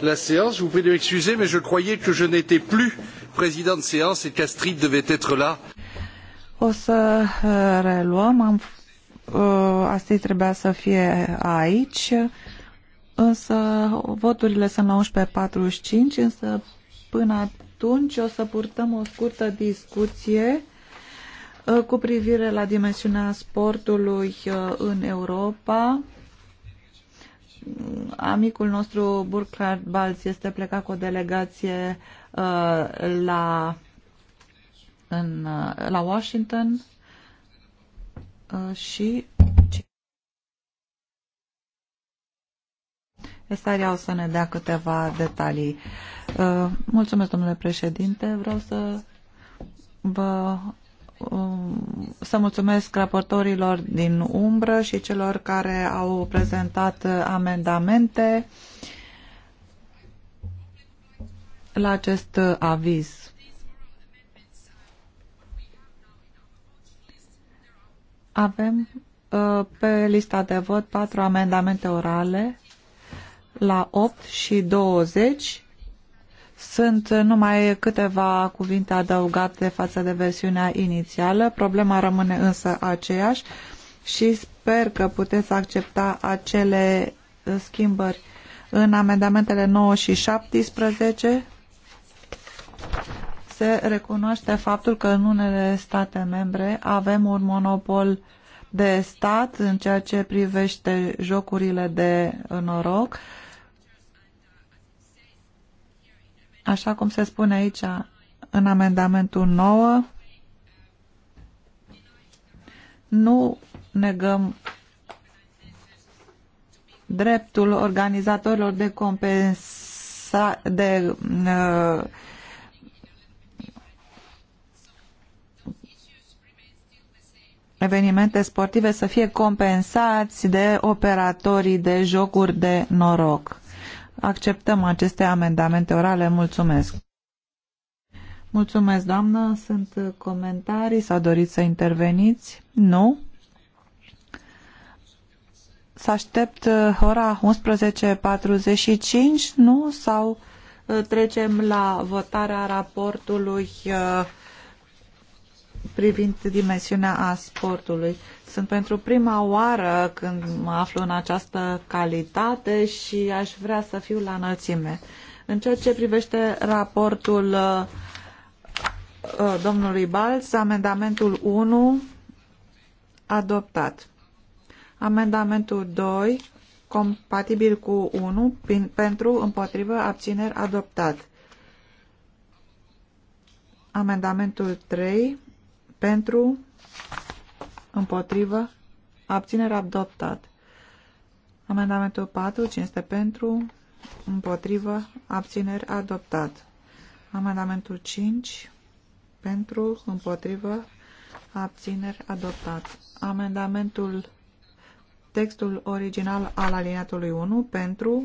la séance. Je vous prie de m'excuser, mais je croyais que je n'étais plus président de séance et qu'Astrid devait être là. O să uh, reluăm. Am, uh, Astrid trebuia să fie aici, însă voturile sunt la 11.45, însă până atunci o să purtăm o scurtă discuție uh, cu privire la dimensiunea sportului în Europa, amicul nostru Burkhard Balz este plecat cu o delegație uh, la, în, uh, la Washington uh, și Estaria o să ne dea câteva detalii. Uh, mulțumesc, domnule președinte. Vreau să vă Um, să mulțumesc raportorilor din umbră și celor care au prezentat amendamente la acest aviz. Avem uh, pe lista de vot patru amendamente orale la 8 și 20 sunt numai câteva cuvinte adăugate față de versiunea inițială. Problema rămâne însă aceeași și sper că puteți accepta acele uh, schimbări în amendamentele 9 și 17 se recunoaște faptul că în unele state membre avem un monopol de stat în ceea ce privește jocurile de noroc Așa cum se spune aici în amendamentul 9, nu negăm dreptul organizatorilor de compensa de uh, evenimente sportive să fie compensați de operatorii de jocuri de noroc acceptăm aceste amendamente orale. Mulțumesc! Mulțumesc, doamnă. Sunt comentarii sau doriți să interveniți? Nu? Să aștept uh, ora 11.45, nu? Sau uh, trecem la votarea raportului uh, privind dimensiunea a sportului. Sunt pentru prima oară când mă aflu în această calitate și aș vrea să fiu la înălțime. În ceea ce privește raportul uh, uh, domnului Balz, amendamentul 1 adoptat. Amendamentul 2 compatibil cu 1 pentru împotrivă abțineri adoptat. Amendamentul 3 pentru, împotrivă, abținere adoptat. Amendamentul 4, cine este pentru, împotrivă, abțineri adoptat. Amendamentul 5, pentru, împotrivă, abțineri adoptat. Amendamentul textul original al aliniatului 1 pentru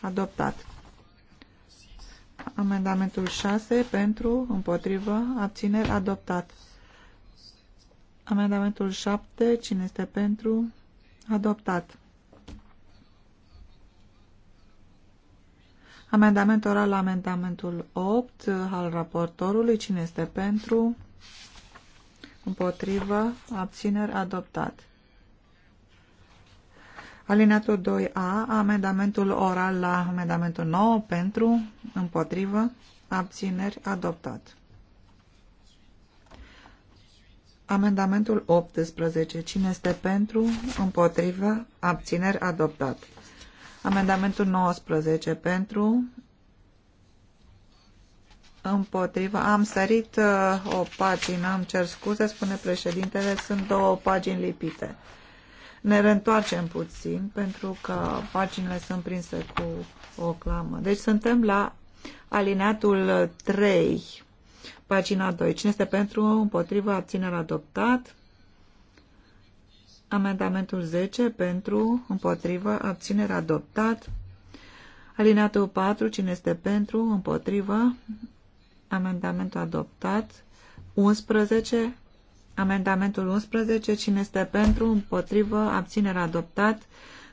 adoptat. Amendamentul 6 pentru, împotrivă, abțineri, adoptat. Amendamentul 7, cine este pentru, adoptat. Amendament oral amendamentul 8 al raportorului, cine este pentru, împotrivă, abțineri, adoptat. Alineatul 2A, amendamentul oral la amendamentul 9 pentru, împotrivă, abțineri, adoptat. Amendamentul 18. Cine este pentru, împotrivă, abțineri, adoptat. Amendamentul 19 pentru, împotrivă. Am sărit uh, o pagină, am cer scuze, spune președintele, sunt două pagini lipite ne reîntoarcem puțin pentru că paginile sunt prinse cu o clamă. Deci suntem la alineatul 3, pagina 2. Cine este pentru, împotrivă, abținere adoptat? Amendamentul 10 pentru, împotrivă, abținere adoptat. Alineatul 4, cine este pentru, împotrivă, amendamentul adoptat. 11 Amendamentul 11. Cine este pentru? Împotrivă? Abținere adoptat.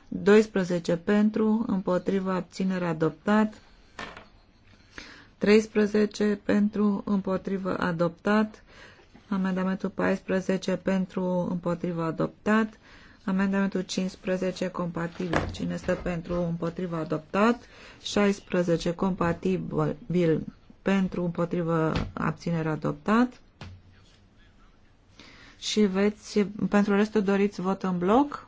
12 pentru, împotrivă abținere adoptat. 13 pentru, împotrivă adoptat. Amendamentul 14 pentru, împotrivă adoptat. Amendamentul 15 compatibil. Cine este pentru, împotrivă adoptat. 16 compatibil pentru, împotrivă abținere adoptat și veți, pentru restul doriți vot în bloc?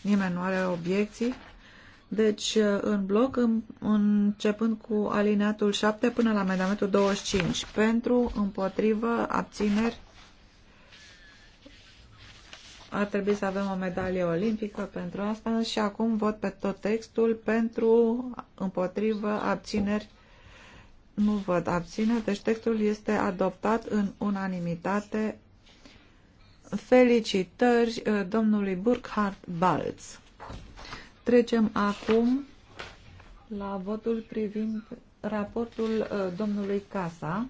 Nimeni nu are obiecții. Deci, în bloc, în, începând cu alineatul 7 până la amendamentul 25. Pentru, împotrivă, abțineri, ar trebui să avem o medalie olimpică pentru asta și acum vot pe tot textul pentru, împotrivă, abțineri, nu văd abține. deci textul este adoptat în unanimitate. Felicitări uh, domnului Burkhard Balz. Trecem acum la votul privind raportul uh, domnului Casa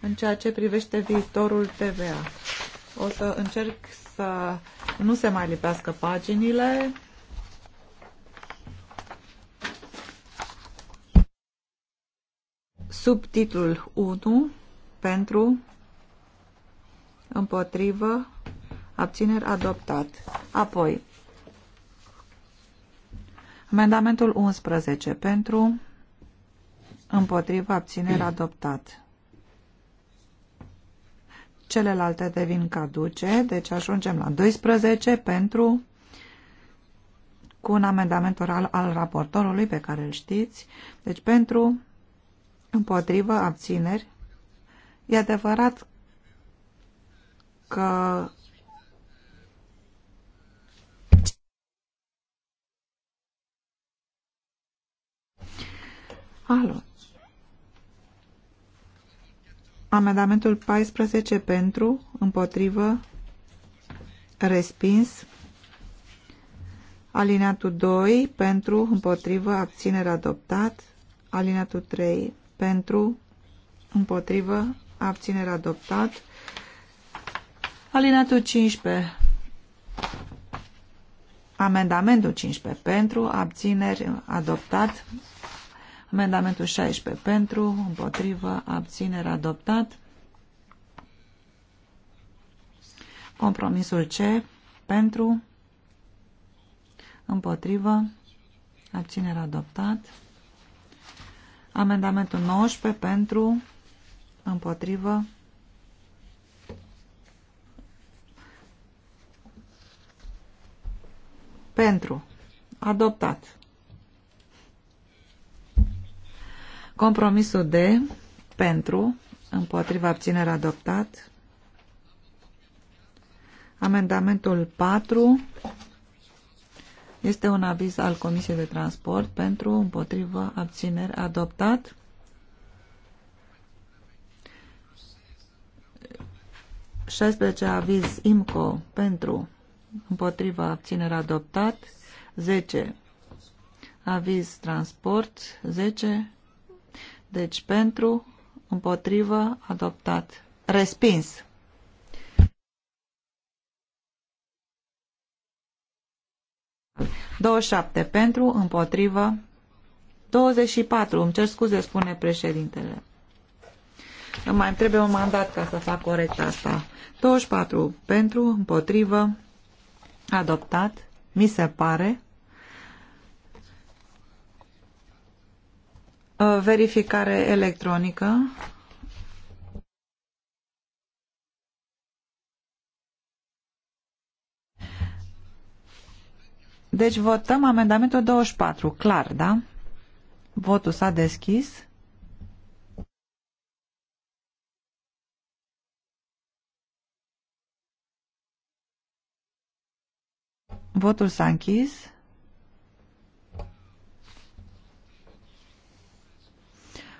în ceea ce privește viitorul TVA. O să încerc să nu se mai lipească paginile. subtitlul 1 pentru împotrivă abțineri adoptat. Apoi amendamentul 11 pentru împotrivă abțineri adoptat. Celelalte devin caduce, deci ajungem la 12 pentru cu un amendament oral al raportorului pe care îl știți. Deci pentru împotrivă, abțineri. E adevărat că Alo. Amendamentul 14 pentru, împotrivă, respins. Alineatul 2 pentru, împotrivă, abținere adoptat. Alineatul 3 pentru, împotrivă, abținere adoptat. Alinatul 15, amendamentul 15 pentru, abțineri adoptat. Amendamentul 16 pentru, împotrivă, abținere adoptat. Compromisul C pentru, împotrivă, abținere adoptat. Amendamentul 19 pentru, împotrivă, pentru, adoptat. Compromisul de pentru, împotriva abținere adoptat. Amendamentul 4 este un aviz al Comisiei de Transport pentru, împotrivă, abțineri, adoptat. șaisprezece aviz IMCO pentru, împotriva abținere adoptat. 10. Aviz transport 10. Deci pentru, împotrivă, adoptat. Respins. 27 pentru, împotrivă. 24, îmi cer scuze, spune președintele. Îmi mai trebuie un mandat ca să fac corect asta. 24 pentru, împotrivă, adoptat, mi se pare. Verificare electronică. Deci votăm amendamentul 24. Clar, da? Votul s-a deschis. Votul s-a închis.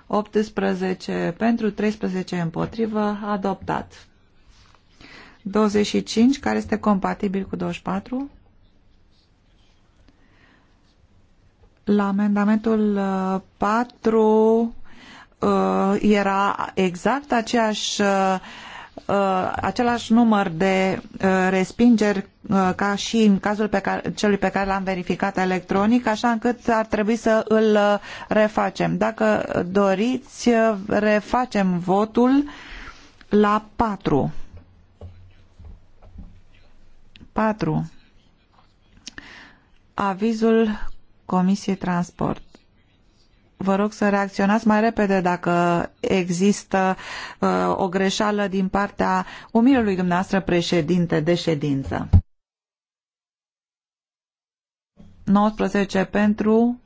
Optsprezece pentru, 13 împotrivă, adoptat. 25, care este compatibil cu 24? La amendamentul 4 uh, uh, era exact aceeași uh, același număr de respingeri ca și în cazul pe care, celui pe care l-am verificat electronic, așa încât ar trebui să îl refacem. Dacă doriți, refacem votul la patru. Patru. Avizul Comisiei Transport. Vă rog să reacționați mai repede dacă există uh, o greșeală din partea umilului dumneavoastră președinte de ședință. 19 pentru,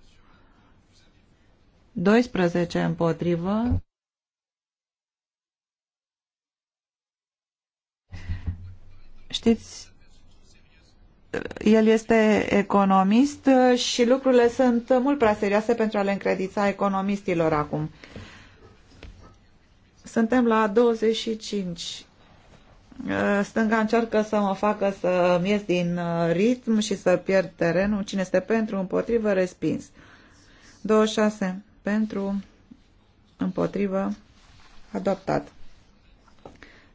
12 împotrivă. Știți el este economist uh, și lucrurile sunt mult prea serioase pentru a le încredița economistilor acum. Suntem la 25. Uh, stânga încearcă să mă facă să ies din uh, ritm și să pierd terenul. Cine este pentru, împotrivă, respins. 26. Pentru, împotrivă, adoptat.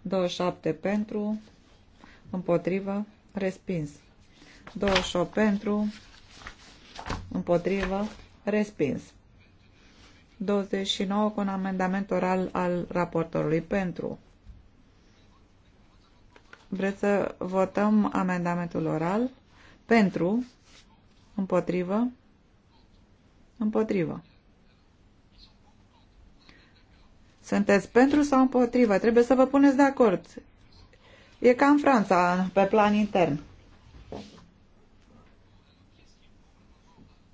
27. Pentru, împotrivă, respins. 28 pentru, împotrivă, respins. 29 cu un amendament oral al raportorului pentru. Vreți să votăm amendamentul oral? Pentru, împotrivă, împotrivă. Sunteți pentru sau împotrivă? Trebuie să vă puneți de acord. E ca în Franța, pe plan intern.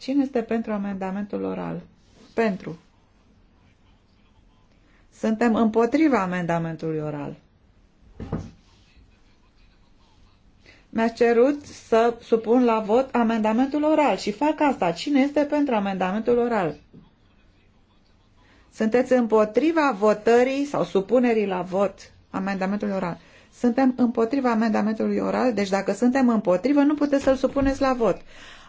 Cine este pentru amendamentul oral? Pentru. Suntem împotriva amendamentului oral. Mi-a cerut să supun la vot amendamentul oral și fac asta. Cine este pentru amendamentul oral? Sunteți împotriva votării sau supunerii la vot amendamentului oral. Suntem împotriva amendamentului oral, deci dacă suntem împotrivă, nu puteți să-l supuneți la vot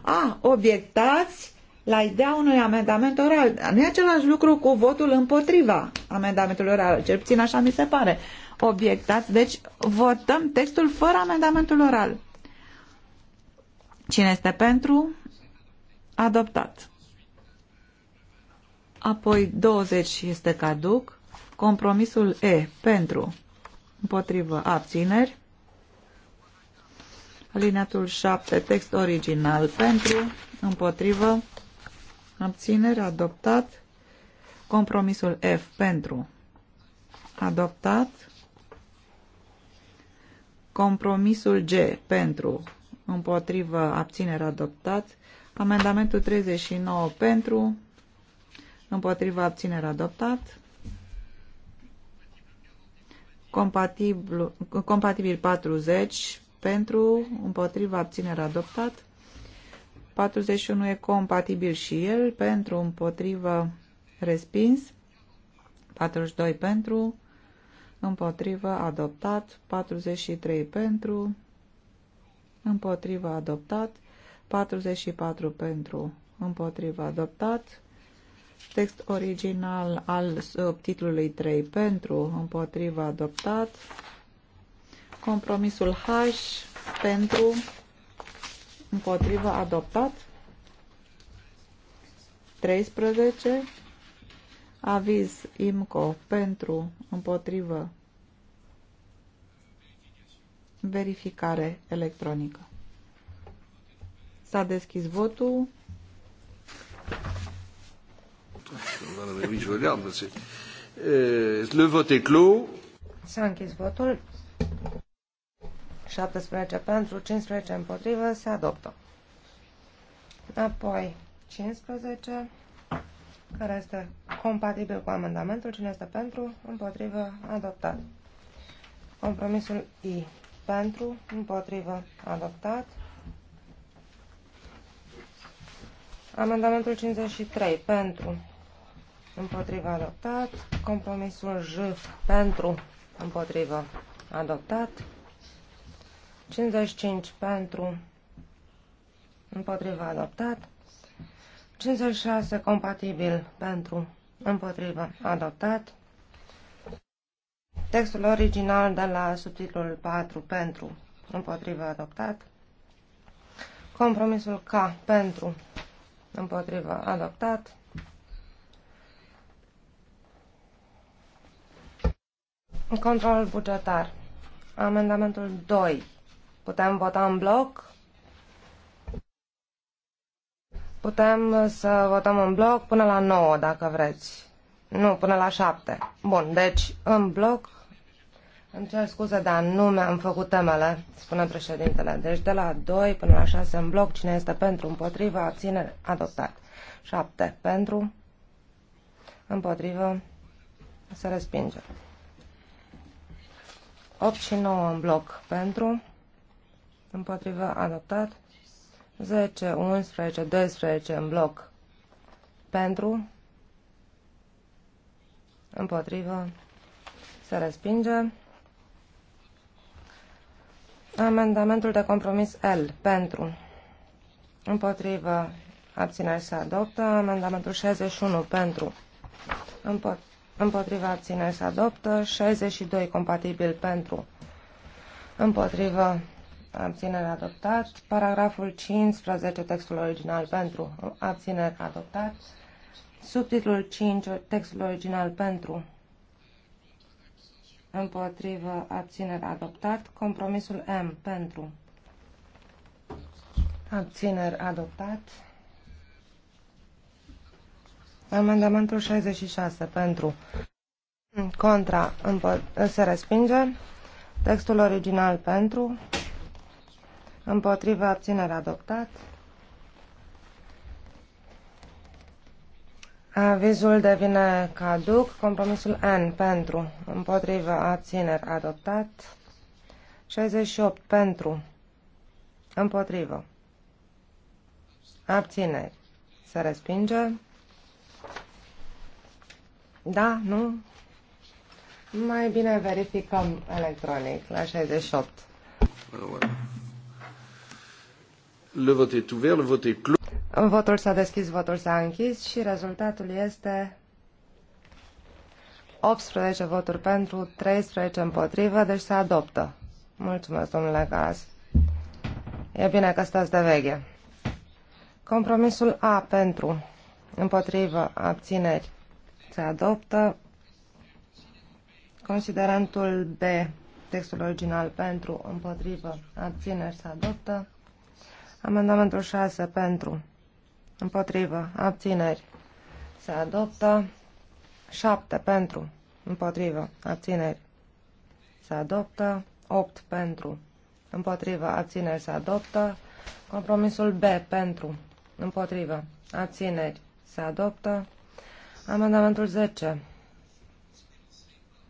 a, obiectați la ideea unui amendament oral. Nu e același lucru cu votul împotriva amendamentului oral, cel puțin așa mi se pare. Obiectați, deci votăm textul fără amendamentul oral. Cine este pentru? Adoptat. Apoi 20 este caduc. Compromisul E pentru împotrivă abțineri Alineatul 7, text original pentru, împotrivă, abținere, adoptat. Compromisul F pentru, adoptat. Compromisul G pentru, împotrivă, abținere, adoptat. Amendamentul 39 pentru, împotrivă, abținere, adoptat. Compatibil, compatibil 40 pentru, împotriva, abținere adoptat. 41 e compatibil și el, pentru, împotrivă, respins. 42 pentru, împotrivă, adoptat. 43 pentru, împotrivă, adoptat. 44 pentru, împotrivă, adoptat. Text original al titlului 3 pentru, împotrivă, adoptat. Compromisul H pentru împotrivă adoptat. 13. Aviz IMCO pentru împotrivă verificare electronică. S-a deschis votul. Euh, le vote est clos. S-a închis votul. 17 pentru, 15 împotrivă, se adoptă. Apoi 15, care este compatibil cu amendamentul, cine este pentru, împotrivă, adoptat. Compromisul I, pentru, împotrivă, adoptat. Amendamentul 53, pentru, împotrivă, adoptat. Compromisul J, pentru, împotrivă, adoptat. 55 pentru, împotriva adoptat. 56 compatibil pentru, împotriva adoptat. Textul original de la subtitlul 4 pentru, împotriva adoptat. Compromisul K pentru, împotriva adoptat. Controlul bugetar. Amendamentul 2 Putem vota în bloc? Putem să votăm în bloc până la 9, dacă vreți. Nu, până la 7. Bun, deci în bloc. Îmi cer scuze, dar nu mi-am făcut temele, spune președintele. Deci de la 2 până la 6 în bloc, cine este pentru, împotrivă, abține, adoptat. 7 pentru, împotrivă, se respinge. 8 și 9 în bloc pentru, împotriva adoptat, 10, 11, 12 în bloc pentru, împotrivă, se respinge. Amendamentul de compromis L pentru, împotrivă, abținere se adoptă. Amendamentul 61 pentru, împotriva abținere se adoptă. 62 compatibil pentru, împotrivă, abținere adoptat. Paragraful 15, textul original pentru, abținere adoptat. Subtitlul 5, textul original pentru, împotrivă, abținere adoptat. Compromisul M pentru, abținere adoptat. Amendamentul 66 pentru, contra, se respinge. Textul original pentru, Împotrivă abținere adoptat. Avizul devine caduc. Compromisul N pentru. Împotrivă abțineri adoptat. 68 pentru. Împotrivă. Abțineri. Se respinge. Da? Nu? Mai bine verificăm electronic la 68. Bă, bă. Le est ouvert, le est clos. Votul s-a deschis, votul s-a închis și rezultatul este 18 voturi pentru, 13 împotrivă, deci se adoptă. Mulțumesc, domnule Caras. E bine că stați de veche. Compromisul A pentru, împotrivă, abțineri, se adoptă. Considerantul B, textul original pentru, împotrivă, abțineri, se adoptă. Amendamentul 6 pentru. Împotrivă. Abțineri. Se adoptă. 7 pentru. Împotrivă. Abțineri. Se adoptă. 8 pentru. Împotrivă. Abțineri. Se adoptă. Compromisul B pentru. Împotrivă. Abțineri. Se adoptă. Amendamentul 10.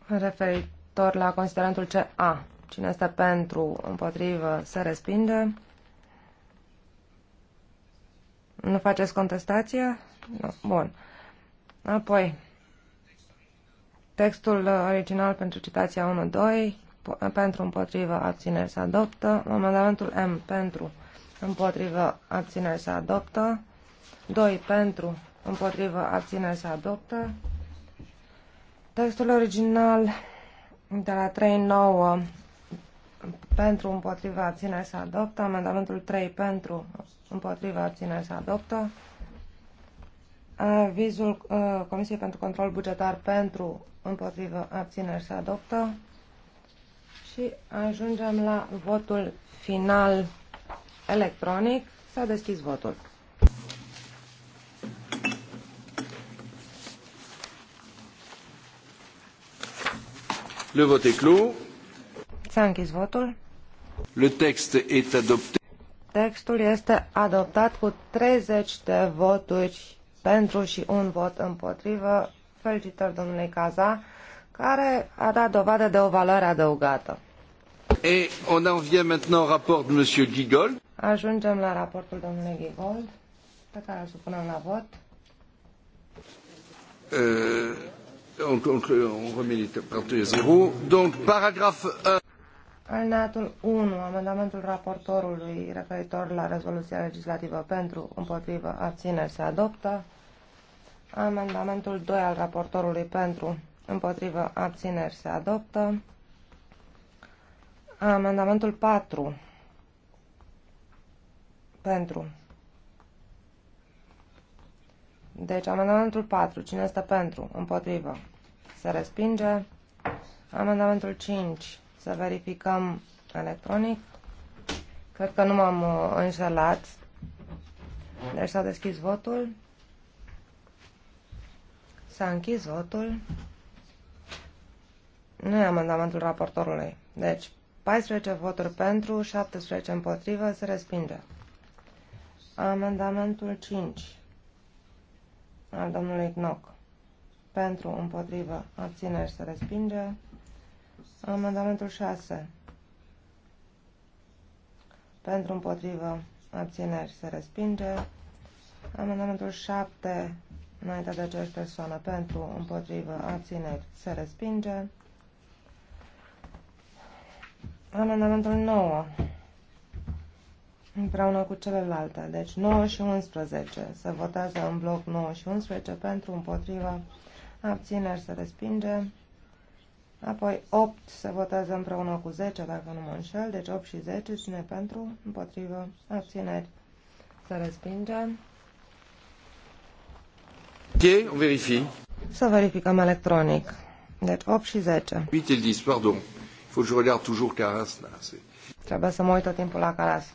Referitor la considerantul CA. Cine este pentru, împotrivă, se respinge. Nu faceți contestație? Nu. Bun. Apoi, textul original pentru citația 1-2, pentru împotrivă abțineri se adoptă, amendamentul M pentru împotrivă abțineri se adoptă, 2 pentru împotrivă abțineri se adoptă, textul original de la 3-9 pentru, împotriva, abține se adoptă. Amendamentul 3 pentru, împotriva, abține se adoptă. Avizul uh, Comisiei pentru Control Bugetar pentru, împotriva, abține se adoptă. Și ajungem la votul final electronic. S-a deschis votul. Le vote est clos. S-a închis votul. Le text est adopté. Textul este adoptat cu 30 de voturi pentru și un vot împotrivă. Felicitări domnului Caza, care a dat dovadă de o valoare adăugată. Et on en vient maintenant au rapport de monsieur Ajungem la raportul domnului Giegold, pe care îl supunem la vot. Euh, on, on, on remet les parties à zéro. Donc, paragraphe 1. Alineatul 1, amendamentul raportorului referitor la rezoluția legislativă pentru, împotrivă, abțineri se adoptă. Amendamentul 2 al raportorului pentru, împotrivă, abțineri se adoptă. Amendamentul 4 pentru. Deci, amendamentul 4, cine este pentru, împotrivă, se respinge. Amendamentul 5 să verificăm electronic. Cred că nu m-am uh, înșelat. Deci s-a deschis votul. S-a închis votul. Nu e amendamentul raportorului. Deci 14 voturi pentru, 17 împotrivă, se respinge. Amendamentul 5 al domnului Knock. Pentru, împotrivă, abțineri, se respinge. Amendamentul 6. Pentru împotrivă abțineri se respinge. Amendamentul 7 înainte de aceeași persoană pentru împotrivă abțineri se respinge. Amendamentul 9 împreună cu celelalte, deci 9 și 11. Se votează în bloc 9 și 11 pentru împotrivă. abțineri se respinge. Apoi 8 se votează împreună cu 10, dacă nu mă înșel, deci 8 și 10, cine pentru, împotrivă, abțineri, Să respinge. Ok, on verifie. Să verificăm electronic. Deci 8 și 10. 8 et 10, pardon. Faut que je regarde toujours Caras. Trebuie să mă uit tot timpul la Caras.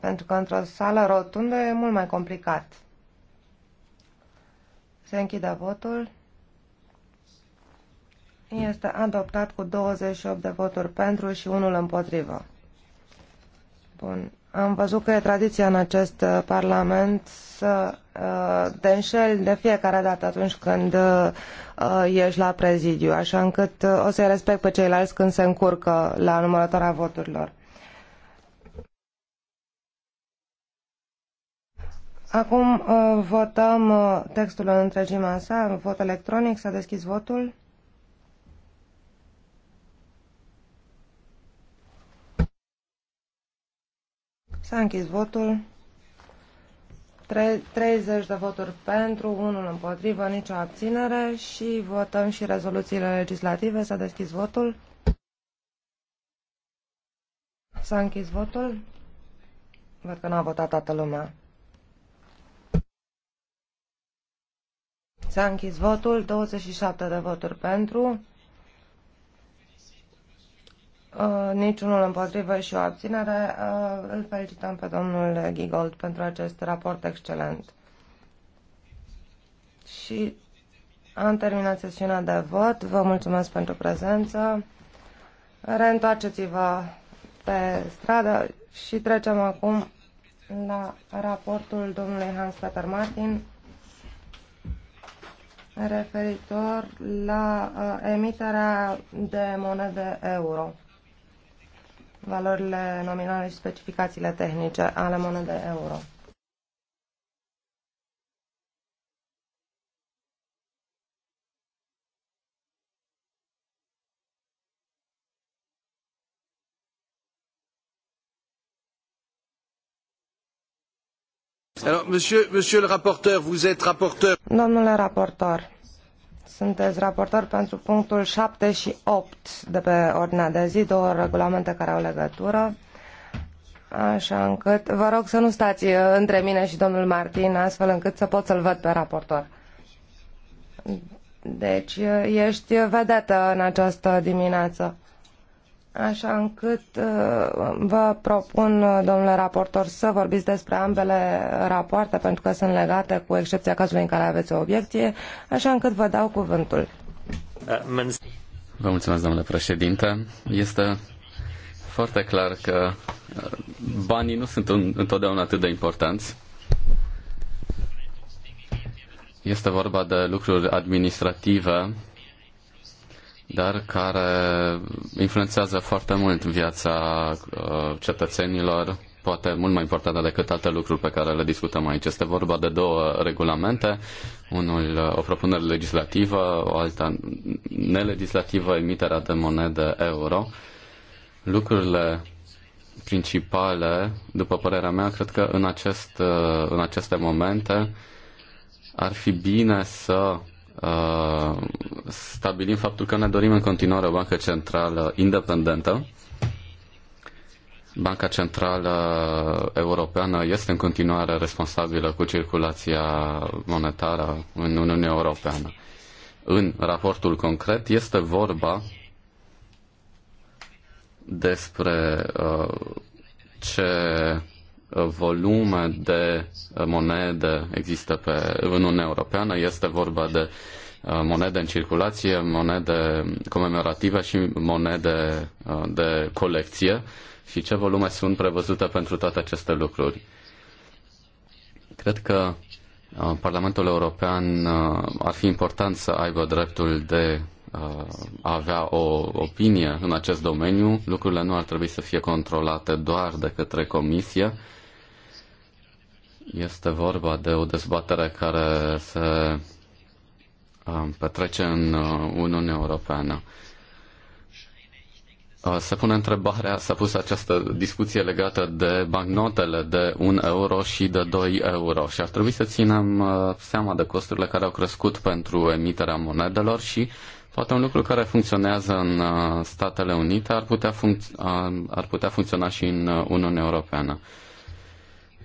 Pentru că într-o sală rotundă e mult mai complicat. Se închide votul este adoptat cu 28 de voturi pentru și unul împotrivă. Bun. Am văzut că e tradiția în acest uh, Parlament să te uh, înșeli de fiecare dată atunci când uh, ești la prezidiu, așa încât o să-i respect pe ceilalți când se încurcă la numărătoarea voturilor. Acum votăm textul în întregimea sa, vot electronic, s-a deschis votul. S-a închis votul. 30 de voturi pentru, 1 împotrivă, nicio abținere și votăm și rezoluțiile legislative. S-a deschis votul. S-a închis votul. Văd că n-a votat toată lumea. S-a închis votul, 27 de voturi pentru, Uh, niciunul împotrivă și o abținere. Uh, îl felicităm pe domnul Gigold pentru acest raport excelent. Și am terminat sesiunea de vot. Vă mulțumesc pentru prezență. Reîntoarceți-vă pe stradă și trecem acum la raportul domnului Hans Peter Martin referitor la uh, emiterea de monede euro valorile nominale și specificațiile tehnice ale monedei euro. Alors, monsieur, monsieur le rapporteur, vous êtes rapporteur. Domnule raportor, sunteți raportor pentru punctul 7 și 8 de pe ordinea de zi, două regulamente care au legătură. Așa încât vă rog să nu stați între mine și domnul Martin, astfel încât să pot să-l văd pe raportor. Deci, ești vedetă în această dimineață așa încât uh, vă propun, uh, domnule raportor, să vorbiți despre ambele rapoarte, pentru că sunt legate, cu excepția cazului în care aveți o obiecție, așa încât vă dau cuvântul. Vă mulțumesc, domnule președinte. Este foarte clar că uh, banii nu sunt întotdeauna atât de importanți. Este vorba de lucruri administrative dar care influențează foarte mult viața uh, cetățenilor, poate mult mai importantă decât alte lucruri pe care le discutăm aici. Este vorba de două regulamente, unul uh, o propunere legislativă, o alta nelegislativă, emiterea de monede euro. Lucrurile principale, după părerea mea, cred că în, acest, uh, în aceste momente ar fi bine să Uh, stabilim faptul că ne dorim în continuare o bancă centrală independentă. Banca Centrală Europeană este în continuare responsabilă cu circulația monetară în Uniunea Europeană. În raportul concret este vorba despre uh, ce volume de monede există pe, în Uniunea Europeană. Este vorba de uh, monede în circulație, monede comemorative și monede uh, de colecție și ce volume sunt prevăzute pentru toate aceste lucruri. Cred că uh, Parlamentul European ar fi important să aibă dreptul de a avea o opinie în acest domeniu. Lucrurile nu ar trebui să fie controlate doar de către Comisie, este vorba de o dezbatere care se um, petrece în uh, Uniunea Europeană. Uh, se pune întrebarea, s-a pus această discuție legată de bancnotele de 1 euro și de 2 euro și ar trebui să ținem uh, seama de costurile care au crescut pentru emiterea monedelor și poate un lucru care funcționează în Statele Unite ar putea, func- ar putea funcționa și în Uniunea Europeană.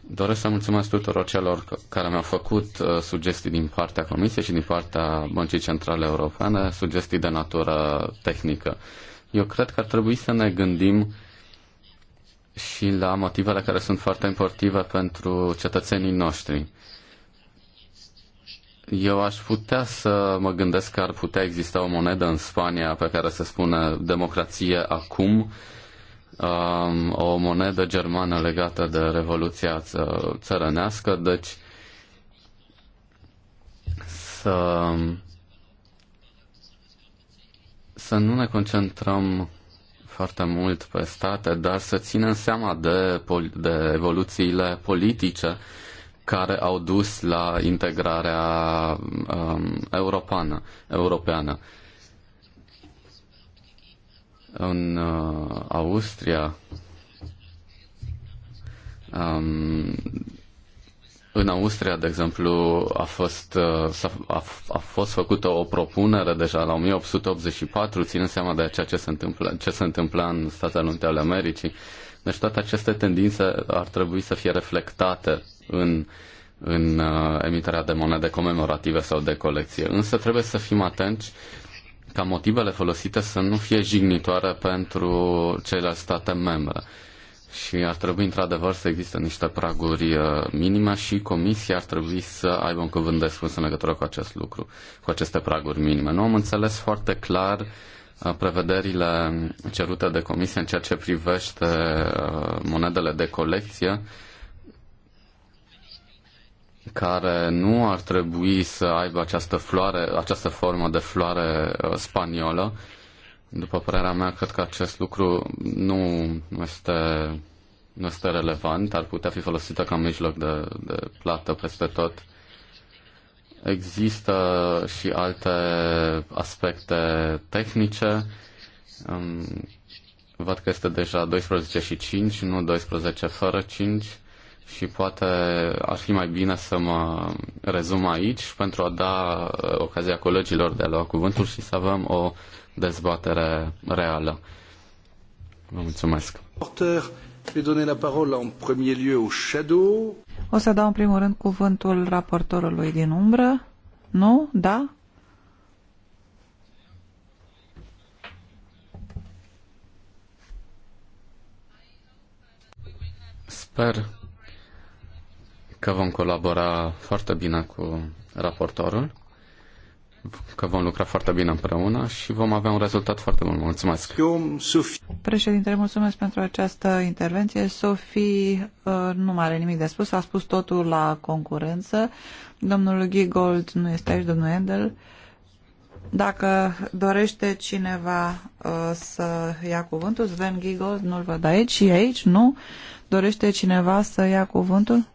Doresc să mulțumesc tuturor celor care mi-au făcut uh, sugestii din partea Comisiei și din partea Băncii Centrale Europene, sugestii de natură tehnică. Eu cred că ar trebui să ne gândim și la motivele care sunt foarte importante pentru cetățenii noștri. Eu aș putea să mă gândesc că ar putea exista o monedă în Spania pe care se spune democrație acum, uh, Um, o monedă germană legată de Revoluția țărănească, deci să, să nu ne concentrăm foarte mult pe state, dar să ținem seama de, de evoluțiile politice care au dus la integrarea um, europeană. europeană. Uh, în uh, Austria, um, în Austria, de exemplu, a fost, uh, a, a fost făcută o propunere deja la 1884, ținând seama de ceea ce se întâmplă, ce se întâmplă în Statele Unite ale Americii. Deci toate aceste tendințe ar trebui să fie reflectate în, în uh, emiterea de monede comemorative sau de colecție. Însă trebuie să fim atenți ca motivele folosite să nu fie jignitoare pentru ceilalți state membre. Și ar trebui într-adevăr să existe niște praguri uh, minime și comisia ar trebui să aibă un cuvânt de spus în legătură cu acest lucru, cu aceste praguri minime. Nu am înțeles foarte clar uh, prevederile cerute de comisie în ceea ce privește uh, monedele de colecție care nu ar trebui să aibă această floare, această formă de floare uh, spaniolă. După părerea mea, cred că acest lucru nu este, nu este relevant, ar putea fi folosită ca mijloc de, de plată peste tot. Există și alte aspecte tehnice. Um, văd că este deja 12 și 5, nu 12 fără 5 și poate ar fi mai bine să mă rezum aici pentru a da uh, ocazia colegilor de a lua cuvântul și să avem o dezbatere reală. Vă mulțumesc. O să dau în primul rând cuvântul raportorului din umbră. Nu? Da? Sper că vom colabora foarte bine cu raportorul, că vom lucra foarte bine împreună și vom avea un rezultat foarte bun. Mulțumesc! Președinte, mulțumesc pentru această intervenție. Sophie uh, nu mai are nimic de spus, a spus totul la concurență. Domnul Gigold nu este aici, domnul Endel. Dacă dorește cineva uh, să ia cuvântul, Sven Gigold nu-l văd aici și aici, nu? Dorește cineva să ia cuvântul?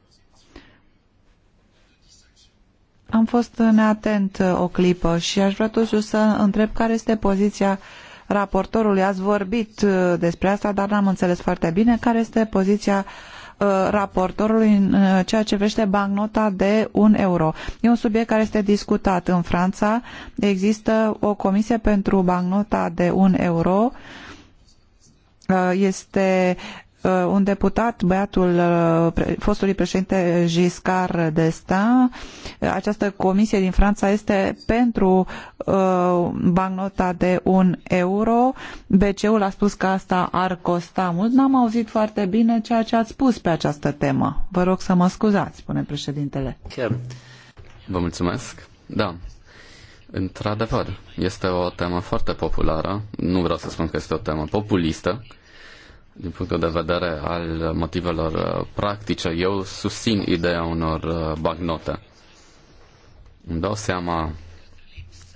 Am fost neatent uh, o clipă și aș vrea totuși să întreb care este poziția raportorului. Ați vorbit uh, despre asta, dar n-am înțeles foarte bine care este poziția uh, raportorului în ceea ce vește bancnota de un euro. E un subiect care este discutat în Franța. Există o comisie pentru bancnota de un euro este Uh, un deputat, băiatul uh, fostului președinte Giscard d'Estaing, această comisie din Franța este pentru uh, bancnota de un euro. BCE-ul a spus că asta ar costa mult. N-am auzit foarte bine ceea ce ați spus pe această temă. Vă rog să mă scuzați, spune președintele. Vă mulțumesc. Da, Într-adevăr, este o temă foarte populară. Nu vreau să spun că este o temă populistă, din punctul de vedere al motivelor uh, practice, eu susțin ideea unor uh, bagnote. Îmi dau seama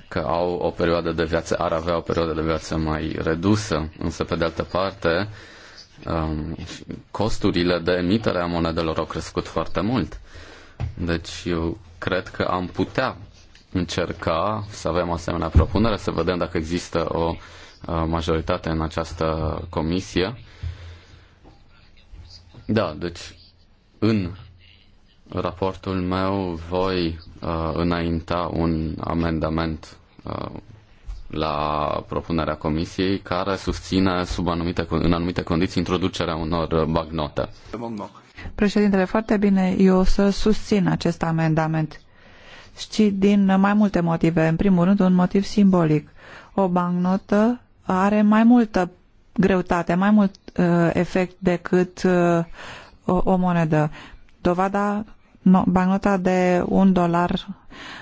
că au o perioadă de viață, ar avea o perioadă de viață mai redusă, însă pe de altă parte um, costurile de emitere a monedelor au crescut foarte mult. Deci eu cred că am putea încerca să avem asemenea propunere, să vedem dacă există o uh, majoritate în această comisie da, deci în raportul meu voi uh, înainta un amendament uh, la propunerea comisiei care susține sub anumite, în anumite condiții introducerea unor uh, bagnote. Președintele, foarte bine, eu o să susțin acest amendament și din mai multe motive. În primul rând, un motiv simbolic. O bancnotă are mai multă greutate, mai mult uh, efect decât uh, o, o monedă. Dovada, no, bancnota de un dolar,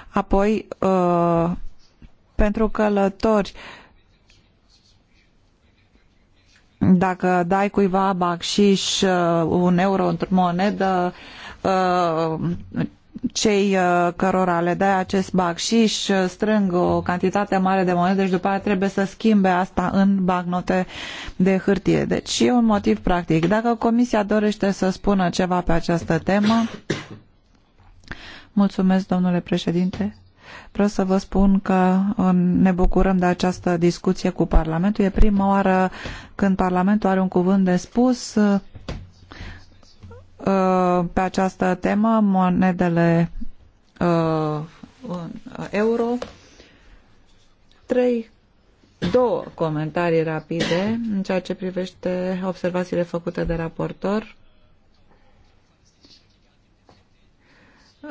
apoi uh, pentru călători, dacă dai cuiva bacșiș un euro într-o monedă, cei uh, cărora le dai acest bacșiș uh, strâng o cantitate mare de monede deci după aceea trebuie să schimbe asta în bagnote de hârtie. Deci e un motiv practic. Dacă Comisia dorește să spună ceva pe această temă... Mulțumesc, domnule președinte. Vreau să vă spun că uh, ne bucurăm de această discuție cu Parlamentul. E prima oară când Parlamentul are un cuvânt de spus Uh, pe această temă, monedele uh, euro. Trei, două comentarii rapide în ceea ce privește observațiile făcute de raportor.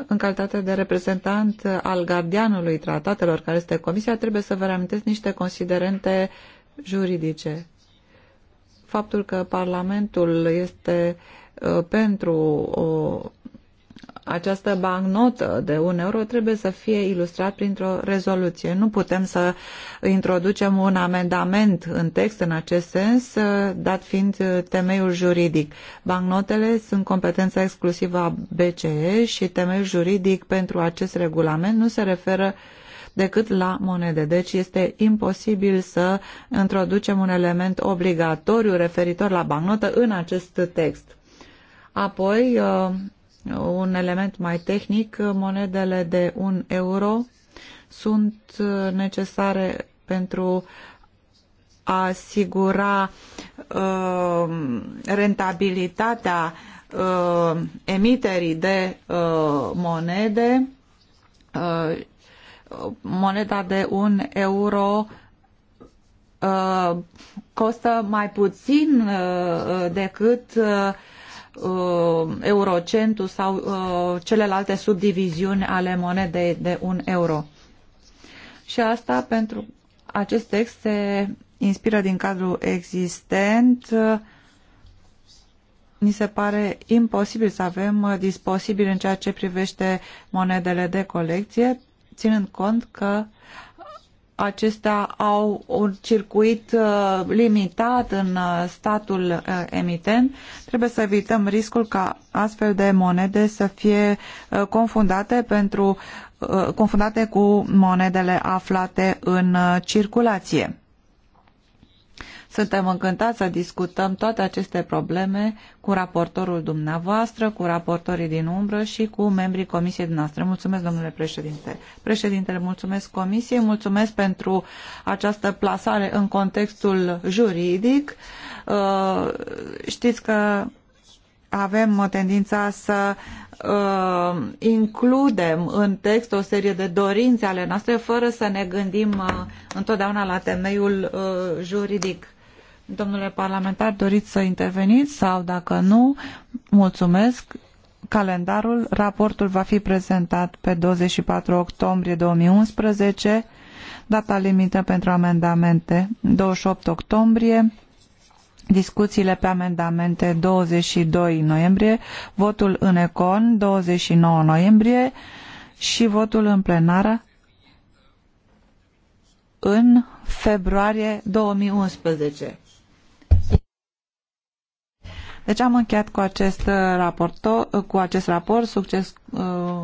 În calitate de reprezentant al gardianului tratatelor, care este Comisia, trebuie să vă reamintesc niște considerente juridice. Faptul că Parlamentul este uh, Uh, pentru o, această bancnotă de un euro trebuie să fie ilustrat printr-o rezoluție. Nu putem să introducem un amendament în text în acest sens, uh, dat fiind uh, temeiul juridic. Bancnotele sunt competența exclusivă a BCE și temeiul juridic pentru acest regulament nu se referă decât la monede. Deci este imposibil să introducem un element obligatoriu referitor la bancnotă în acest text. Apoi, uh, un element mai tehnic, monedele de un euro sunt uh, necesare pentru a asigura uh, rentabilitatea emiterii de monede. moneda de un euro costă mai puțin decât uh, Uh, eurocentul sau uh, celelalte subdiviziuni ale monedei de un euro. Și asta pentru acest text se inspiră din cadrul existent. Ni se pare imposibil să avem disposibil în ceea ce privește monedele de colecție, ținând cont că uh, acestea au un circuit uh, limitat în uh, statul uh, emitent, trebuie să evităm riscul ca astfel de monede să fie uh, confundate pentru uh, confundate cu monedele aflate în uh, circulație. Suntem încântați să discutăm toate aceste probleme cu raportorul dumneavoastră, cu raportorii din umbră și cu membrii comisiei noastre. Mulțumesc, domnule președinte. Președintele, mulțumesc comisiei, mulțumesc pentru această plasare în contextul juridic. Uh, știți că avem tendința să uh, includem în text o serie de dorințe ale noastre fără să ne gândim uh, întotdeauna la temeiul uh, juridic. Domnule parlamentar, doriți să interveniți sau dacă nu, mulțumesc. Calendarul, raportul va fi prezentat pe 24 octombrie 2011, data limită pentru amendamente 28 octombrie, discuțiile pe amendamente 22 noiembrie, votul în econ 29 noiembrie și votul în plenară în februarie 2011. Deci am încheiat cu acest, uh, raport. Uh, cu acest raport, succes uh,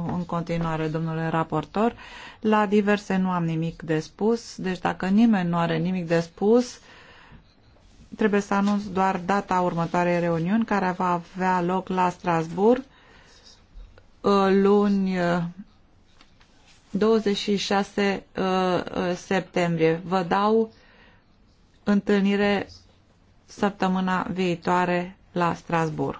în continuare, domnule raportor. La diverse nu am nimic de spus, deci dacă nimeni nu are nimic de spus, trebuie să anunț doar data următoarei reuniuni, care va avea loc la Strasbourg luni 26 septembrie. Vă dau întâlnire săptămâna viitoare la Strasbourg.